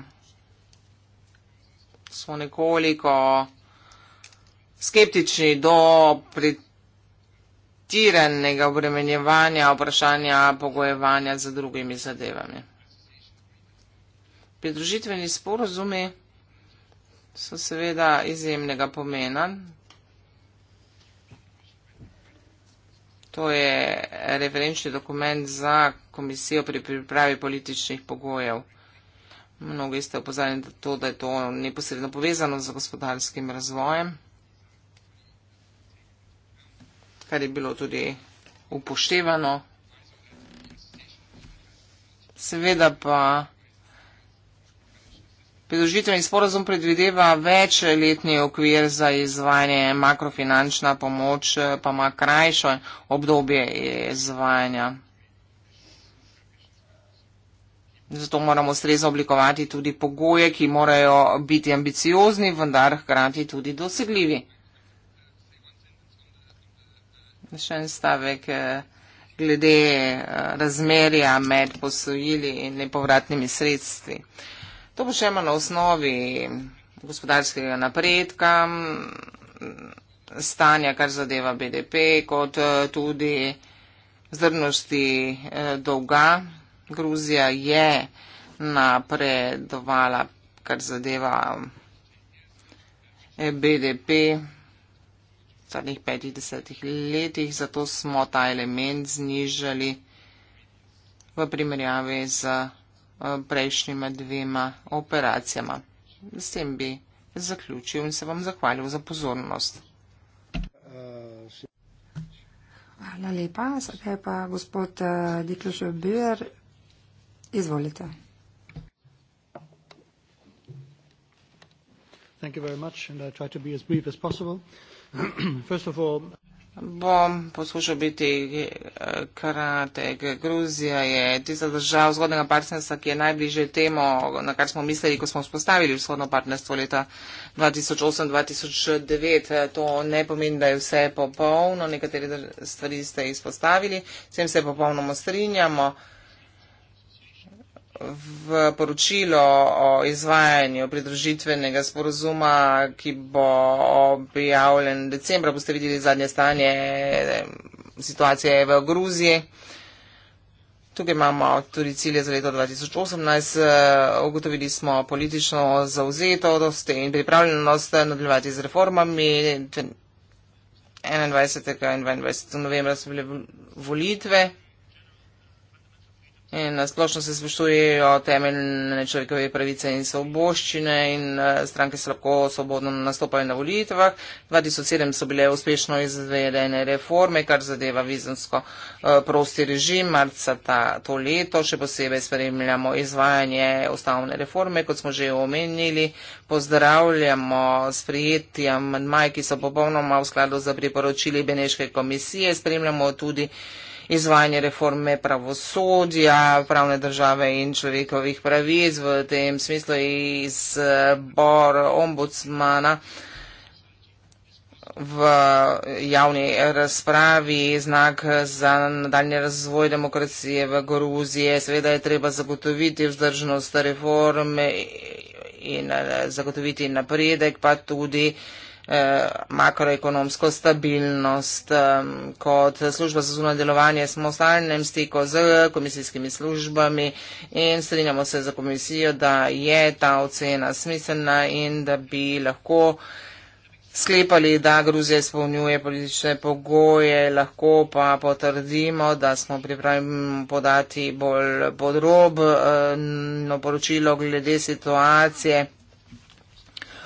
smo nekoliko skeptični do pritekljenja pretiranega obremenjevanja vprašanja pogojevanja z drugimi zadevami. Pridružitveni sporozumi so seveda izjemnega pomena. To je referenčni dokument za komisijo pri pripravi političnih pogojev. Mnogi ste opozarjali na to, da je to neposredno povezano z gospodarskim razvojem kar je bilo tudi upoštevano. Seveda pa predložitveni sporozum predvideva večletni okvir za izvajanje makrofinančna pomoč, pa ima krajšo obdobje izvajanja. Zato moramo strezno oblikovati tudi pogoje, ki morajo biti ambiciozni, vendar hkrati tudi dosegljivi še en stavek eh, glede eh, razmerja med posojili in nepovratnimi sredstvi. To bo še ima na osnovi gospodarskega napredka, stanja, kar zadeva BDP, kot eh, tudi zdrnosti dolga. Gruzija je napredovala, kar zadeva BDP zadnjih petih, desetih letih, zato smo ta element znižali v primerjavi z eh, prejšnjima dvema operacijama. S tem bi zaključil in se vam zahvalil za pozornost. Hvala lepa. Sedaj pa gospod eh, Diklošev Bir, izvolite. Thank you very much and I try to be as brief as possible. Bom poskušal biti eh, kratek. Gruzija je tista država vzhodnega partnerstva, ki je najbliže temo, na kar smo mislili, ko smo vzpostavili vzhodno partnerstvo leta 2008-2009. To ne pomeni, da je vse popolno. Nekatere stvari ste izpostavili. S tem se popolnoma strinjamo v poročilo o izvajanju pridružitvenega sporozuma, ki bo objavljen decembra, boste videli zadnje stanje eh, situacije v Gruziji. Tukaj imamo tudi cilje za leto 2018. Eh, ugotovili smo politično zauzetost in pripravljenost nadaljevati z reformami. 21. in 22. novembra so bile volitve. In splošno se spoštujejo temeljne človekove pravice in svoboščine in eh, stranke se lahko svobodno nastopajo na volitvah. 2007 so bile uspešno izvedene reforme, kar zadeva vizonsko eh, prosti režim. Marca ta, to leto še posebej spremljamo izvajanje ustavne reforme, kot smo že omenili. Pozdravljamo sprijetje manjmaj, ki so popolnoma v skladu za priporočili Beneške komisije. Spremljamo tudi izvajanje reforme pravosodja, pravne države in človekovih pravic v tem smislu iz bor ombudsmana v javni razpravi znak za nadaljni razvoj demokracije v Gruziji. Seveda je treba zagotoviti vzdržnost reforme in eh, zagotoviti napredek, pa tudi uh, Eh, makroekonomsko stabilnost. Kot služba za zunanje delovanje smo v stalnem stiku z komisijskimi službami in strinjamo se za komisijo, da je ta ocena smiselna in da bi lahko sklepali, da Gruzija izpolnjuje politične pogoje, lahko pa potrdimo, da smo pripravljeni podati bolj podrobno poročilo glede situacije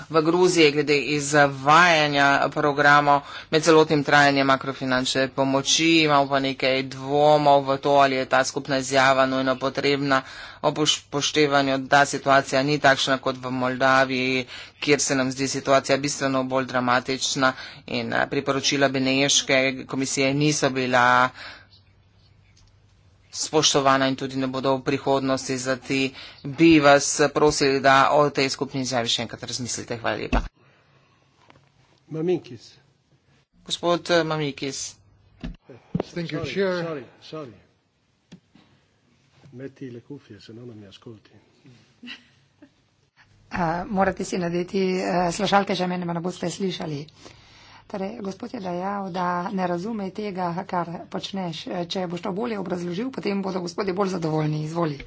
v Gruziji glede izvajanja programov med celotnim trajanjem makrofinančne pomoči. Imamo pa nekaj dvomov v to, ali je ta skupna izjava nujno potrebna ob poštevanju, da situacija ni takšna kot v Moldaviji, kjer se nam zdi situacija bistveno bolj dramatična in eh, priporočila Beneške komisije niso bila spoštovana in tudi ne bodo v prihodnosti za ti, bi vas prosili, da o tej skupni izjavi še enkrat razmislite. Hvala lepa. Maminkis. Gospod eh, Maminkis. Thank you, sorry, Chair. Sorry, sorry. Metti le cuffie, se no non mi ascolti. Uh, eh, morate si nadeti uh, eh, slušalke, že me ne boste slišali. Uh, Torej, gospod je dejal, da ne razume tega, kar počneš. Če boš to bolje obrazložil, potem bodo gospodje bolj zadovoljni. Izvoli.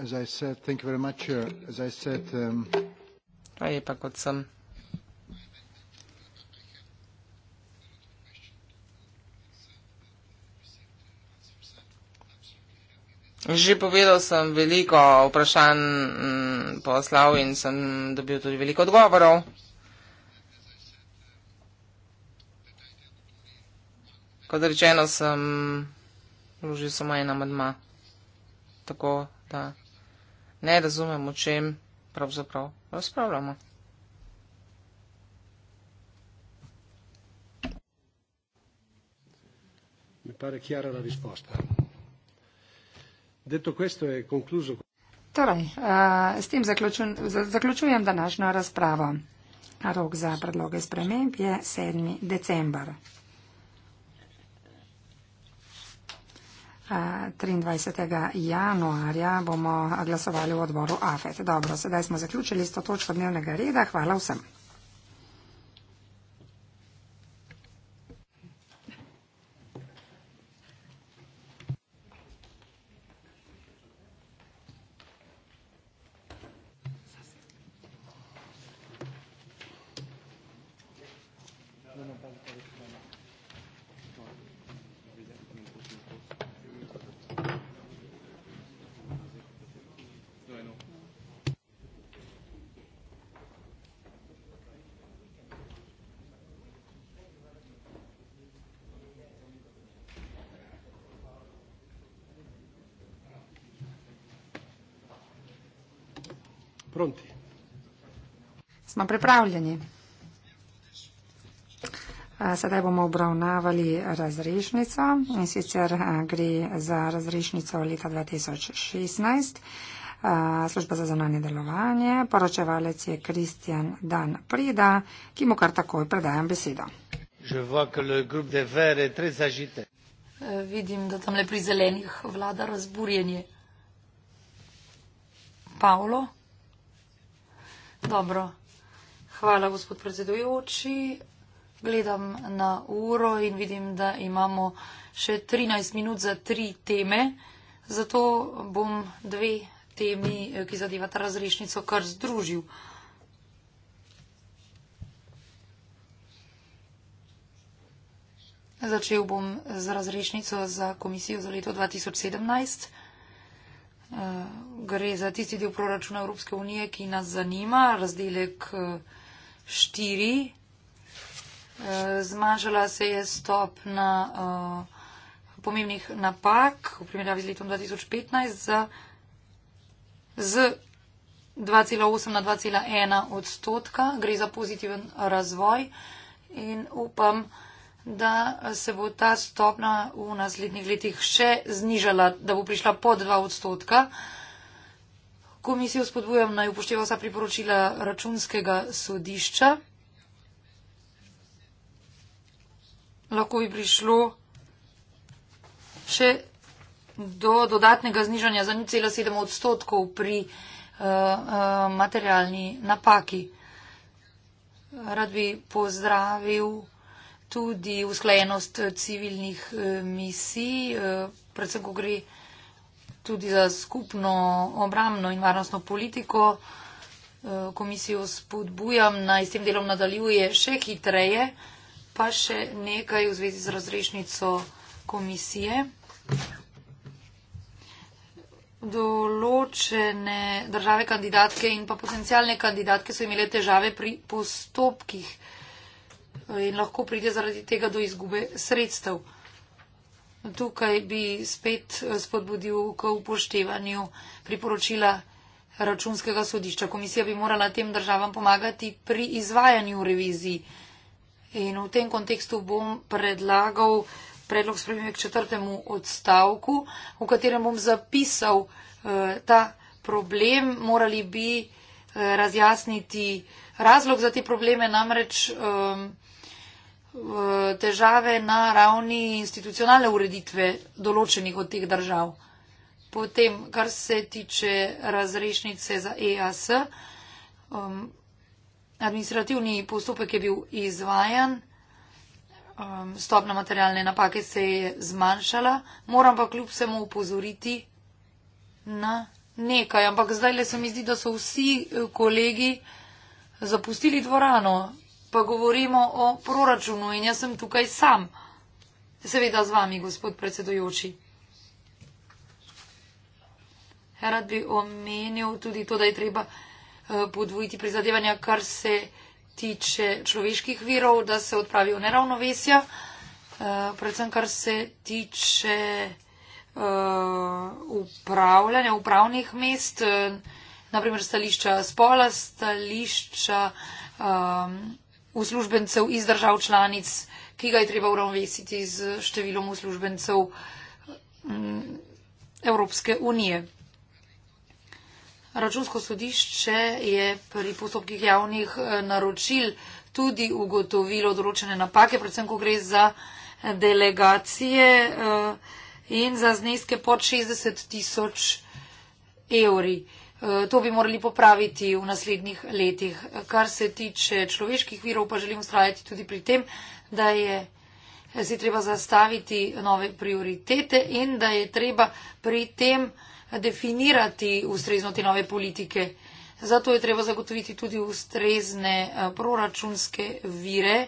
Uh, um, Hvala lepa, kot sem Že povedal sem veliko vprašanj mm, poslal in sem dobil tudi veliko odgovorov. Kot rečeno, sem vložil samo en amadma, tako da ne razumem, o čem pravzaprav razpravljamo. Mi pare chiara la risposta. Torej, eh, s tem zaključujem današnjo razpravo. Rok za predloge sprememb je 7. decembar. 23. januarja bomo glasovali v odboru AFET. Dobro, sedaj smo zaključili s to točko dnevnega reda. Hvala vsem. fronti. Smo pripravljeni. Sedaj bomo obravnavali razrešnico in sicer gre za razrešnico leta 2016. Služba za zunanje delovanje, poročevalec je Kristjan Dan Prida, ki mu kar takoj predajam besedo. Vidim, da tam le pri zelenih vlada razburjenje. Pavlo? Dobro. Hvala, gospod predsedujoči. Gledam na uro in vidim, da imamo še 13 minut za tri teme. Zato bom dve temi, eh, ki zadevata razrešnico, kar združil. Začel bom z razrešnico za komisijo za leto 2017. Eh, gre za tisti del proračuna Evropske unije, ki nas zanima, razdelek 4. Eh, eh, zmanjšala se je stopna pomembnih napak v primerjavi z letom 2015 z 2,8 na 2,1 odstotka. Gre za pozitiven razvoj in upam, da se bo ta stopna v naslednjih letih še znižala, da bo prišla pod 2 odstotka. Komisijo spodbujam naj upošteva vsa priporočila računskega sodišča. Lahko bi prišlo še do dodatnega znižanja za 0,7 odstotkov pri uh, uh, materialni napaki. Rad bi pozdravil tudi usklajenost eh, civilnih eh, misij, eh, predvsem, ko gre tudi za skupno obramno in varnostno politiko. Komisijo spodbujam, naj s tem delom nadaljuje še hitreje, pa še nekaj v zvezi z razrešnico komisije. Določene države kandidatke in pa potencijalne kandidatke so imele težave pri postopkih in lahko pride zaradi tega do izgube sredstev. Tukaj bi spet eh, spodbudil k upoštevanju priporočila računskega sodišča. Komisija bi morala tem državam pomagati pri izvajanju revizij. In v tem kontekstu bom predlagal predlog spremembe k četrtemu odstavku, v katerem bom zapisal eh, ta problem. Morali bi eh, razjasniti razlog za te probleme, namreč. Um, Eh, težave na ravni institucionalne ureditve določenih od teh držav. Potem, kar se tiče razrešnice za EAS, um, administrativni postopek je bil izvajan, um, stopna materialne napake se je zmanjšala, moram pa kljub vsemu upozoriti na nekaj, ampak zdaj le se mi zdi, da so vsi kolegi zapustili dvorano pa govorimo o proračunu in jaz sem tukaj sam. Seveda z vami, gospod predsedujoči. Rad bi omenil tudi to, da je treba eh, podvojiti prizadevanja, kar se tiče človeških virov, da se odpravijo neravnovesja, eh, predvsem kar se tiče eh, upravljanja upravnih mest, naprimer stališča spola, stališča uslužbencev iz držav članic, ki ga je treba uravnovesiti z številom uslužbencev mm, Evropske unije. Računsko sodišče je pri postopkih javnih eh, naročil tudi ugotovilo določene napake, predvsem, ko gre za delegacije eh, in za zneske pod 60 tisoč evri. Eh, to bi morali popraviti v naslednjih letih. Kar se tiče človeških virov, pa želim ustrajati tudi pri tem, da je eh, si treba zastaviti nove prioritete in da je treba pri tem definirati ustrezno te nove politike. Zato je treba zagotoviti tudi ustrezne eh, proračunske vire,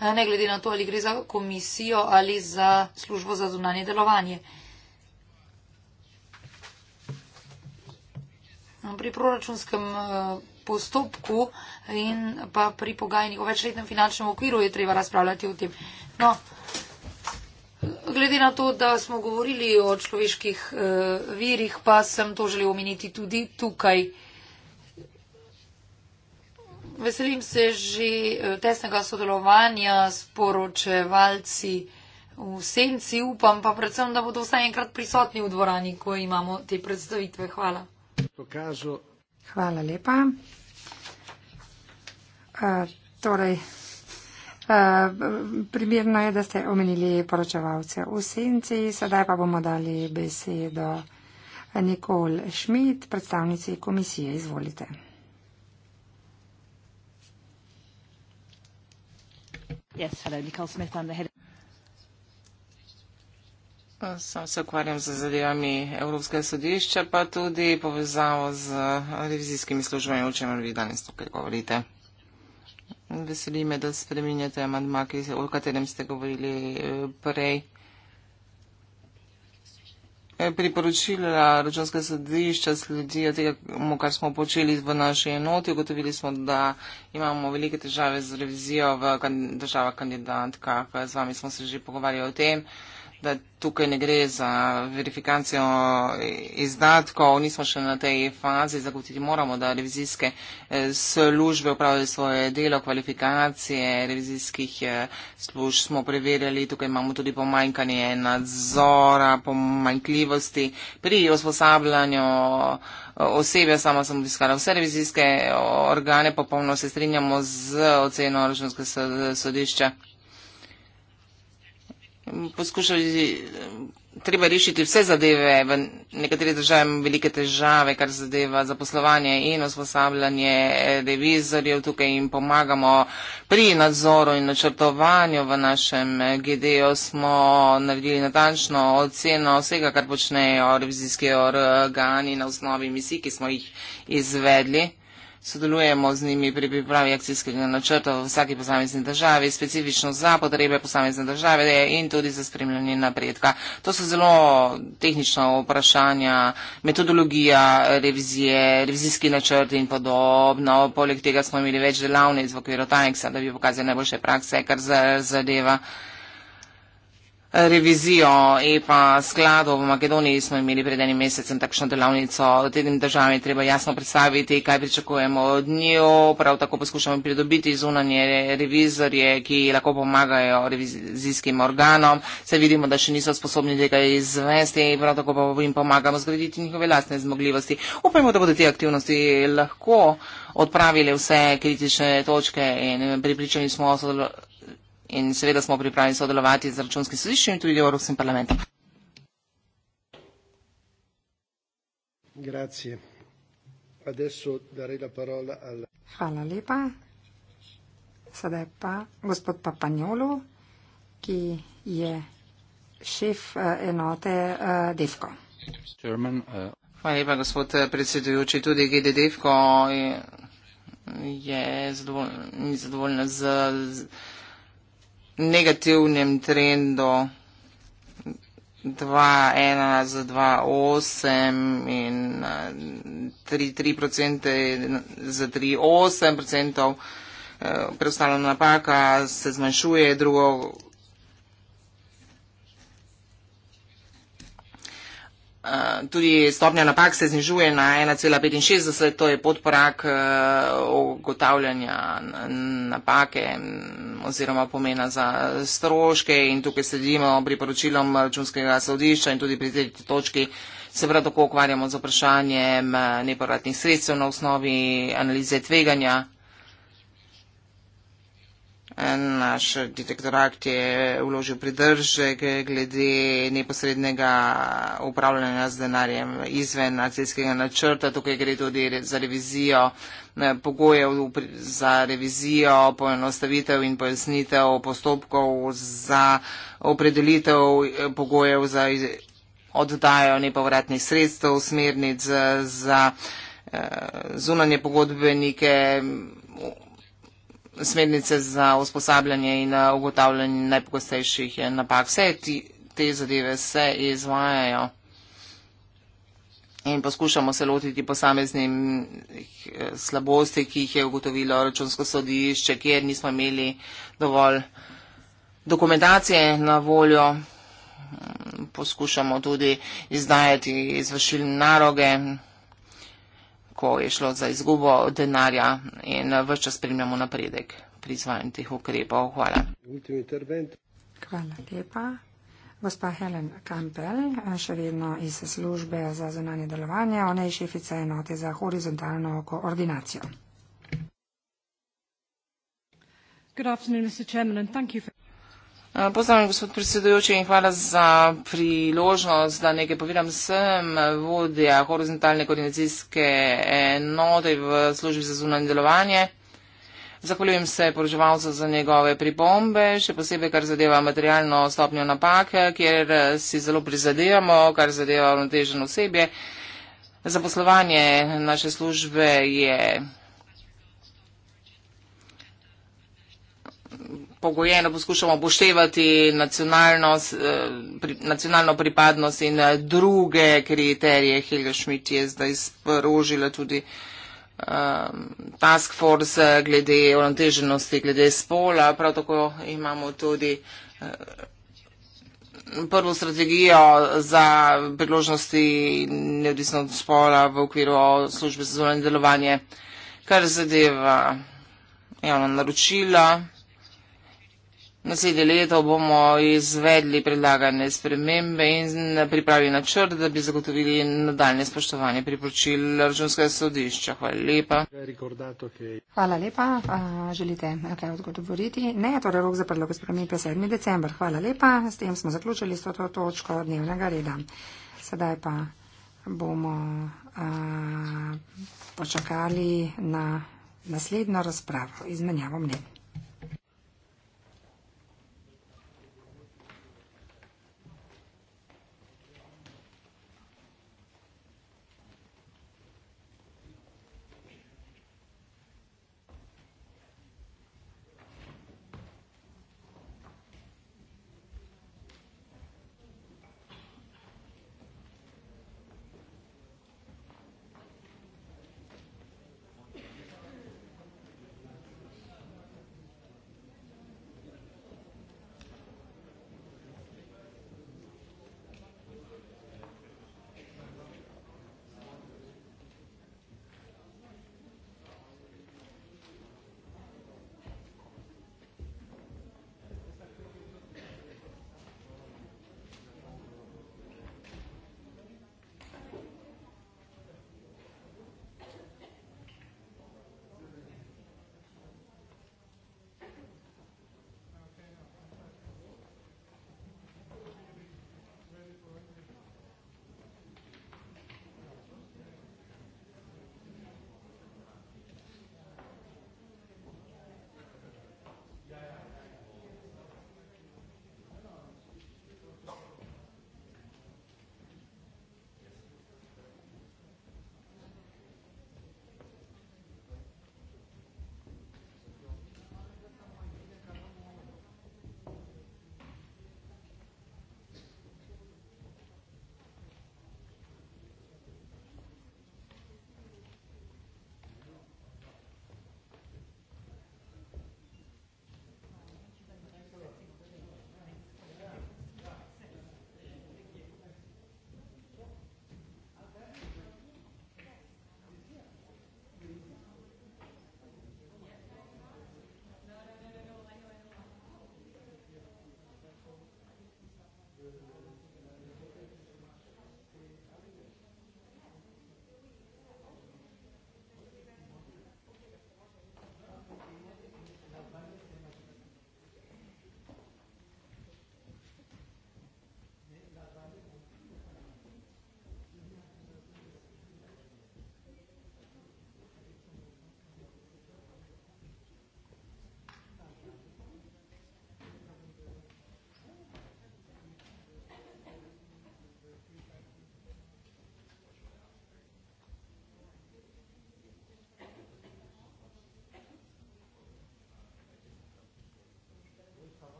ne glede na to, ali gre za komisijo ali za službo za zunanje delovanje. Eh, pri proračunskem eh, postopku in pa pri pogajanjih o večletnem finančnem okviru je treba razpravljati o tem. No, glede na to, da smo govorili o človeških eh, virih, pa sem to želel omeniti tudi tukaj. Veselim se že tesnega sodelovanja s poročevalci v senci, upam pa predvsem, da bodo vsaj enkrat prisotni v dvorani, ko imamo te predstavitve. Hvala pokazal. Hvala lepa. Uh, torej, uh, eh, primirno je, da ste omenili poročevalce v senci, sedaj pa bomo dali besedo Nikol Šmit, predstavnici komisije. Izvolite. Yes, hello, Nicole Smith. I'm the head of Sam se ukvarjam z zadevami Evropskega sodišča, pa tudi povezavo z revizijskimi službami, o čemer vi danes tukaj govorite. Veseli me, da spreminjate amandma, o katerem ste govorili eh, prej. Eh, priporočila računskega sodišča sledijo tega, kar smo počeli v naši enoti. Ugotovili smo, da imamo velike težave z revizijo v državah kandidatkah. Z vami smo se že pogovarjali o tem da tukaj ne gre za verifikacijo izdatkov, nismo še na tej fazi, zagotiti moramo, da revizijske eh, službe upravljajo svoje delo, kvalifikacije revizijskih eh, služb smo preverjali, tukaj imamo tudi pomanjkanje nadzora, pomanjkljivosti pri usposabljanju eh, osebja, sama sem obiskala vse revizijske organe, popolno se strinjamo z oceno Računskega sodišča poskušali, treba rešiti vse zadeve, v nekaterih državah imamo velike težave, kar zadeva zaposlovanje in usposabljanje revizorjev tukaj in pomagamo pri nadzoru in načrtovanju v našem GDO smo naredili natančno oceno vsega, kar počnejo revizijski organi na osnovi misij, ki smo jih izvedli sodelujemo z njimi pri pripravi akcijskega načrta v vsaki posamezni državi, specifično za potrebe posamezne države in tudi za spremljanje napredka. To so zelo tehnična vprašanja, metodologija revizije, revizijski načrti in podobno. Poleg tega smo imeli več delavnic v okviru TANEX-a, da bi pokazali najboljše prakse, kar zadeva. Za revizijo EPA skladov v Makedoniji smo imeli pred enim mesecem takšno delavnico. Tedim državam je treba jasno predstaviti, kaj pričakujemo od njo. Prav tako poskušamo pridobiti zunanje revizorje, ki lahko pomagajo revizijskim organom. Se vidimo, da še niso sposobni tega izvesti in prav tako pa jim pomagamo zgraditi njihove lastne zmogljivosti. Upajmo, da bodo te aktivnosti lahko odpravile vse kritične točke in pripričani smo o sodelovanju in seveda smo pripravljeni sodelovati z računskim sodiščem in tudi Evropskim parlamentom. Hvala lepa. Sedaj pa gospod Papanjolu, ki je šef eh, enote eh, DEFCO. Eh, Hvala lepa, gospod predsedujoči. Tudi GD DEFCO je, je zadovoljna z. z negativnem trendu 2,1 za 2,8 in 3,3% eh, za 3,8%. Eh, preostala napaka se zmanjšuje, drugo Eh, tudi stopnja napak se znižuje na 1,65, to je podporak ogotavljanja eh, napake oziroma pomena za stroške in tukaj sledimo priporočilom računskega sodišča in tudi pri tej točki se prav tako ukvarjamo z vprašanjem eh, neporadnih sredstev na osnovi analize tveganja naš direktorat je vložil pridržek glede neposrednega upravljanja z denarjem izven akcijskega načrta. Tukaj gre tudi za revizijo eh, pogojev za revizijo, poenostavitev in pojasnitev postopkov za opredelitev eh, pogojev za oddajo nepovratnih sredstev, smernic eh, za zunanje pogodbenike, smernice za usposabljanje in eh, ugotavljanje najpogostejših eh, napak. Vse ti, te zadeve se izvajajo in poskušamo se lotiti posameznim eh, slabosti, ki jih je ugotovilo računsko sodišče, kjer nismo imeli dovolj dokumentacije na voljo. Mm, poskušamo tudi izdajati izvršilne naroge ko je šlo za izgubo denarja in vse čas spremljamo napredek pri izvajanju teh ukrepov. Hvala. Hvala lepa. Gospa Helen Kampel, še vedno iz službe za zunanje delovanje, ona je šefica enote za horizontalno koordinacijo. Pozdravljen, gospod predsedujoči, in hvala za priložnost, da nekaj povedam. Sem vodja horizontalne koordinacijske enote v službi za zunanje delovanje. Zahvaljujem se poroževalcu za njegove pripombe, še posebej kar zadeva materialno stopnjo napake, kjer si zelo prizadevamo, kar zadeva uravnoteženo osebje. Zaposlovanje naše službe je pogojeno poskušamo upoštevati nacionalnost, eh, pri, nacionalno pripadnost in eh, druge kriterije. Helga Schmidt je zdaj sporožila tudi um, task force glede uravnoteženosti, glede spola. Prav tako imamo tudi um, prvo strategijo za priložnosti neodvisno od spola v okviru službe za zunanje delovanje, kar zadeva javna naročila. Naslednje leto bomo izvedli predlagane spremembe in pripravili načrt, da bi zagotovili nadaljne spoštovanje priporočil Računskega sodišča. Hvala lepa. Hvala lepa. A, želite kaj odgovoriti? Ne, torej rok za predlog spremembe je 7. december. Hvala lepa. S tem smo zaključili s to točko dnevnega reda. Sedaj pa bomo a, počakali na naslednjo razpravo, izmenjavo mnenja.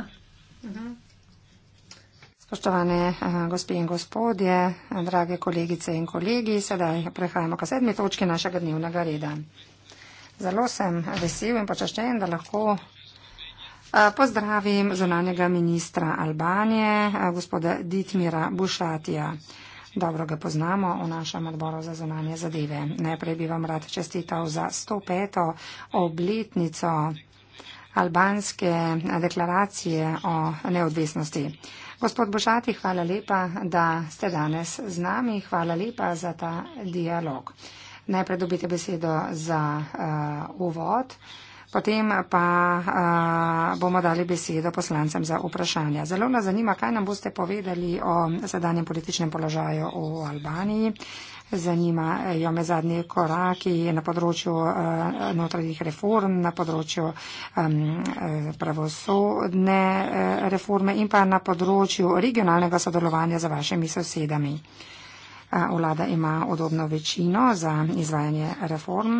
sveta. Mhm. Spoštovane eh, gospe in gospodje, drage kolegice in kolegi, sedaj prehajamo k sedmi točki našega dnevnega reda. Zelo sem vesel in počaščen, da lahko eh, pozdravim zunanjega ministra Albanije, eh, gospoda Ditmira Bušatija. Dobro ga poznamo v našem odboru za zunanje zadeve. Najprej bi vam rad čestital za 105. obletnico albanske deklaracije o neodvisnosti. Gospod Bošati, hvala lepa, da ste danes z nami. Hvala lepa za ta dialog. Najprej dobite besedo za uh, uvod, potem pa uh, bomo dali besedo poslancem za vprašanja. Zelo nas zanima, kaj nam boste povedali o sedanjem političnem položaju v Albaniji. Zanimajo eh, me zadnji koraki na področju eh, notranjih reform, na področju eh, pravosodne reforme in pa na področju regionalnega sodelovanja z vašimi sosedami. Vlada ima odobno večino za izvajanje reform,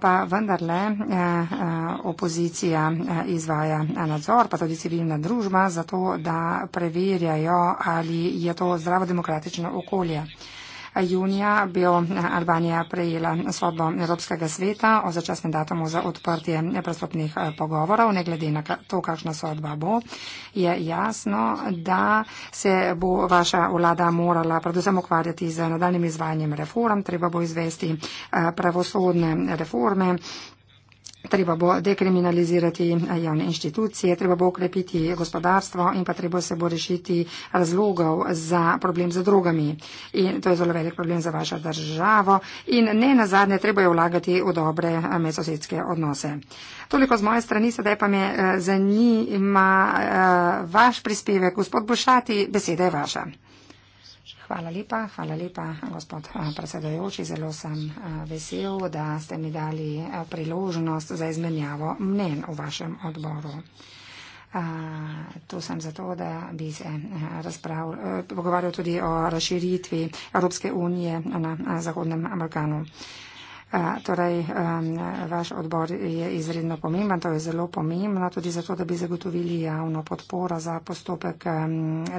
pa vendarle opozicija izvaja nadzor, pa tudi civilna družba, zato da preverjajo, ali je to zdravo demokratično okolje junija bi Albanija prejela sodbo Evropskega sveta o začasnem datumu za odprtje prestopnih eh, pogovorov. Ne glede na to, kakšna sodba bo, je jasno, da se bo vaša vlada morala predvsem ukvarjati z nadaljnim izvajanjem reform. Treba bo izvesti eh, pravosodne reforme. Treba bo dekriminalizirati eh, javne inštitucije, treba bo ukrepiti gospodarstvo in pa treba se bo rešiti razlogov za problem z drogami. In to je zelo velik problem za vašo državo. In ne na zadnje, treba je vlagati v dobre eh, medsosedske odnose. Toliko z moje strani, sedaj pa me eh, zanima vaš prispevek. Gospod Bošati, beseda je vaša. Hvala lepa, hvala lepa, gospod eh, predsedojoči. Zelo sem eh, vesel, da ste mi dali eh, priložnost za izmenjavo mnen v vašem odboru. Tu sem zato, da bi se pogovarjal tudi o razširitvi Evropske unije na Zahodnem Balkanu. Torej, vaš odbor je izredno pomemben, to je zelo pomembno, tudi zato, da bi zagotovili javno podporo za postopek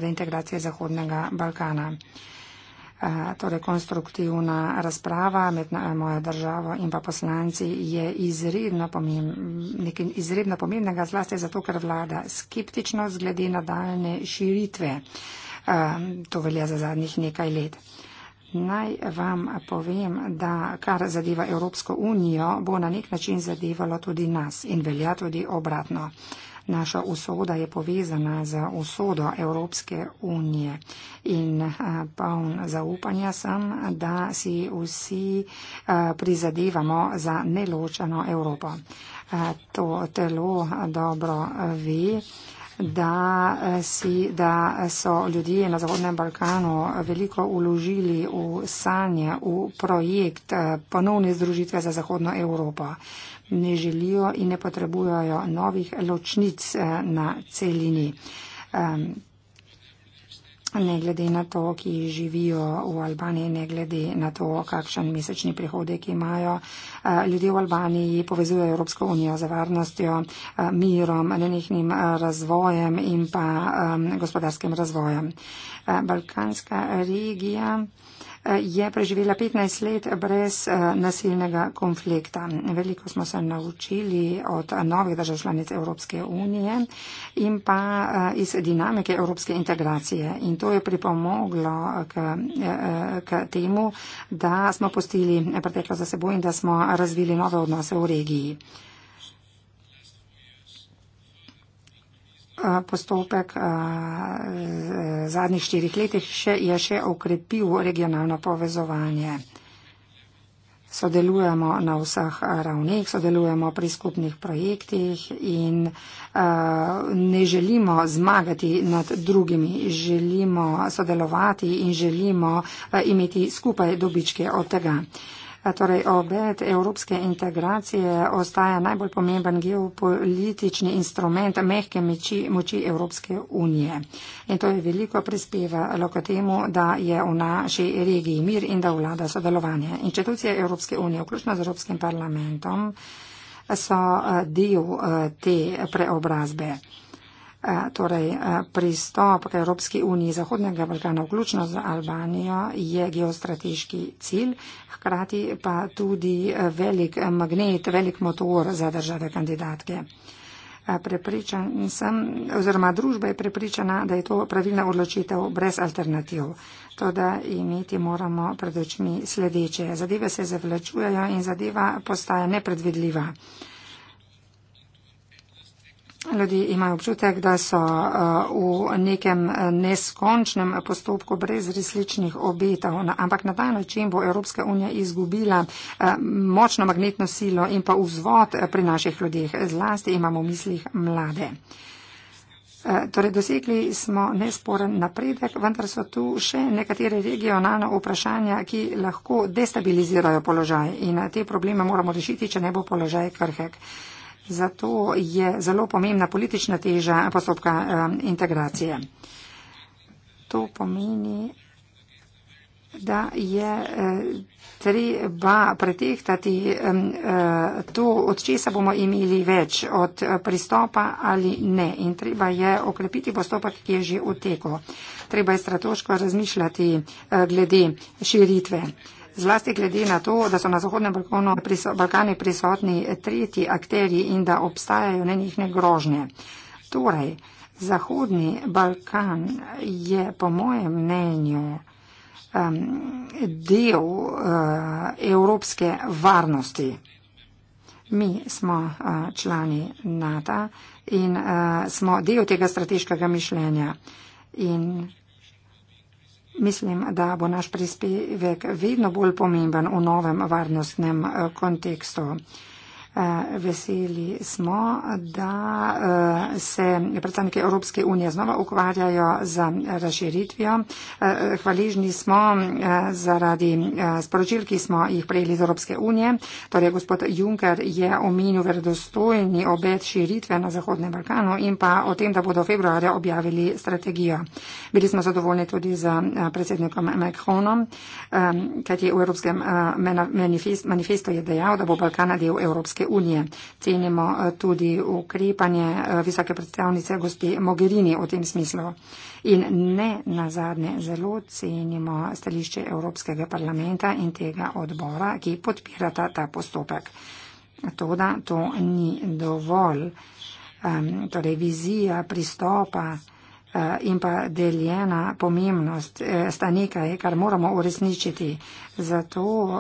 reintegracije Zahodnega Balkana. Torej, konstruktivna razprava med mojo državo in pa poslanci je izredno, pomemb, izredno pomembnega, zlasti zato, ker vlada skeptičnost glede nadaljne širitve. To velja za zadnjih nekaj let. Naj vam povem, da kar zadeva Evropsko unijo, bo na nek način zadevalo tudi nas in velja tudi obratno. Naša usoda je povezana z usodo Evropske unije in eh, poln zaupanja sem, da si vsi eh, prizadevamo za neločeno Evropo. Eh, to telo dobro ve da, eh, si, da so ljudje na Zahodnem Balkanu veliko uložili v sanje, v projekt eh, ponovne združitve za Zahodno Evropo. Ne želijo in ne potrebujejo novih ločnic eh, na celini ne glede na to, ki živijo v Albaniji, ne glede na to, kakšen mesečni prihodek imajo. Eh, ljudje v Albaniji povezujejo Evropsko unijo za varnostjo, eh, mirom, nenehnim eh, razvojem in pa gospodarskim razvojem. Balkanska regija je preživela 15 let brez eh, nasilnega konflikta. Veliko smo se naučili od eh, novih držav članic Evropske unije in pa eh, iz dinamike evropske integracije. In to je pripomoglo k, k temu, da smo postili preteklo za seboj in da smo razvili nove odnose v regiji. postopek v e, zadnjih štirih letih še, je še okrepil regionalno povezovanje. Sodelujemo na vseh ravneh, sodelujemo pri skupnih projektih in uh, ne želimo zmagati nad drugimi, želimo sodelovati in želimo uh, imeti skupaj dobičke od tega. Uh, torej obet evropske integracije ostaja najbolj pomemben geopolitični instrument mehke moči, moči Evropske unije. In to je veliko prispevalo k temu, da je v naši regiji mir in da vlada sodelovanje. Inštitucije Evropske unije, vključno z Evropskim parlamentom, so eh, del eh, te preobrazbe. Eh, torej eh, pristop k Evropski uniji Zahodnega Balkana, vključno z Albanijo, je geostrateški cilj, hkrati pa tudi eh, velik magnet, velik motor za države kandidatke. Prepričan sem, oziroma družba je prepričana, da je to pravilna odločitev brez alternativ. To, da imeti moramo pred očmi sledeče. Zadeve se zavlačujejo in zadeva postaja nepredvidljiva. Ljudje imajo občutek, da so eh, v nekem eh, neskončnem postopku brez resličnih obetov, ampak na ta način bo Evropska unija izgubila eh, močno magnetno silo in pa vzvod pri naših ljudeh. Zlasti imamo v mislih mlade. Torej, dosegli smo nesporen napredek, vendar so tu še nekatere regionalne vprašanja, ki lahko destabilizirajo položaj in te probleme moramo rešiti, če ne bo položaj krhek. Zato je zelo pomembna politična teža postopka eh, integracije. To pomeni, da je eh, treba pretehtati eh, to, od česa bomo imeli več, od pristopa ali ne. In treba je okrepiti postopek, ki je že v teku. Treba je strateško razmišljati glede širitve zlasti glede na to, da so na Zahodnem Balkonu priso, Balkani prisotni tretji akteri in da obstajajo nenihne grožnje. Torej, Zahodni Balkan je po mojem mnenju um, del uh, evropske varnosti. Mi smo uh, člani NATO in uh, smo del tega strateškega mišljenja. In Mislim, da bo naš prispevek vedno bolj pomemben v novem varnostnem eh, kontekstu. Eh, veseli smo, da eh, se predstavniki Evropske unije znova ukvarjajo z razširitvijo. Eh, Hvaližni smo zaradi sporočil, ki smo jih prejeli iz Evropske unije. Torej, gospod Juncker je omenil verodostojni obet širitve na Zahodnem Balkanu in pa o tem, da bodo februarja objavili strategijo. Bili smo zadovoljni tudi z predsednikom Macronom, kajti v Evropskem manifestu je dejal, da bo Balkana del Evropske unije. Evropske unije. Cenimo eh, tudi ukrepanje eh, visoke predstavnice gosti Mogherini v tem smislu. In ne nazadnje zelo cenimo stališče Evropskega parlamenta in tega odbora, ki podpirata ta postopek. To, da to ni dovolj. Um, torej vizija pristopa uh, in pa deljena pomembnost uh, sta nekaj, kar moramo uresničiti. Zato uh,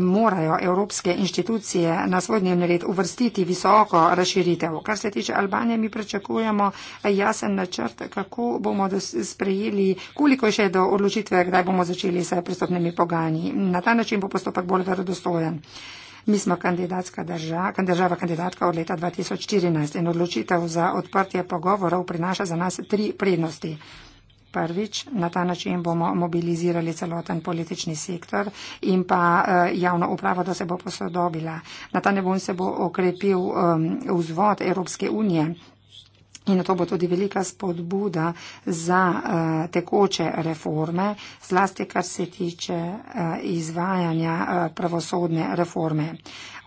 morajo evropske inštitucije na svoj dnevni red uvrstiti visoko razširitev. Kar se tiče Albanije, mi pričakujemo jasen načrt, kako bomo sprejeli, koliko je še do odločitve, kdaj bomo začeli s pristopnimi pogajanji. Na ta način bo postopek bolj verodostojen. Mi smo kandidatska država, država kandidatka od leta 2014 in odločitev za odprtje pogovorov prinaša za nas tri prednosti. Prvič, na ta način bomo mobilizirali celoten politični sektor in pa eh, javno upravo, da se bo posodobila. Na ta nebun se bo okrepil um, vzvod Evropske unije In to bo tudi velika spodbuda za uh, tekoče reforme, zlasti kar se tiče uh, izvajanja uh, pravosodne reforme.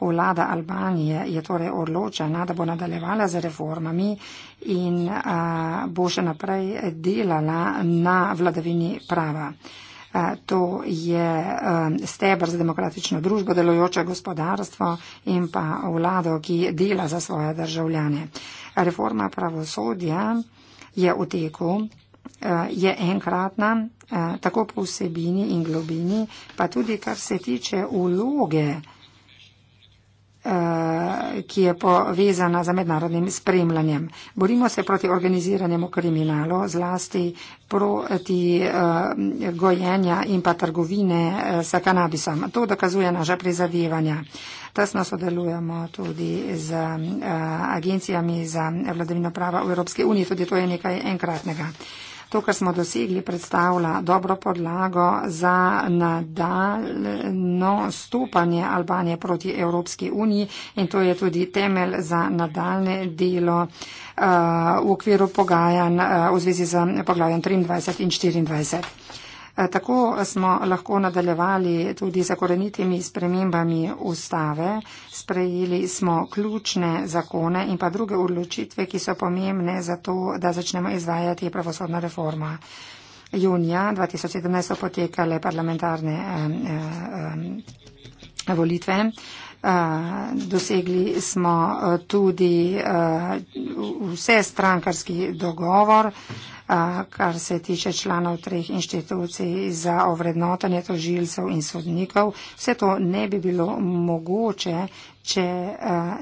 Vlada Albanije je torej odločena, da bo nadaljevala z reformami in uh, bo še naprej delala na vladavini prava. To je stebr za demokratično družbo, delojoče gospodarstvo in pa vlado, ki dela za svoje državljane reforma pravosodja je v teku, eh, je enkratna, eh, tako po vsebini in globini, pa tudi kar se tiče uloge ki je povezana za mednarodnim spremljanjem. Borimo se proti organiziranemu kriminalu, zlasti proti eh, gojenja in pa trgovine eh, s kanabisom. To dokazuje naša prizadevanja. Tesno sodelujemo tudi z eh, agencijami za vladavino prava v Evropski uniji, tudi to je nekaj enkratnega. To, kar smo dosegli, predstavlja dobro podlago za nadaljno stopanje Albanije proti Evropski uniji in to je tudi temelj za nadaljne delo uh, v okviru pogajanj uh, v zvezi z poglavjem 23 in 24. Eh, tako smo lahko nadaljevali tudi z zakorenitimi spremembami ustave. Sprejeli smo ključne zakone in pa druge odločitve, ki so pomembne za to, da začnemo izvajati pravosodna reforma. Junija 2017 so potekale parlamentarne volitve. Eh, dosegli smo eh, tudi vse strankarski dogovor kar se tiče članov treh inštitucij za ovrednotanje tožilcev in sodnikov. Vse to ne bi bilo mogoče, če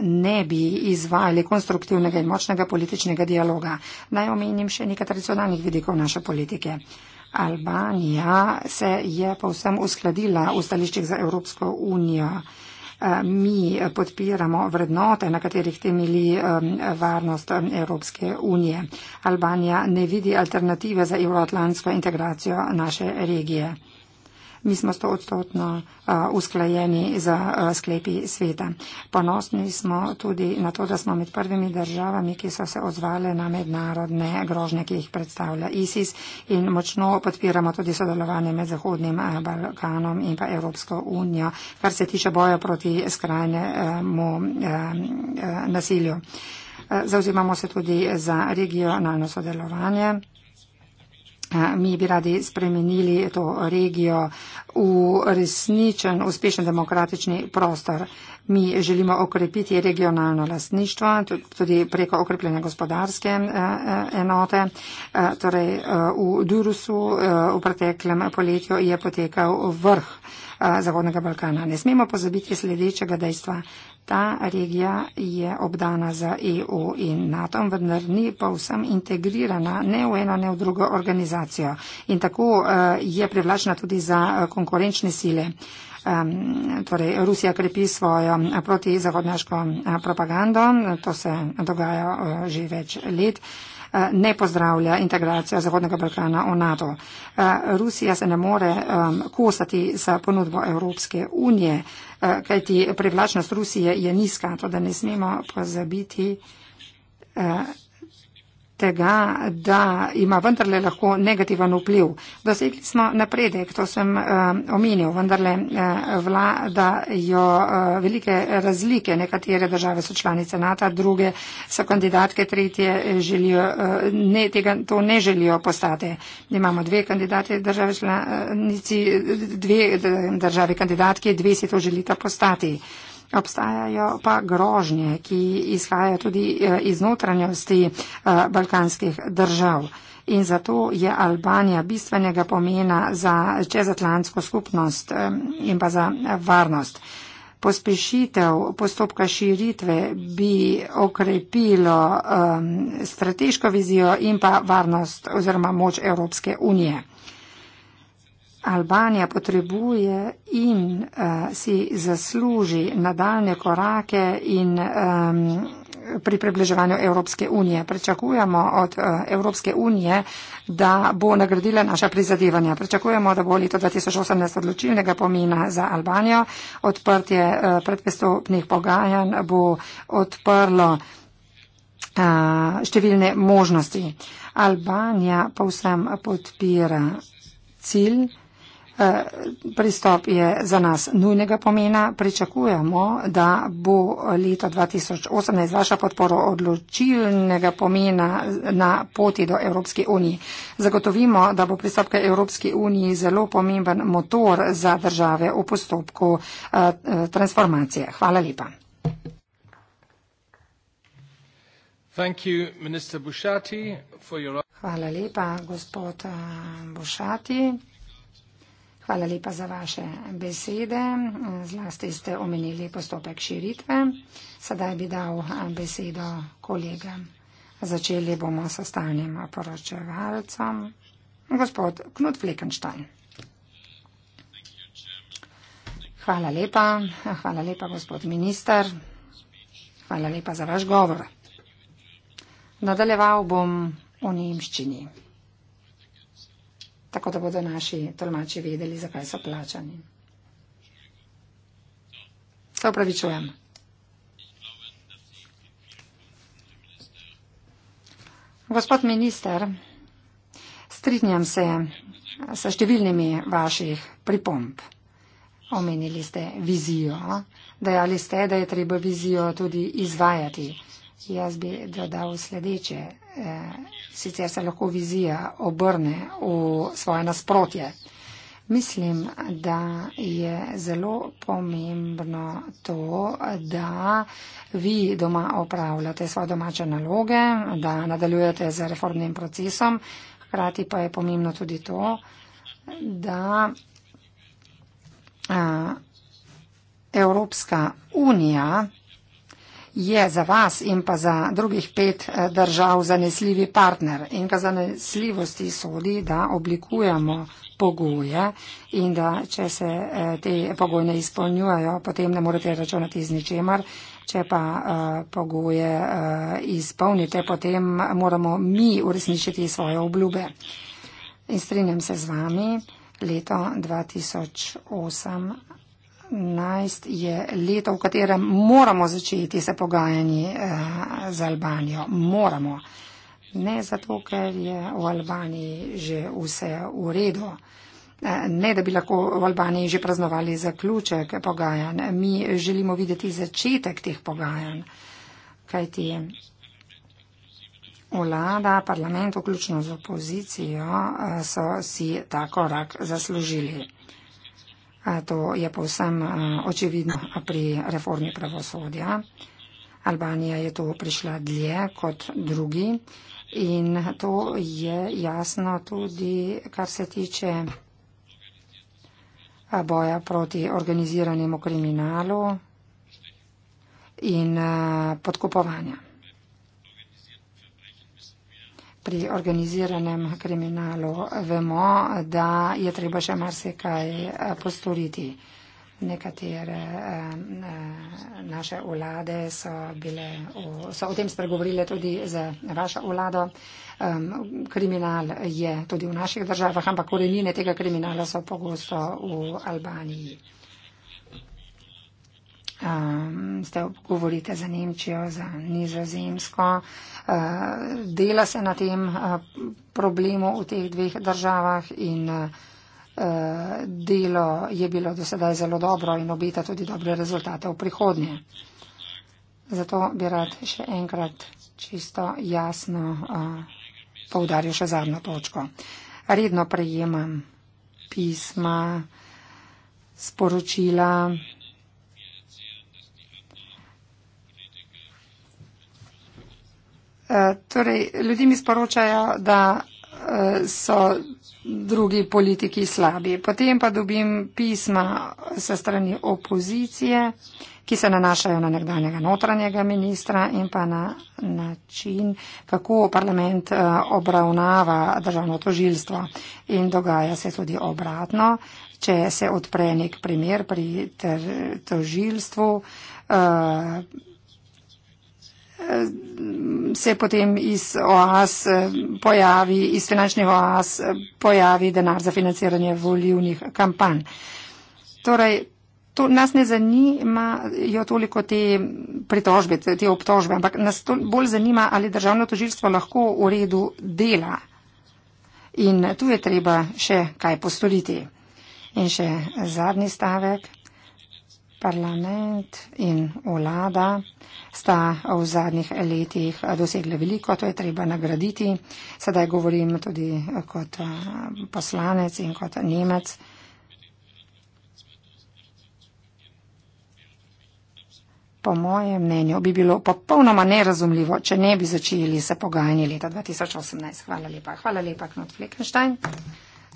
ne bi izvajali konstruktivnega in močnega političnega dialoga. Naj omenim še nekaj tradicionalnih vidikov naše politike. Albanija se je povsem uskladila v stališčih za Evropsko unijo. Eh, mi podpiramo vrednote, na katerih temeli varnost Evropske unije. Albanija ne vidi alternative za evroatlantsko integracijo naše regije mi smo stotodstotno usklajeni z sklepi sveta. Ponosni smo tudi na to, da smo med prvimi državami, ki so se odzvale na mednarodne grožnje, ki jih predstavlja ISIS in močno podpiramo tudi sodelovanje med Zahodnim Balkanom in pa Evropsko unijo, kar se tiče boja proti skrajnemu nasilju. Zauzimamo se tudi za regionalno sodelovanje. Mi bi radi spremenili to regijo v resničen, uspešen demokratični prostor. Mi želimo okrepiti regionalno lastništvo, tudi preko okrepljene gospodarske e, e, enote. E, torej, v Durusu v preteklem poletju je potekal vrh Zahodnega Balkana. Ne smemo pozabiti sledečega dejstva. Ta regija je obdana za EU in NATO, vendar ni povsem integrirana ne v eno, ne v drugo organizacijo. In tako je privlačna tudi za konkurenčne sile. Um, torej, Rusija krepi svojo protizahodnjaško propagando, to se dogaja uh, že več let. Uh, Eh, ne pozdravlja integracija Zahodnega Balkana v NATO. Eh, Rusija se ne more kosati z ponudbo Evropske unije, eh, kajti privlačnost Rusije je nizka, to da ne smemo pozabiti tega, da ima vendarle lahko negativen vpliv. Dosegli smo napredek, to sem uh, omenil, vendarle uh, eh, vlada jo uh, eh, velike razlike. Nekatere države so članice NATO, druge so kandidatke, tretje želijo, uh, ne, tega, to ne želijo postati. Imamo dve kandidati države članici, dve države kandidatke, dve si to želita postati. Obstajajo pa grožnje, ki izhajajo tudi eh, iz notranjosti eh, balkanskih držav. In zato je Albanija bistvenega pomena za čezatlantsko skupnost eh, in pa za varnost. Pospešitev postopka širitve bi okrepilo um, strateško vizijo in pa varnost oziroma moč Evropske unije. Albanija potrebuje in uh, si zasluži nadaljne korake in um, pri približevanju Evropske unije. Pričakujemo od eh, Evropske unije, da bo nagradila naša prizadevanja. Pričakujemo, da bo leto 2018 odločilnega pomena za Albanijo. Odprtje eh, predpestopnih pogajanj bo odprlo številne možnosti. Albanija povsem podpira cilj. Eh, pristop je za nas nujnega pomena. Pričakujemo, da bo leto 2018 vaša podpora odločilnega pomena na poti do Evropske unije. Zagotovimo, da bo pristop k Evropske uniji zelo pomemben motor za države v postopku eh, eh, transformacije. Hvala lepa. Hvala lepa, gospod Bušati. Hvala lepa za vaše besede. Zlasti ste omenili postopek širitve. Sedaj bi dal besedo kolegam. Začeli bomo s stalnim poročevalcem, gospod Knut Flekenstein. Hvala lepa, hvala lepa, gospod minister. Hvala lepa za vaš govor. Nadaljeval bom v nemščini tako da bodo naši tolmači vedeli, zakaj so plačani. Se upravičujem. Gospod minister, strinjam se s številnimi vaših pripomb. Omenili ste vizijo, dejali ste, da je treba vizijo tudi izvajati jaz bi dodal sledeče. Eh, sicer se lahko vizija obrne v svoje nasprotje. Mislim, da je zelo pomembno to, da vi doma opravljate svoje domače naloge, da nadaljujete z reformnim procesom. Hkrati pa je pomembno tudi to, da a, eh, Evropska unija je za vas in pa za drugih pet eh, držav zanesljivi partner. In ka zanesljivosti sodi, da oblikujemo pogoje in da če se eh, te pogoje ne izpolnjujejo, potem ne morete računati z ničemer. Če pa eh, pogoje izpolnite, potem moramo mi uresničiti svoje obljube. In strinjam se z vami, leto 2008. 2015 je leto, v katerem moramo začeti se pogajanji eh, z Albanijo. Moramo. Ne zato, ker je v Albaniji že vse v redu. Eh, ne, da bi lahko v Albaniji že praznovali zaključek pogajanj. Mi želimo videti začetek teh pogajanj. Kajti vlada, parlament, vključno z opozicijo, eh, so si ta korak zaslužili. To je povsem očividno pri reformi pravosodja. Albanija je to prišla dlje kot drugi in to je jasno tudi, kar se tiče boja proti organiziranemu kriminalu in podkupovanja pri organiziranem kriminalu vemo, da je treba še marsikaj eh, postoriti. Nekatere eh, naše vlade so, bile, so o tem spregovorile tudi za vašo vlado. Kriminal je tudi v naših državah, ampak korenine tega kriminala so pogosto v Albaniji. Um, ste govorite za Nemčijo, za nizozemsko. Uh, dela se na tem eh, problemu v teh dveh državah in eh, delo je bilo do sedaj zelo dobro in obeta tudi dobre rezultate v prihodnje. Zato bi rad še enkrat čisto jasno eh, poudaril še zadnjo točko. Redno prejemam pisma, sporočila, Eh, torej, ljudi mi sporočajo, da eh, so drugi politiki slabi. Potem pa dobim pisma se strani opozicije, ki se nanašajo na nekdanjega notranjega ministra in pa na način, kako parlament eh, obravnava državno tožilstvo. In dogaja se tudi obratno, če se odpre nek primer pri tožilstvu. Uh, Eh, se potem iz OAS eh, pojavi, iz finančnih OAS eh, pojavi denar za financiranje volivnih kampanj. Torej, To nas ne zanimajo toliko te pritožbe, te obtožbe, ampak nas bolj zanima, ali državno tožilstvo lahko v redu dela. In tu je treba še kaj postoriti. In še zadnji stavek parlament in vlada sta v zadnjih letih dosegle veliko, to je treba nagraditi. Sedaj govorim tudi kot eh, poslanec in kot Nemec. Po mojem mnenju bi bilo popolnoma nerazumljivo, če ne bi začeli se pogajanje leta 2018. Hvala lepa. Hvala lepa, Knut Fleckenstein.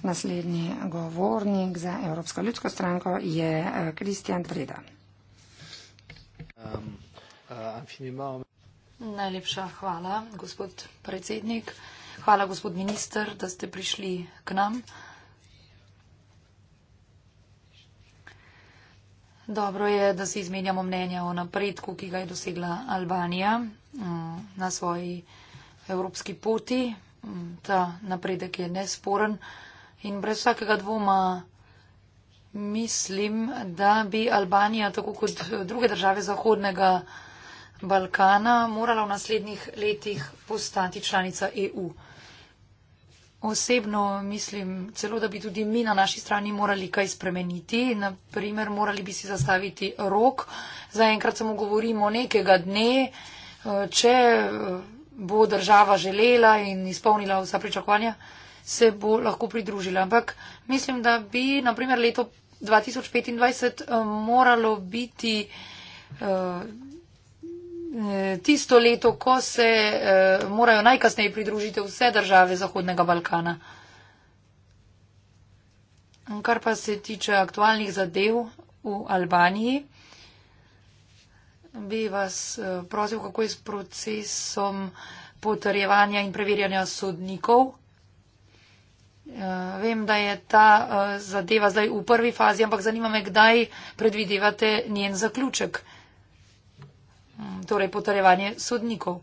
Naslednji govornik za Evropsko ljudsko stranko je eh, Kristjan Treda. Um, uh, Najlepša hvala, gospod predsednik. Hvala, gospod minister, da ste prišli k nam. Dobro je, da se izmenjamo mnenja o napredku, ki ga je dosegla Albanija mm, na svoji evropski poti. Mm, ta napredek je nesporen. In brez vsakega dvoma mislim, da bi Albanija, tako kot druge države Zahodnega Balkana, morala v naslednjih letih postati članica EU. Osebno mislim celo, da bi tudi mi na naši strani morali kaj spremeniti. Naprimer, morali bi si zastaviti rok. Zaenkrat samo govorimo nekega dne, eh, če eh, bo država želela in izpolnila vsa pričakovanja se bo lahko pridružila. Ampak mislim, da bi naprimer leto 2025 eh, moralo biti eh, tisto leto, ko se eh, morajo najkasneje pridružiti vse države Zahodnega Balkana. Kar pa se tiče aktualnih zadev v Albaniji, bi vas prosil, kako je s procesom potrjevanja in preverjanja sodnikov. Uh, vem, da je ta uh, zadeva zdaj v prvi fazi, ampak zanima me, kdaj predvidevate njen zaključek, um, torej potrejevanje sodnikov.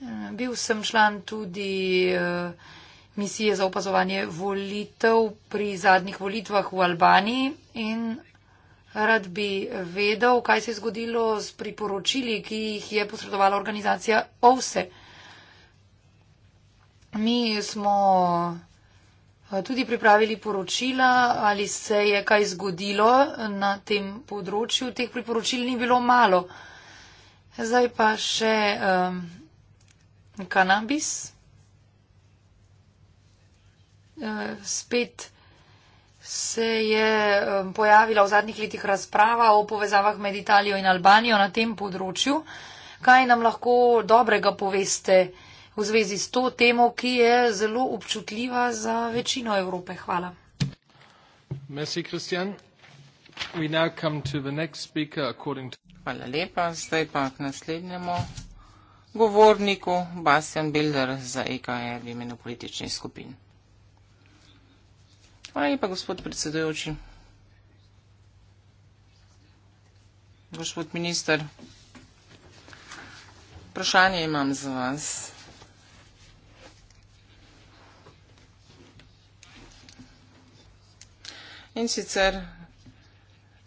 Uh, bil sem član tudi uh, misije za opazovanje volitev pri zadnjih volitvah v Albaniji in rad bi vedel, kaj se je zgodilo s priporočili, ki jih je posredovala organizacija OVSE. Mi smo Eh, tudi pripravili poročila, ali se je kaj zgodilo na tem področju. Teh priporočil ni bilo malo. Zdaj pa še um, kanabis. Eh, spet se je pojavila v zadnjih letih razprava o povezavah med Italijo in Albanijo na tem področju. Kaj nam lahko dobrega poveste? v zvezi s to temo, ki je zelo občutljiva za večino Evrope. Hvala. Hvala lepa. Zdaj pa k naslednjemu govorniku, Bastian Bilder za EKR v imenu političnih skupin. Hvala lepa, gospod predsedujoči. Gospod minister, vprašanje imam za vas. In sicer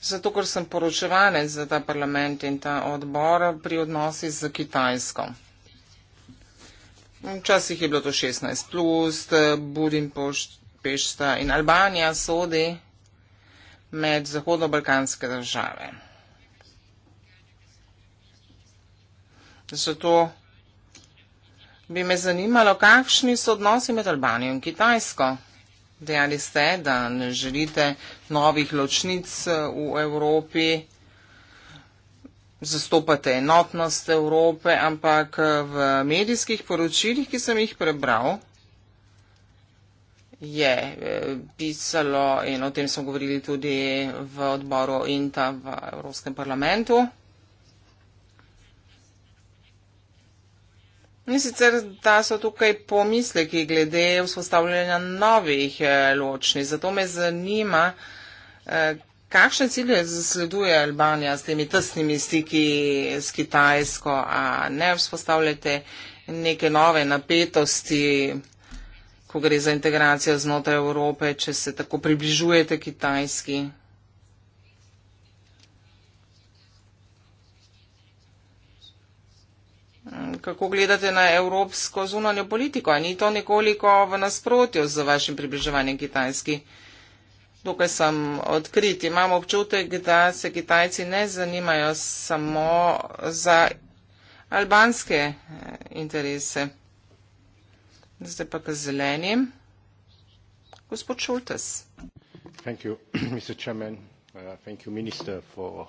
zato, ker sem poročevalec za ta parlament in ta odbor pri odnosi z Kitajsko. Včasih je bilo to 16 plus, Budimpošt, Pešta in Albanija sodi med zahodno-balkanske države. Zato bi me zanimalo, kakšni so odnosi med Albanijo in Kitajsko. Dejali ste, da ne želite novih ločnic eh, v Evropi, zastopate enotnost Evrope, ampak eh, v medijskih poročilih, ki sem jih prebral, je eh, pisalo in o tem smo govorili tudi v odboru INTA v Evropskem parlamentu. In sicer da so tukaj pomisleki glede vzpostavljanja novih eh, ločnic. Zato me zanima, eh, kakšne cilje zasleduje Albanija s temi tesnimi stiki s Kitajsko, a ne vzpostavljate neke nove napetosti, ko gre za integracijo znotraj Evrope, če se tako približujete Kitajski. kako gledate na evropsko zunanjo politiko? Ni to nekoliko v nasprotju z vašim približevanjem Kitajski? Tukaj sem odkrit. Imam občutek, da se Kitajci ne zanimajo samo za albanske eh, interese. Zdaj pa k zelenim. Gospod Šultes. Uh,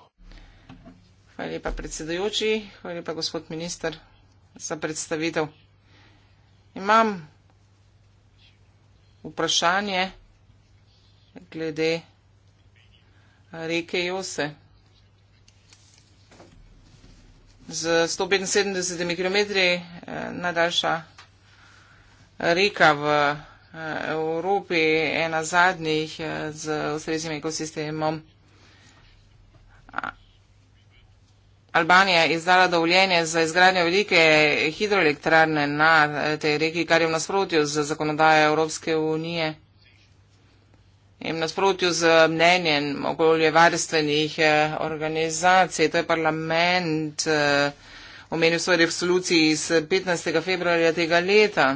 hvala lepa predsedujoči, hvala lepa gospod minister za predstavitev. Imam vprašanje glede reke Jose. Z 175 km eh, najdaljša reka v eh, Evropi, ena zadnjih eh, z ustreznim ekosistemom. Albanija izdala dovoljenje za izgradnjo velike hidroelektrarne na eh, tej reki, kar je v nasprotju z zakonodajo Evropske unije in v nasprotju z mnenjem okoljevarstvenih eh, organizacij. To je parlament eh, omenil v svoji resoluciji iz 15. februarja tega leta.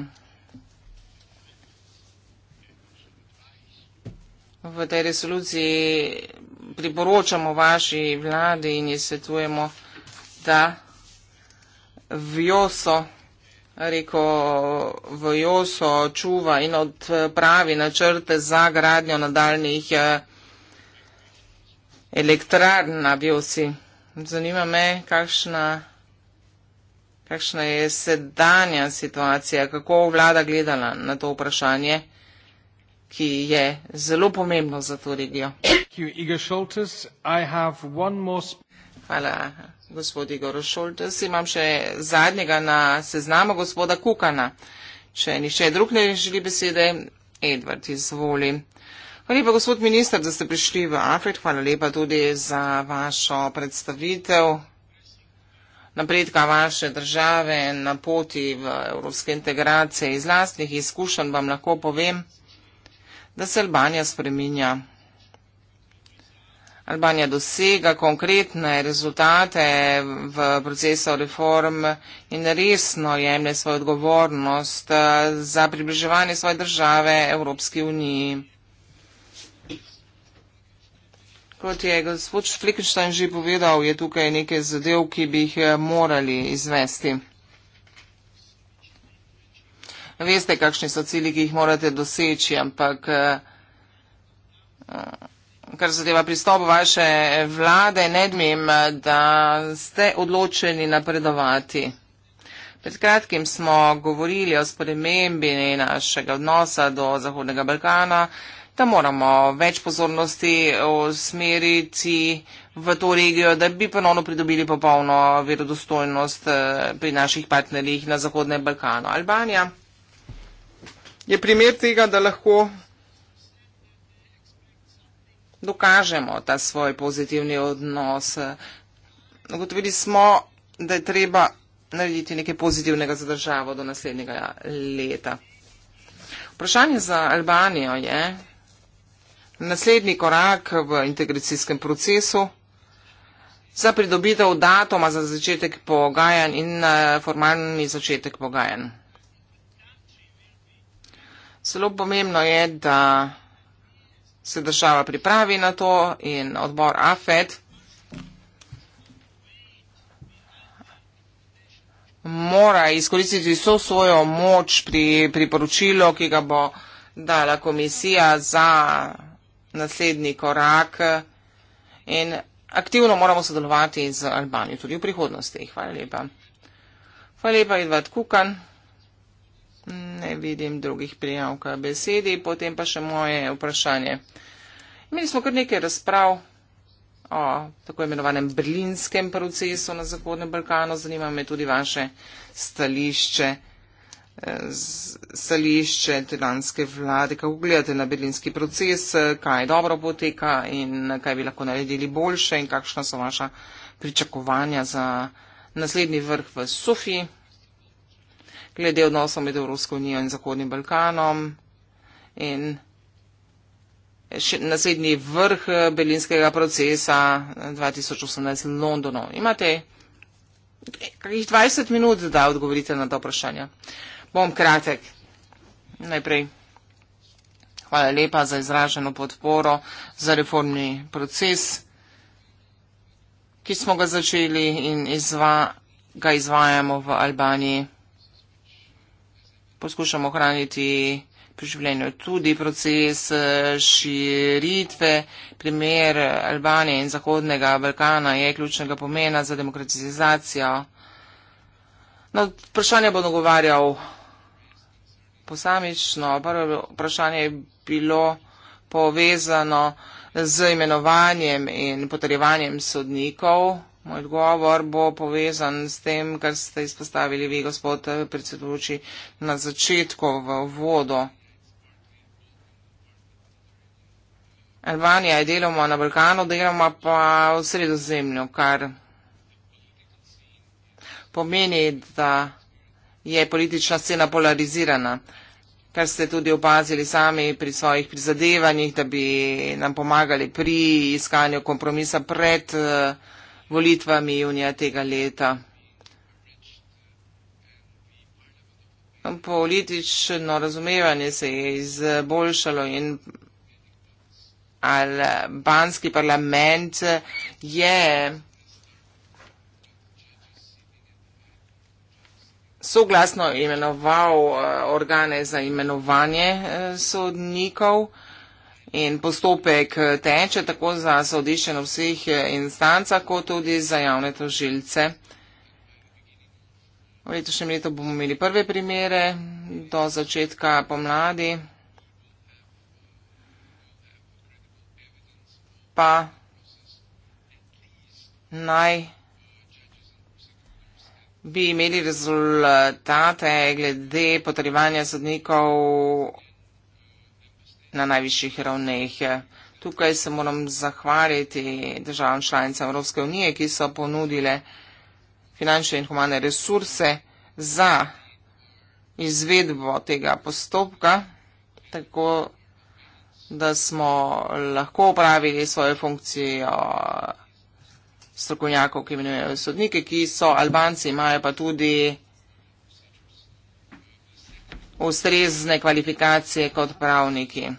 V tej resoluciji priporočamo vaši vladi in jih svetujemo ta v Joso, reko v Joso, čuva in odpravi načrte za gradnjo nadaljnih eh, elektrarn na Biosi. Zanima me, kakšna, kakšna je sedanja situacija, kako vlada gledala na to vprašanje ki je zelo pomembno za to regijo. Hvala, gospod Igor Šoltes. Imam še zadnjega na seznamu, gospoda Kukana. Če nišče drug ne želi besede, Edward, izvoli. Hvala lepa, gospod minister, da ste prišli v Afrik. Hvala lepa tudi za vašo predstavitev napredka vaše države na poti v evropske integracije. Iz lastnih izkušenj vam lahko povem, da se Albanija spreminja. Albanija dosega konkretne rezultate v procesu reform in resno jemlje svojo odgovornost eh, za približevanje svoje države Evropski uniji. Kot je gospod Flickenstein že povedal, je tukaj nekaj zadev, ki bi jih eh, morali izvesti. Veste, kakšni so cilji, ki jih morate doseči, ampak. Uh, kar zadeva pristop vaše vlade, ne dvim, da ste odločeni napredovati. Pred kratkim smo govorili o spremembi našega odnosa do Zahodnega Balkana, da moramo več pozornosti usmeriti v to regijo, da bi ponovno pridobili popolno verodostojnost eh, pri naših partnerjih na Zahodnem Balkanu. Albanija je primer tega, da lahko dokažemo ta svoj pozitivni odnos. Ugotovili smo, da je treba narediti nekaj pozitivnega za državo do naslednjega leta. Vprašanje za Albanijo je naslednji korak v integracijskem procesu za pridobitev datuma za začetek pogajanj in eh, formalni začetek pogajanj. Zelo pomembno je, da se država pripravi na to in odbor AFED mora izkoristiti vso svojo moč pri priporočilu, ki ga bo dala komisija za naslednji korak in aktivno moramo sodelovati z Albanijo tudi v prihodnosti. Hvala lepa. Hvala lepa, Edvard Kukan. Ne vidim drugih prijav k besedi, potem pa še moje vprašanje. Imeli smo kar nekaj razprav o tako imenovanem berlinskem procesu na Zahodnem Balkanu. Zanima me tudi vaše stališče, eh, stališče tiranske vlade, kako gledate na berlinski proces, kaj dobro poteka in kaj bi lahko naredili boljše in kakšna so vaša pričakovanja za naslednji vrh v Sofiji glede odnosov med Evropsko unijo in Zahodnim Balkanom. In naslednji vrh belinskega procesa 2018 eh, v Londonu. Imate kakih 20 minut, da odgovorite na to vprašanje. Bom kratek. Najprej. Hvala lepa za izraženo podporo za reformni proces, ki smo ga začeli in izva, ga izvajamo v Albaniji poskušam ohraniti pri življenju tudi proces eh, širitve. Primer Albanije in Zahodnega Balkana je ključnega pomena za demokratizacijo. No, vprašanje bom ogovarjal posamično. Prvo vprašanje je bilo povezano z imenovanjem in potrjevanjem sodnikov. Moj odgovor bo povezan s tem, kar ste izpostavili vi, gospod eh, predsedujoči, na začetku v vodo. Albanija je deloma na Balkanu, deloma pa v sredozemlju, kar pomeni, da je politična scena polarizirana, kar ste tudi opazili sami pri svojih prizadevanjih, da bi nam pomagali pri iskanju kompromisa pred. Uh, volitvami junija tega leta. Politično razumevanje se je izboljšalo in albanski parlament je soglasno imenoval eh, organe za imenovanje eh, sodnikov in postopek eh, teče tako za sodišče na vseh eh, instancah, kot tudi za javne tožilce. V letošnjem letu bomo imeli prve primere do začetka pomladi, pa naj bi imeli rezultate glede potrebovanja sodnikov na najvišjih ravneh. Tukaj se moram zahvaliti državam članicam Evropske unije, ki so ponudile finančne in humane resurse za izvedbo tega postopka, tako da smo lahko upravili svojo funkcijo strokovnjakov, ki imenujejo sodnike, ki so albanci, imajo pa tudi ustrezne kvalifikacije kot pravniki.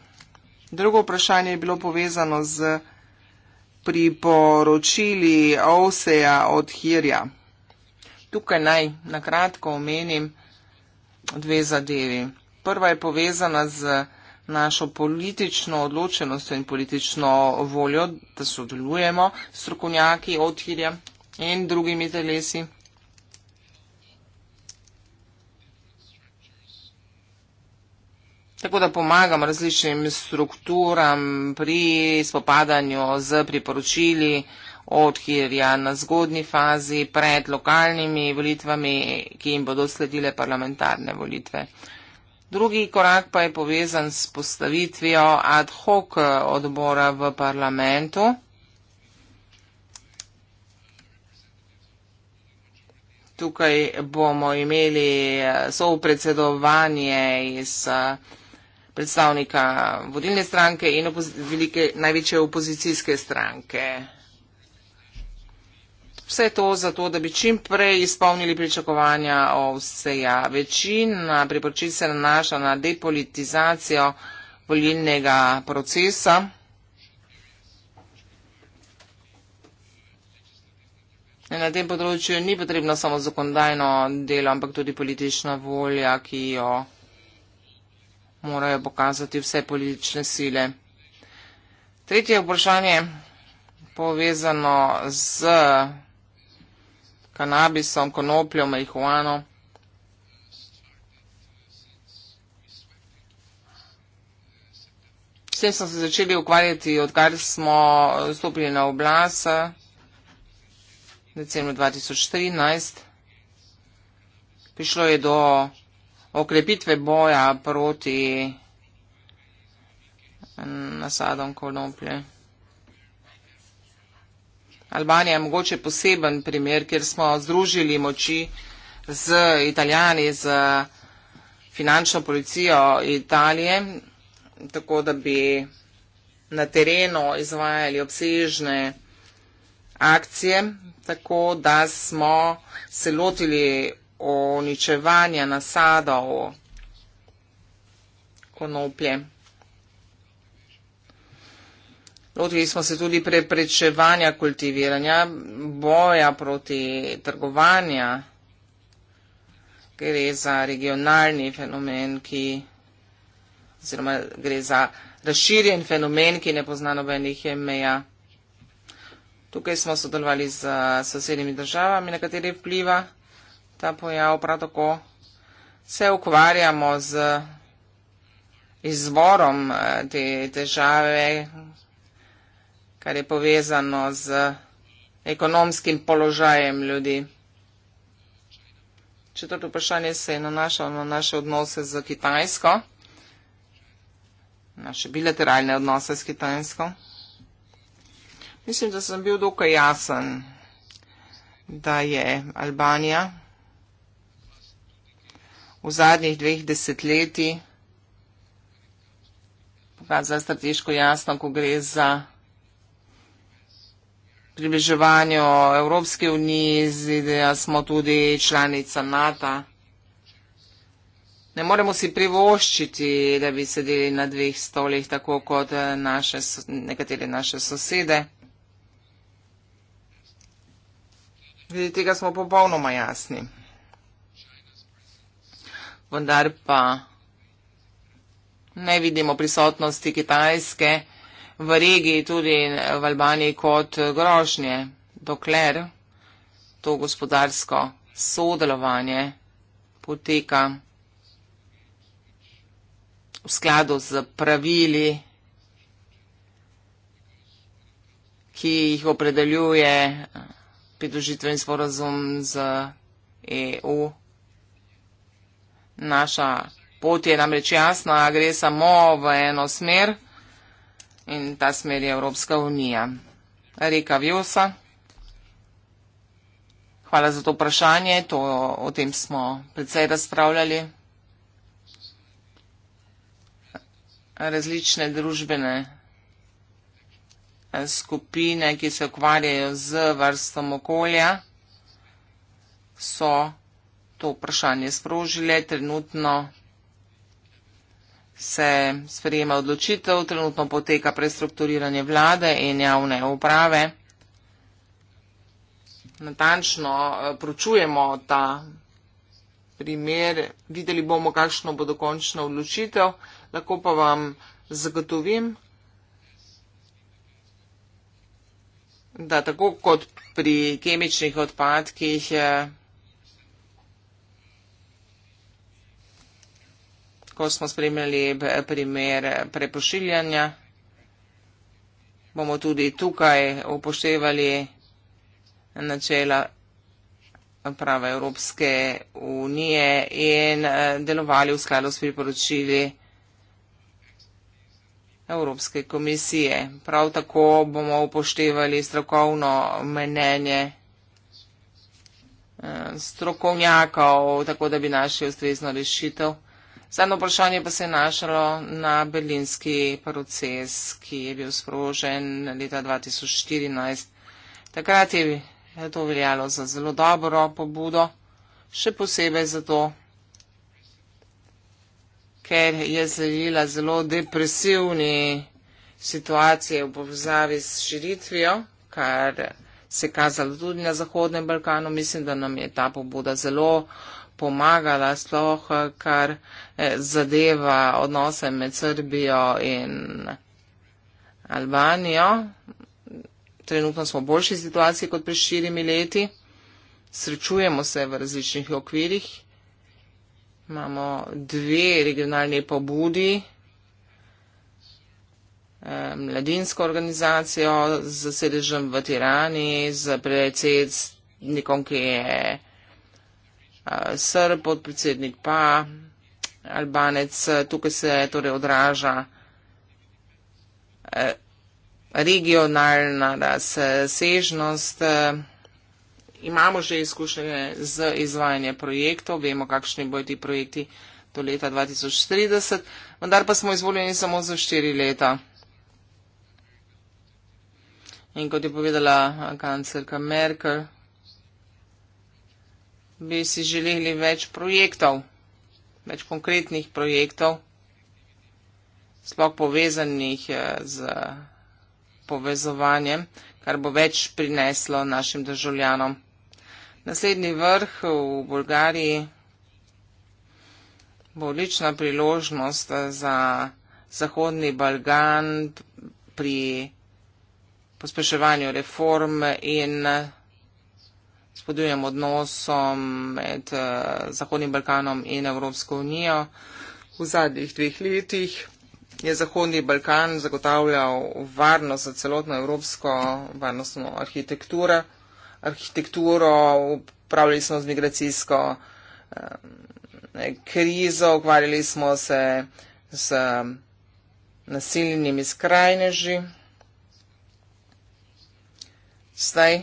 Drugo vprašanje je bilo povezano z priporočili Ovseja od Hirja. Tukaj naj nakratko omenim dve zadevi. Prva je povezana z našo politično odločenost in politično voljo, da sodelujemo s strokovnjaki od Hirja in drugimi telesi. Tako da pomagam različnim strukturam pri spopadanju z priporočili od Hirja na zgodni fazi pred lokalnimi volitvami, ki jim bodo sledile parlamentarne volitve. Drugi korak pa je povezan s postavitvijo ad hoc odbora v parlamentu. Tukaj bomo imeli sovpredsedovanje iz predstavnika vodilne stranke in velike, največje opozicijske stranke. Vse to zato, da bi čim prej izpolnili pričakovanja o vseja. Večina priporočil se nanaša na depolitizacijo volilnega procesa. Na tem področju ni potrebno samo zakonodajno delo, ampak tudi politična volja, ki jo morajo pokazati vse politične sile. Tretje vprašanje povezano z kanabisom, konopljo, marihuano. S tem smo se začeli ukvarjati, odkar smo stopili na oblas decembra 2013. Prišlo je do okrepitve boja proti nasadom konoplje. Albanija je mogoče poseben primer, kjer smo združili moči z italijani, z finančno policijo Italije, tako da bi na terenu izvajali obsežne akcije, tako da smo se lotili uničevanja nasadov konoplje. Lotili smo se tudi preprečevanja kultiviranja, boja proti trgovanja. Gre za regionalni fenomen, ki, oziroma gre za razširjen fenomen, ki ne pozna nobenih meja. Tukaj smo sodelovali z sosednjimi državami, na kateri vpliva ta pojav, prav tako se ukvarjamo z izvorom eh, te težave, kar je povezano z ekonomskim položajem ljudi. Četrto vprašanje se je nanašalo na naše odnose z Kitajsko, naše bilateralne odnose s Kitajsko. Mislim, da sem bil dokaj jasen, da je Albanija v zadnjih dveh desetletij pokazala strateško jasno, ko gre za približevanje Evropske unije, da smo tudi članica NATO. Ne moremo si privoščiti, da bi sedeli na dveh stolih, tako kot naše, nekatere naše sosede. Glede tega smo popolnoma jasni vendar pa ne vidimo prisotnosti Kitajske v regiji, tudi v Albaniji, kot grožnje, dokler to gospodarsko sodelovanje poteka v skladu z pravili, ki jih opredeljuje pridružitveni sporozum z EU. Naša pot je namreč jasna, gre samo v eno smer in ta smer je Evropska unija. Reka Vjosa, hvala za to vprašanje, to, o tem smo predvsej razpravljali. Različne družbene eh, skupine, ki se ukvarjajo z vrstom okolja, so to vprašanje sprožile. Trenutno se sprejema odločitev, trenutno poteka prestrukturiranje vlade in javne uprave. Natančno eh, pročujemo ta primer, videli bomo, kakšno bo dokončna odločitev, lahko pa vam zagotovim, da tako kot pri kemičnih odpadkih je. Eh, ko smo spremljali eh, primer eh, prepošiljanja, bomo tudi tukaj upoštevali načela prava Evropske unije in eh, delovali v skladu s priporočili Evropske komisije. Prav tako bomo upoštevali strokovno mnenje strokovnjakov, tako da bi našli ustrezno rešitev. Zadnje vprašanje pa se je našalo na berlinski proces, ki je bil sprožen leta 2014. Takrat je to veljalo za zelo dobro pobudo, še posebej zato, ker je zajela zelo depresivni situacije v povezavi s širitvijo, kar se je kazalo tudi na Zahodnem Balkanu. Mislim, da nam je ta pobuda zelo pomagala, sploh kar eh, zadeva odnose med Srbijo in Albanijo. Trenutno smo v boljši situaciji kot pred štirimi leti, srečujemo se v različnih okvirih. Imamo dve regionalni pobudi, eh, mladinsko organizacijo z sedežem v Tirani, z predsednikom, ki je Eh, Srb, podpredsednik pa Albanec. Eh, tukaj se torej odraža eh, regionalna razsežnost. Imamo že izkušnje z izvajanjem projektov, vemo, kakšni bojo ti projekti do leta 2030, vendar pa smo izvoljeni samo za štiri leta. In kot je povedala kancelka Merkel, bi si želeli več projektov, več konkretnih projektov, sploh povezanih eh, z povezovanjem, kar bo več prineslo našim državljanom. Naslednji vrh v Bolgariji bo lična priložnost eh, za Zahodni Balkan pri pospeševanju reform in spodbujam odnosom med eh, Zahodnim Balkanom in Evropsko unijo. V zadnjih dveh letih je Zahodni Balkan zagotavljal varnost za celotno evropsko varnostno arhitekturo. arhitekturo upravljali smo z migracijsko eh, krizo, ukvarjali smo se z eh, nasiljenimi skrajneži. Zdaj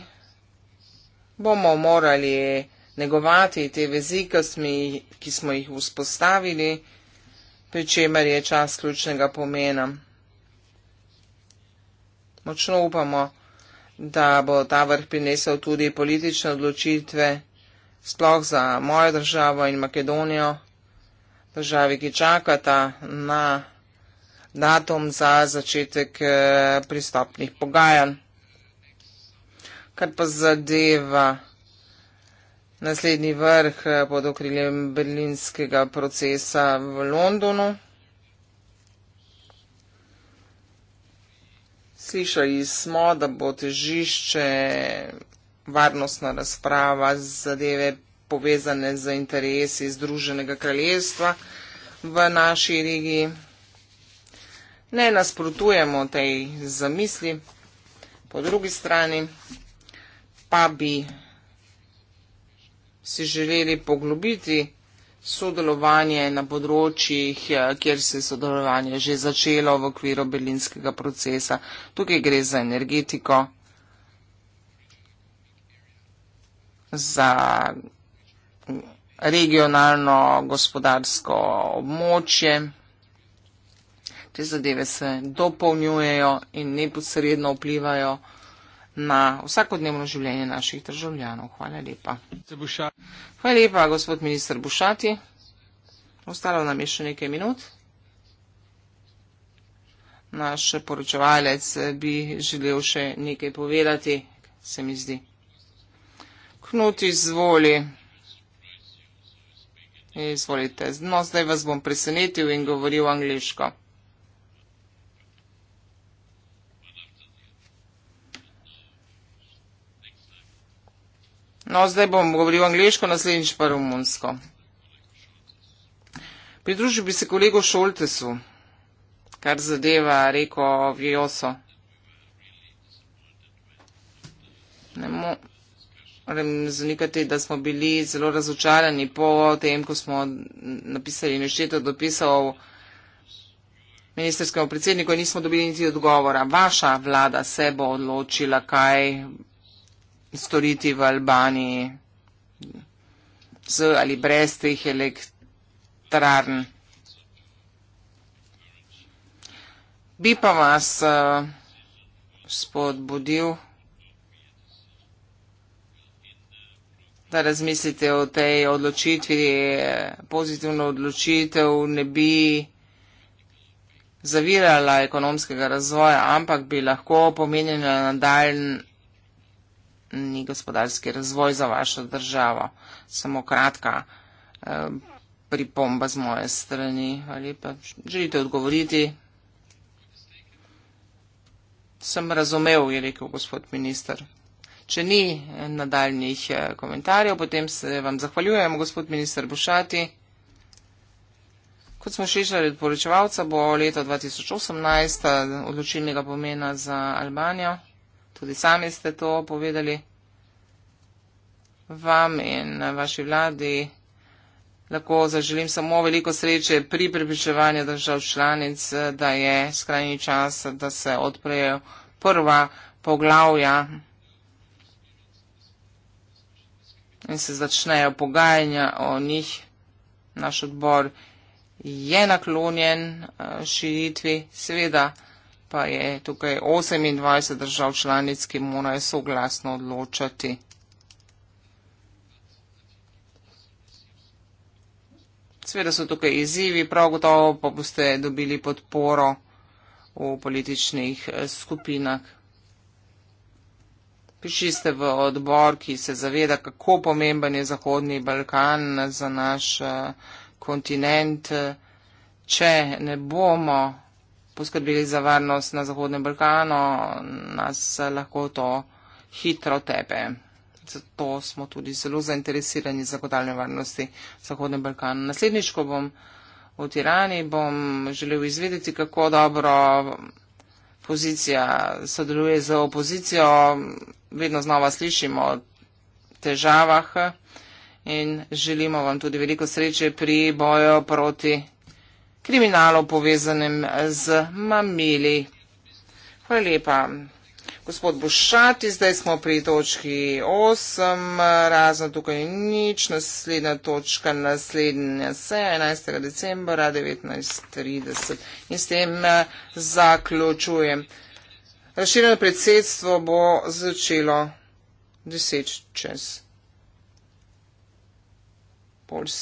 bomo morali negovati te vezi, ki smo jih vzpostavili, pri čemer je čas ključnega pomena. Močno upamo, da bo ta vrh prinesel tudi politične odločitve, sploh za mojo državo in Makedonijo, državi, ki čakata na datum za začetek eh, pristopnih pogajanj. Kar pa zadeva naslednji vrh eh, pod okriljem berlinskega procesa v Londonu. Slišali smo, da bo težišče varnostna razprava zadeve povezane z interesi Združenega kraljestva v naši regiji. Ne nasprotujemo tej zamisli. Po drugi strani pa bi si želeli poglobiti sodelovanje na področjih, eh, kjer se je sodelovanje že začelo v okviru belinskega procesa. Tukaj gre za energetiko, za regionalno gospodarsko območje. Te zadeve se dopolnjujejo in neposredno vplivajo na vsakodnevno življenje naših državljanov. Hvala lepa. Hvala lepa, gospod minister Bušati. Ostalo nam je še nekaj minut. Naš poročevalec bi želel še nekaj povedati, se mi zdi. Knut izvoli. Izvolite. No, zdaj vas bom presenetil in govoril angliško. No, zdaj bom govoril angliško, naslednjič pa romunsko. Pridružil bi se kolegu Šoltesu, kar zadeva reko Vioso. Ne morem zanikati, da smo bili zelo razočarani po tem, ko smo napisali nešteto dopisov ministerskemu predsedniku in nismo dobili niti odgovora. Vaša vlada se bo odločila, kaj storiti v Albaniji z ali brez teh elektrarn. Bi pa vas eh, spodbudil, da razmislite o tej odločitvi, pozitivno odločitev ne bi zavirala ekonomskega razvoja, ampak bi lahko pomenila nadaljn ni gospodarski razvoj za vašo državo. Samo kratka eh, pripomba z moje strani. Ali pa želite odgovoriti? Sem razumev, je rekel gospod minister. Če ni eh, nadaljnih eh, komentarjev, potem se vam zahvaljujem, gospod minister Bušati. Kot smo šešali od poročevalca, bo leto 2018 odločilnega pomena za Albanijo tudi sami ste to povedali vam in vaši vladi. Lahko zaželim samo veliko sreče pri pripričevanju držav članic, da je skrajni čas, da se odprejo prva poglavja in se začnejo pogajanja o njih. Naš odbor je naklonjen eh, širitvi, seveda pa je tukaj 28 držav članic, ki morajo soglasno odločati. Sveda so tukaj izzivi, prav gotovo pa boste dobili podporo v političnih eh, skupinah. Piši ste v odbor, ki se zaveda, kako pomemben je Zahodni Balkan za naš eh, kontinent. Če ne bomo poskrbeli za varnost na Zahodnem Balkanu, nas lahko to hitro tebe. Zato smo tudi zelo zainteresirani za podaljne varnosti Zahodnem Balkanu. Naslednjič, ko bom v Tirani, bom želel izvedeti, kako dobro pozicija sodeluje z opozicijo. Vedno znova slišimo o težavah in želimo vam tudi veliko sreče pri boju proti kriminalov povezanem z mamili. Hvala lepa. Gospod Bušati, zdaj smo pri točki 8, razno tukaj nič, naslednja točka, naslednja seja 11. decembra 19.30. In s tem eh, zaključujem. Razširjeno predsedstvo bo začelo 10 čez.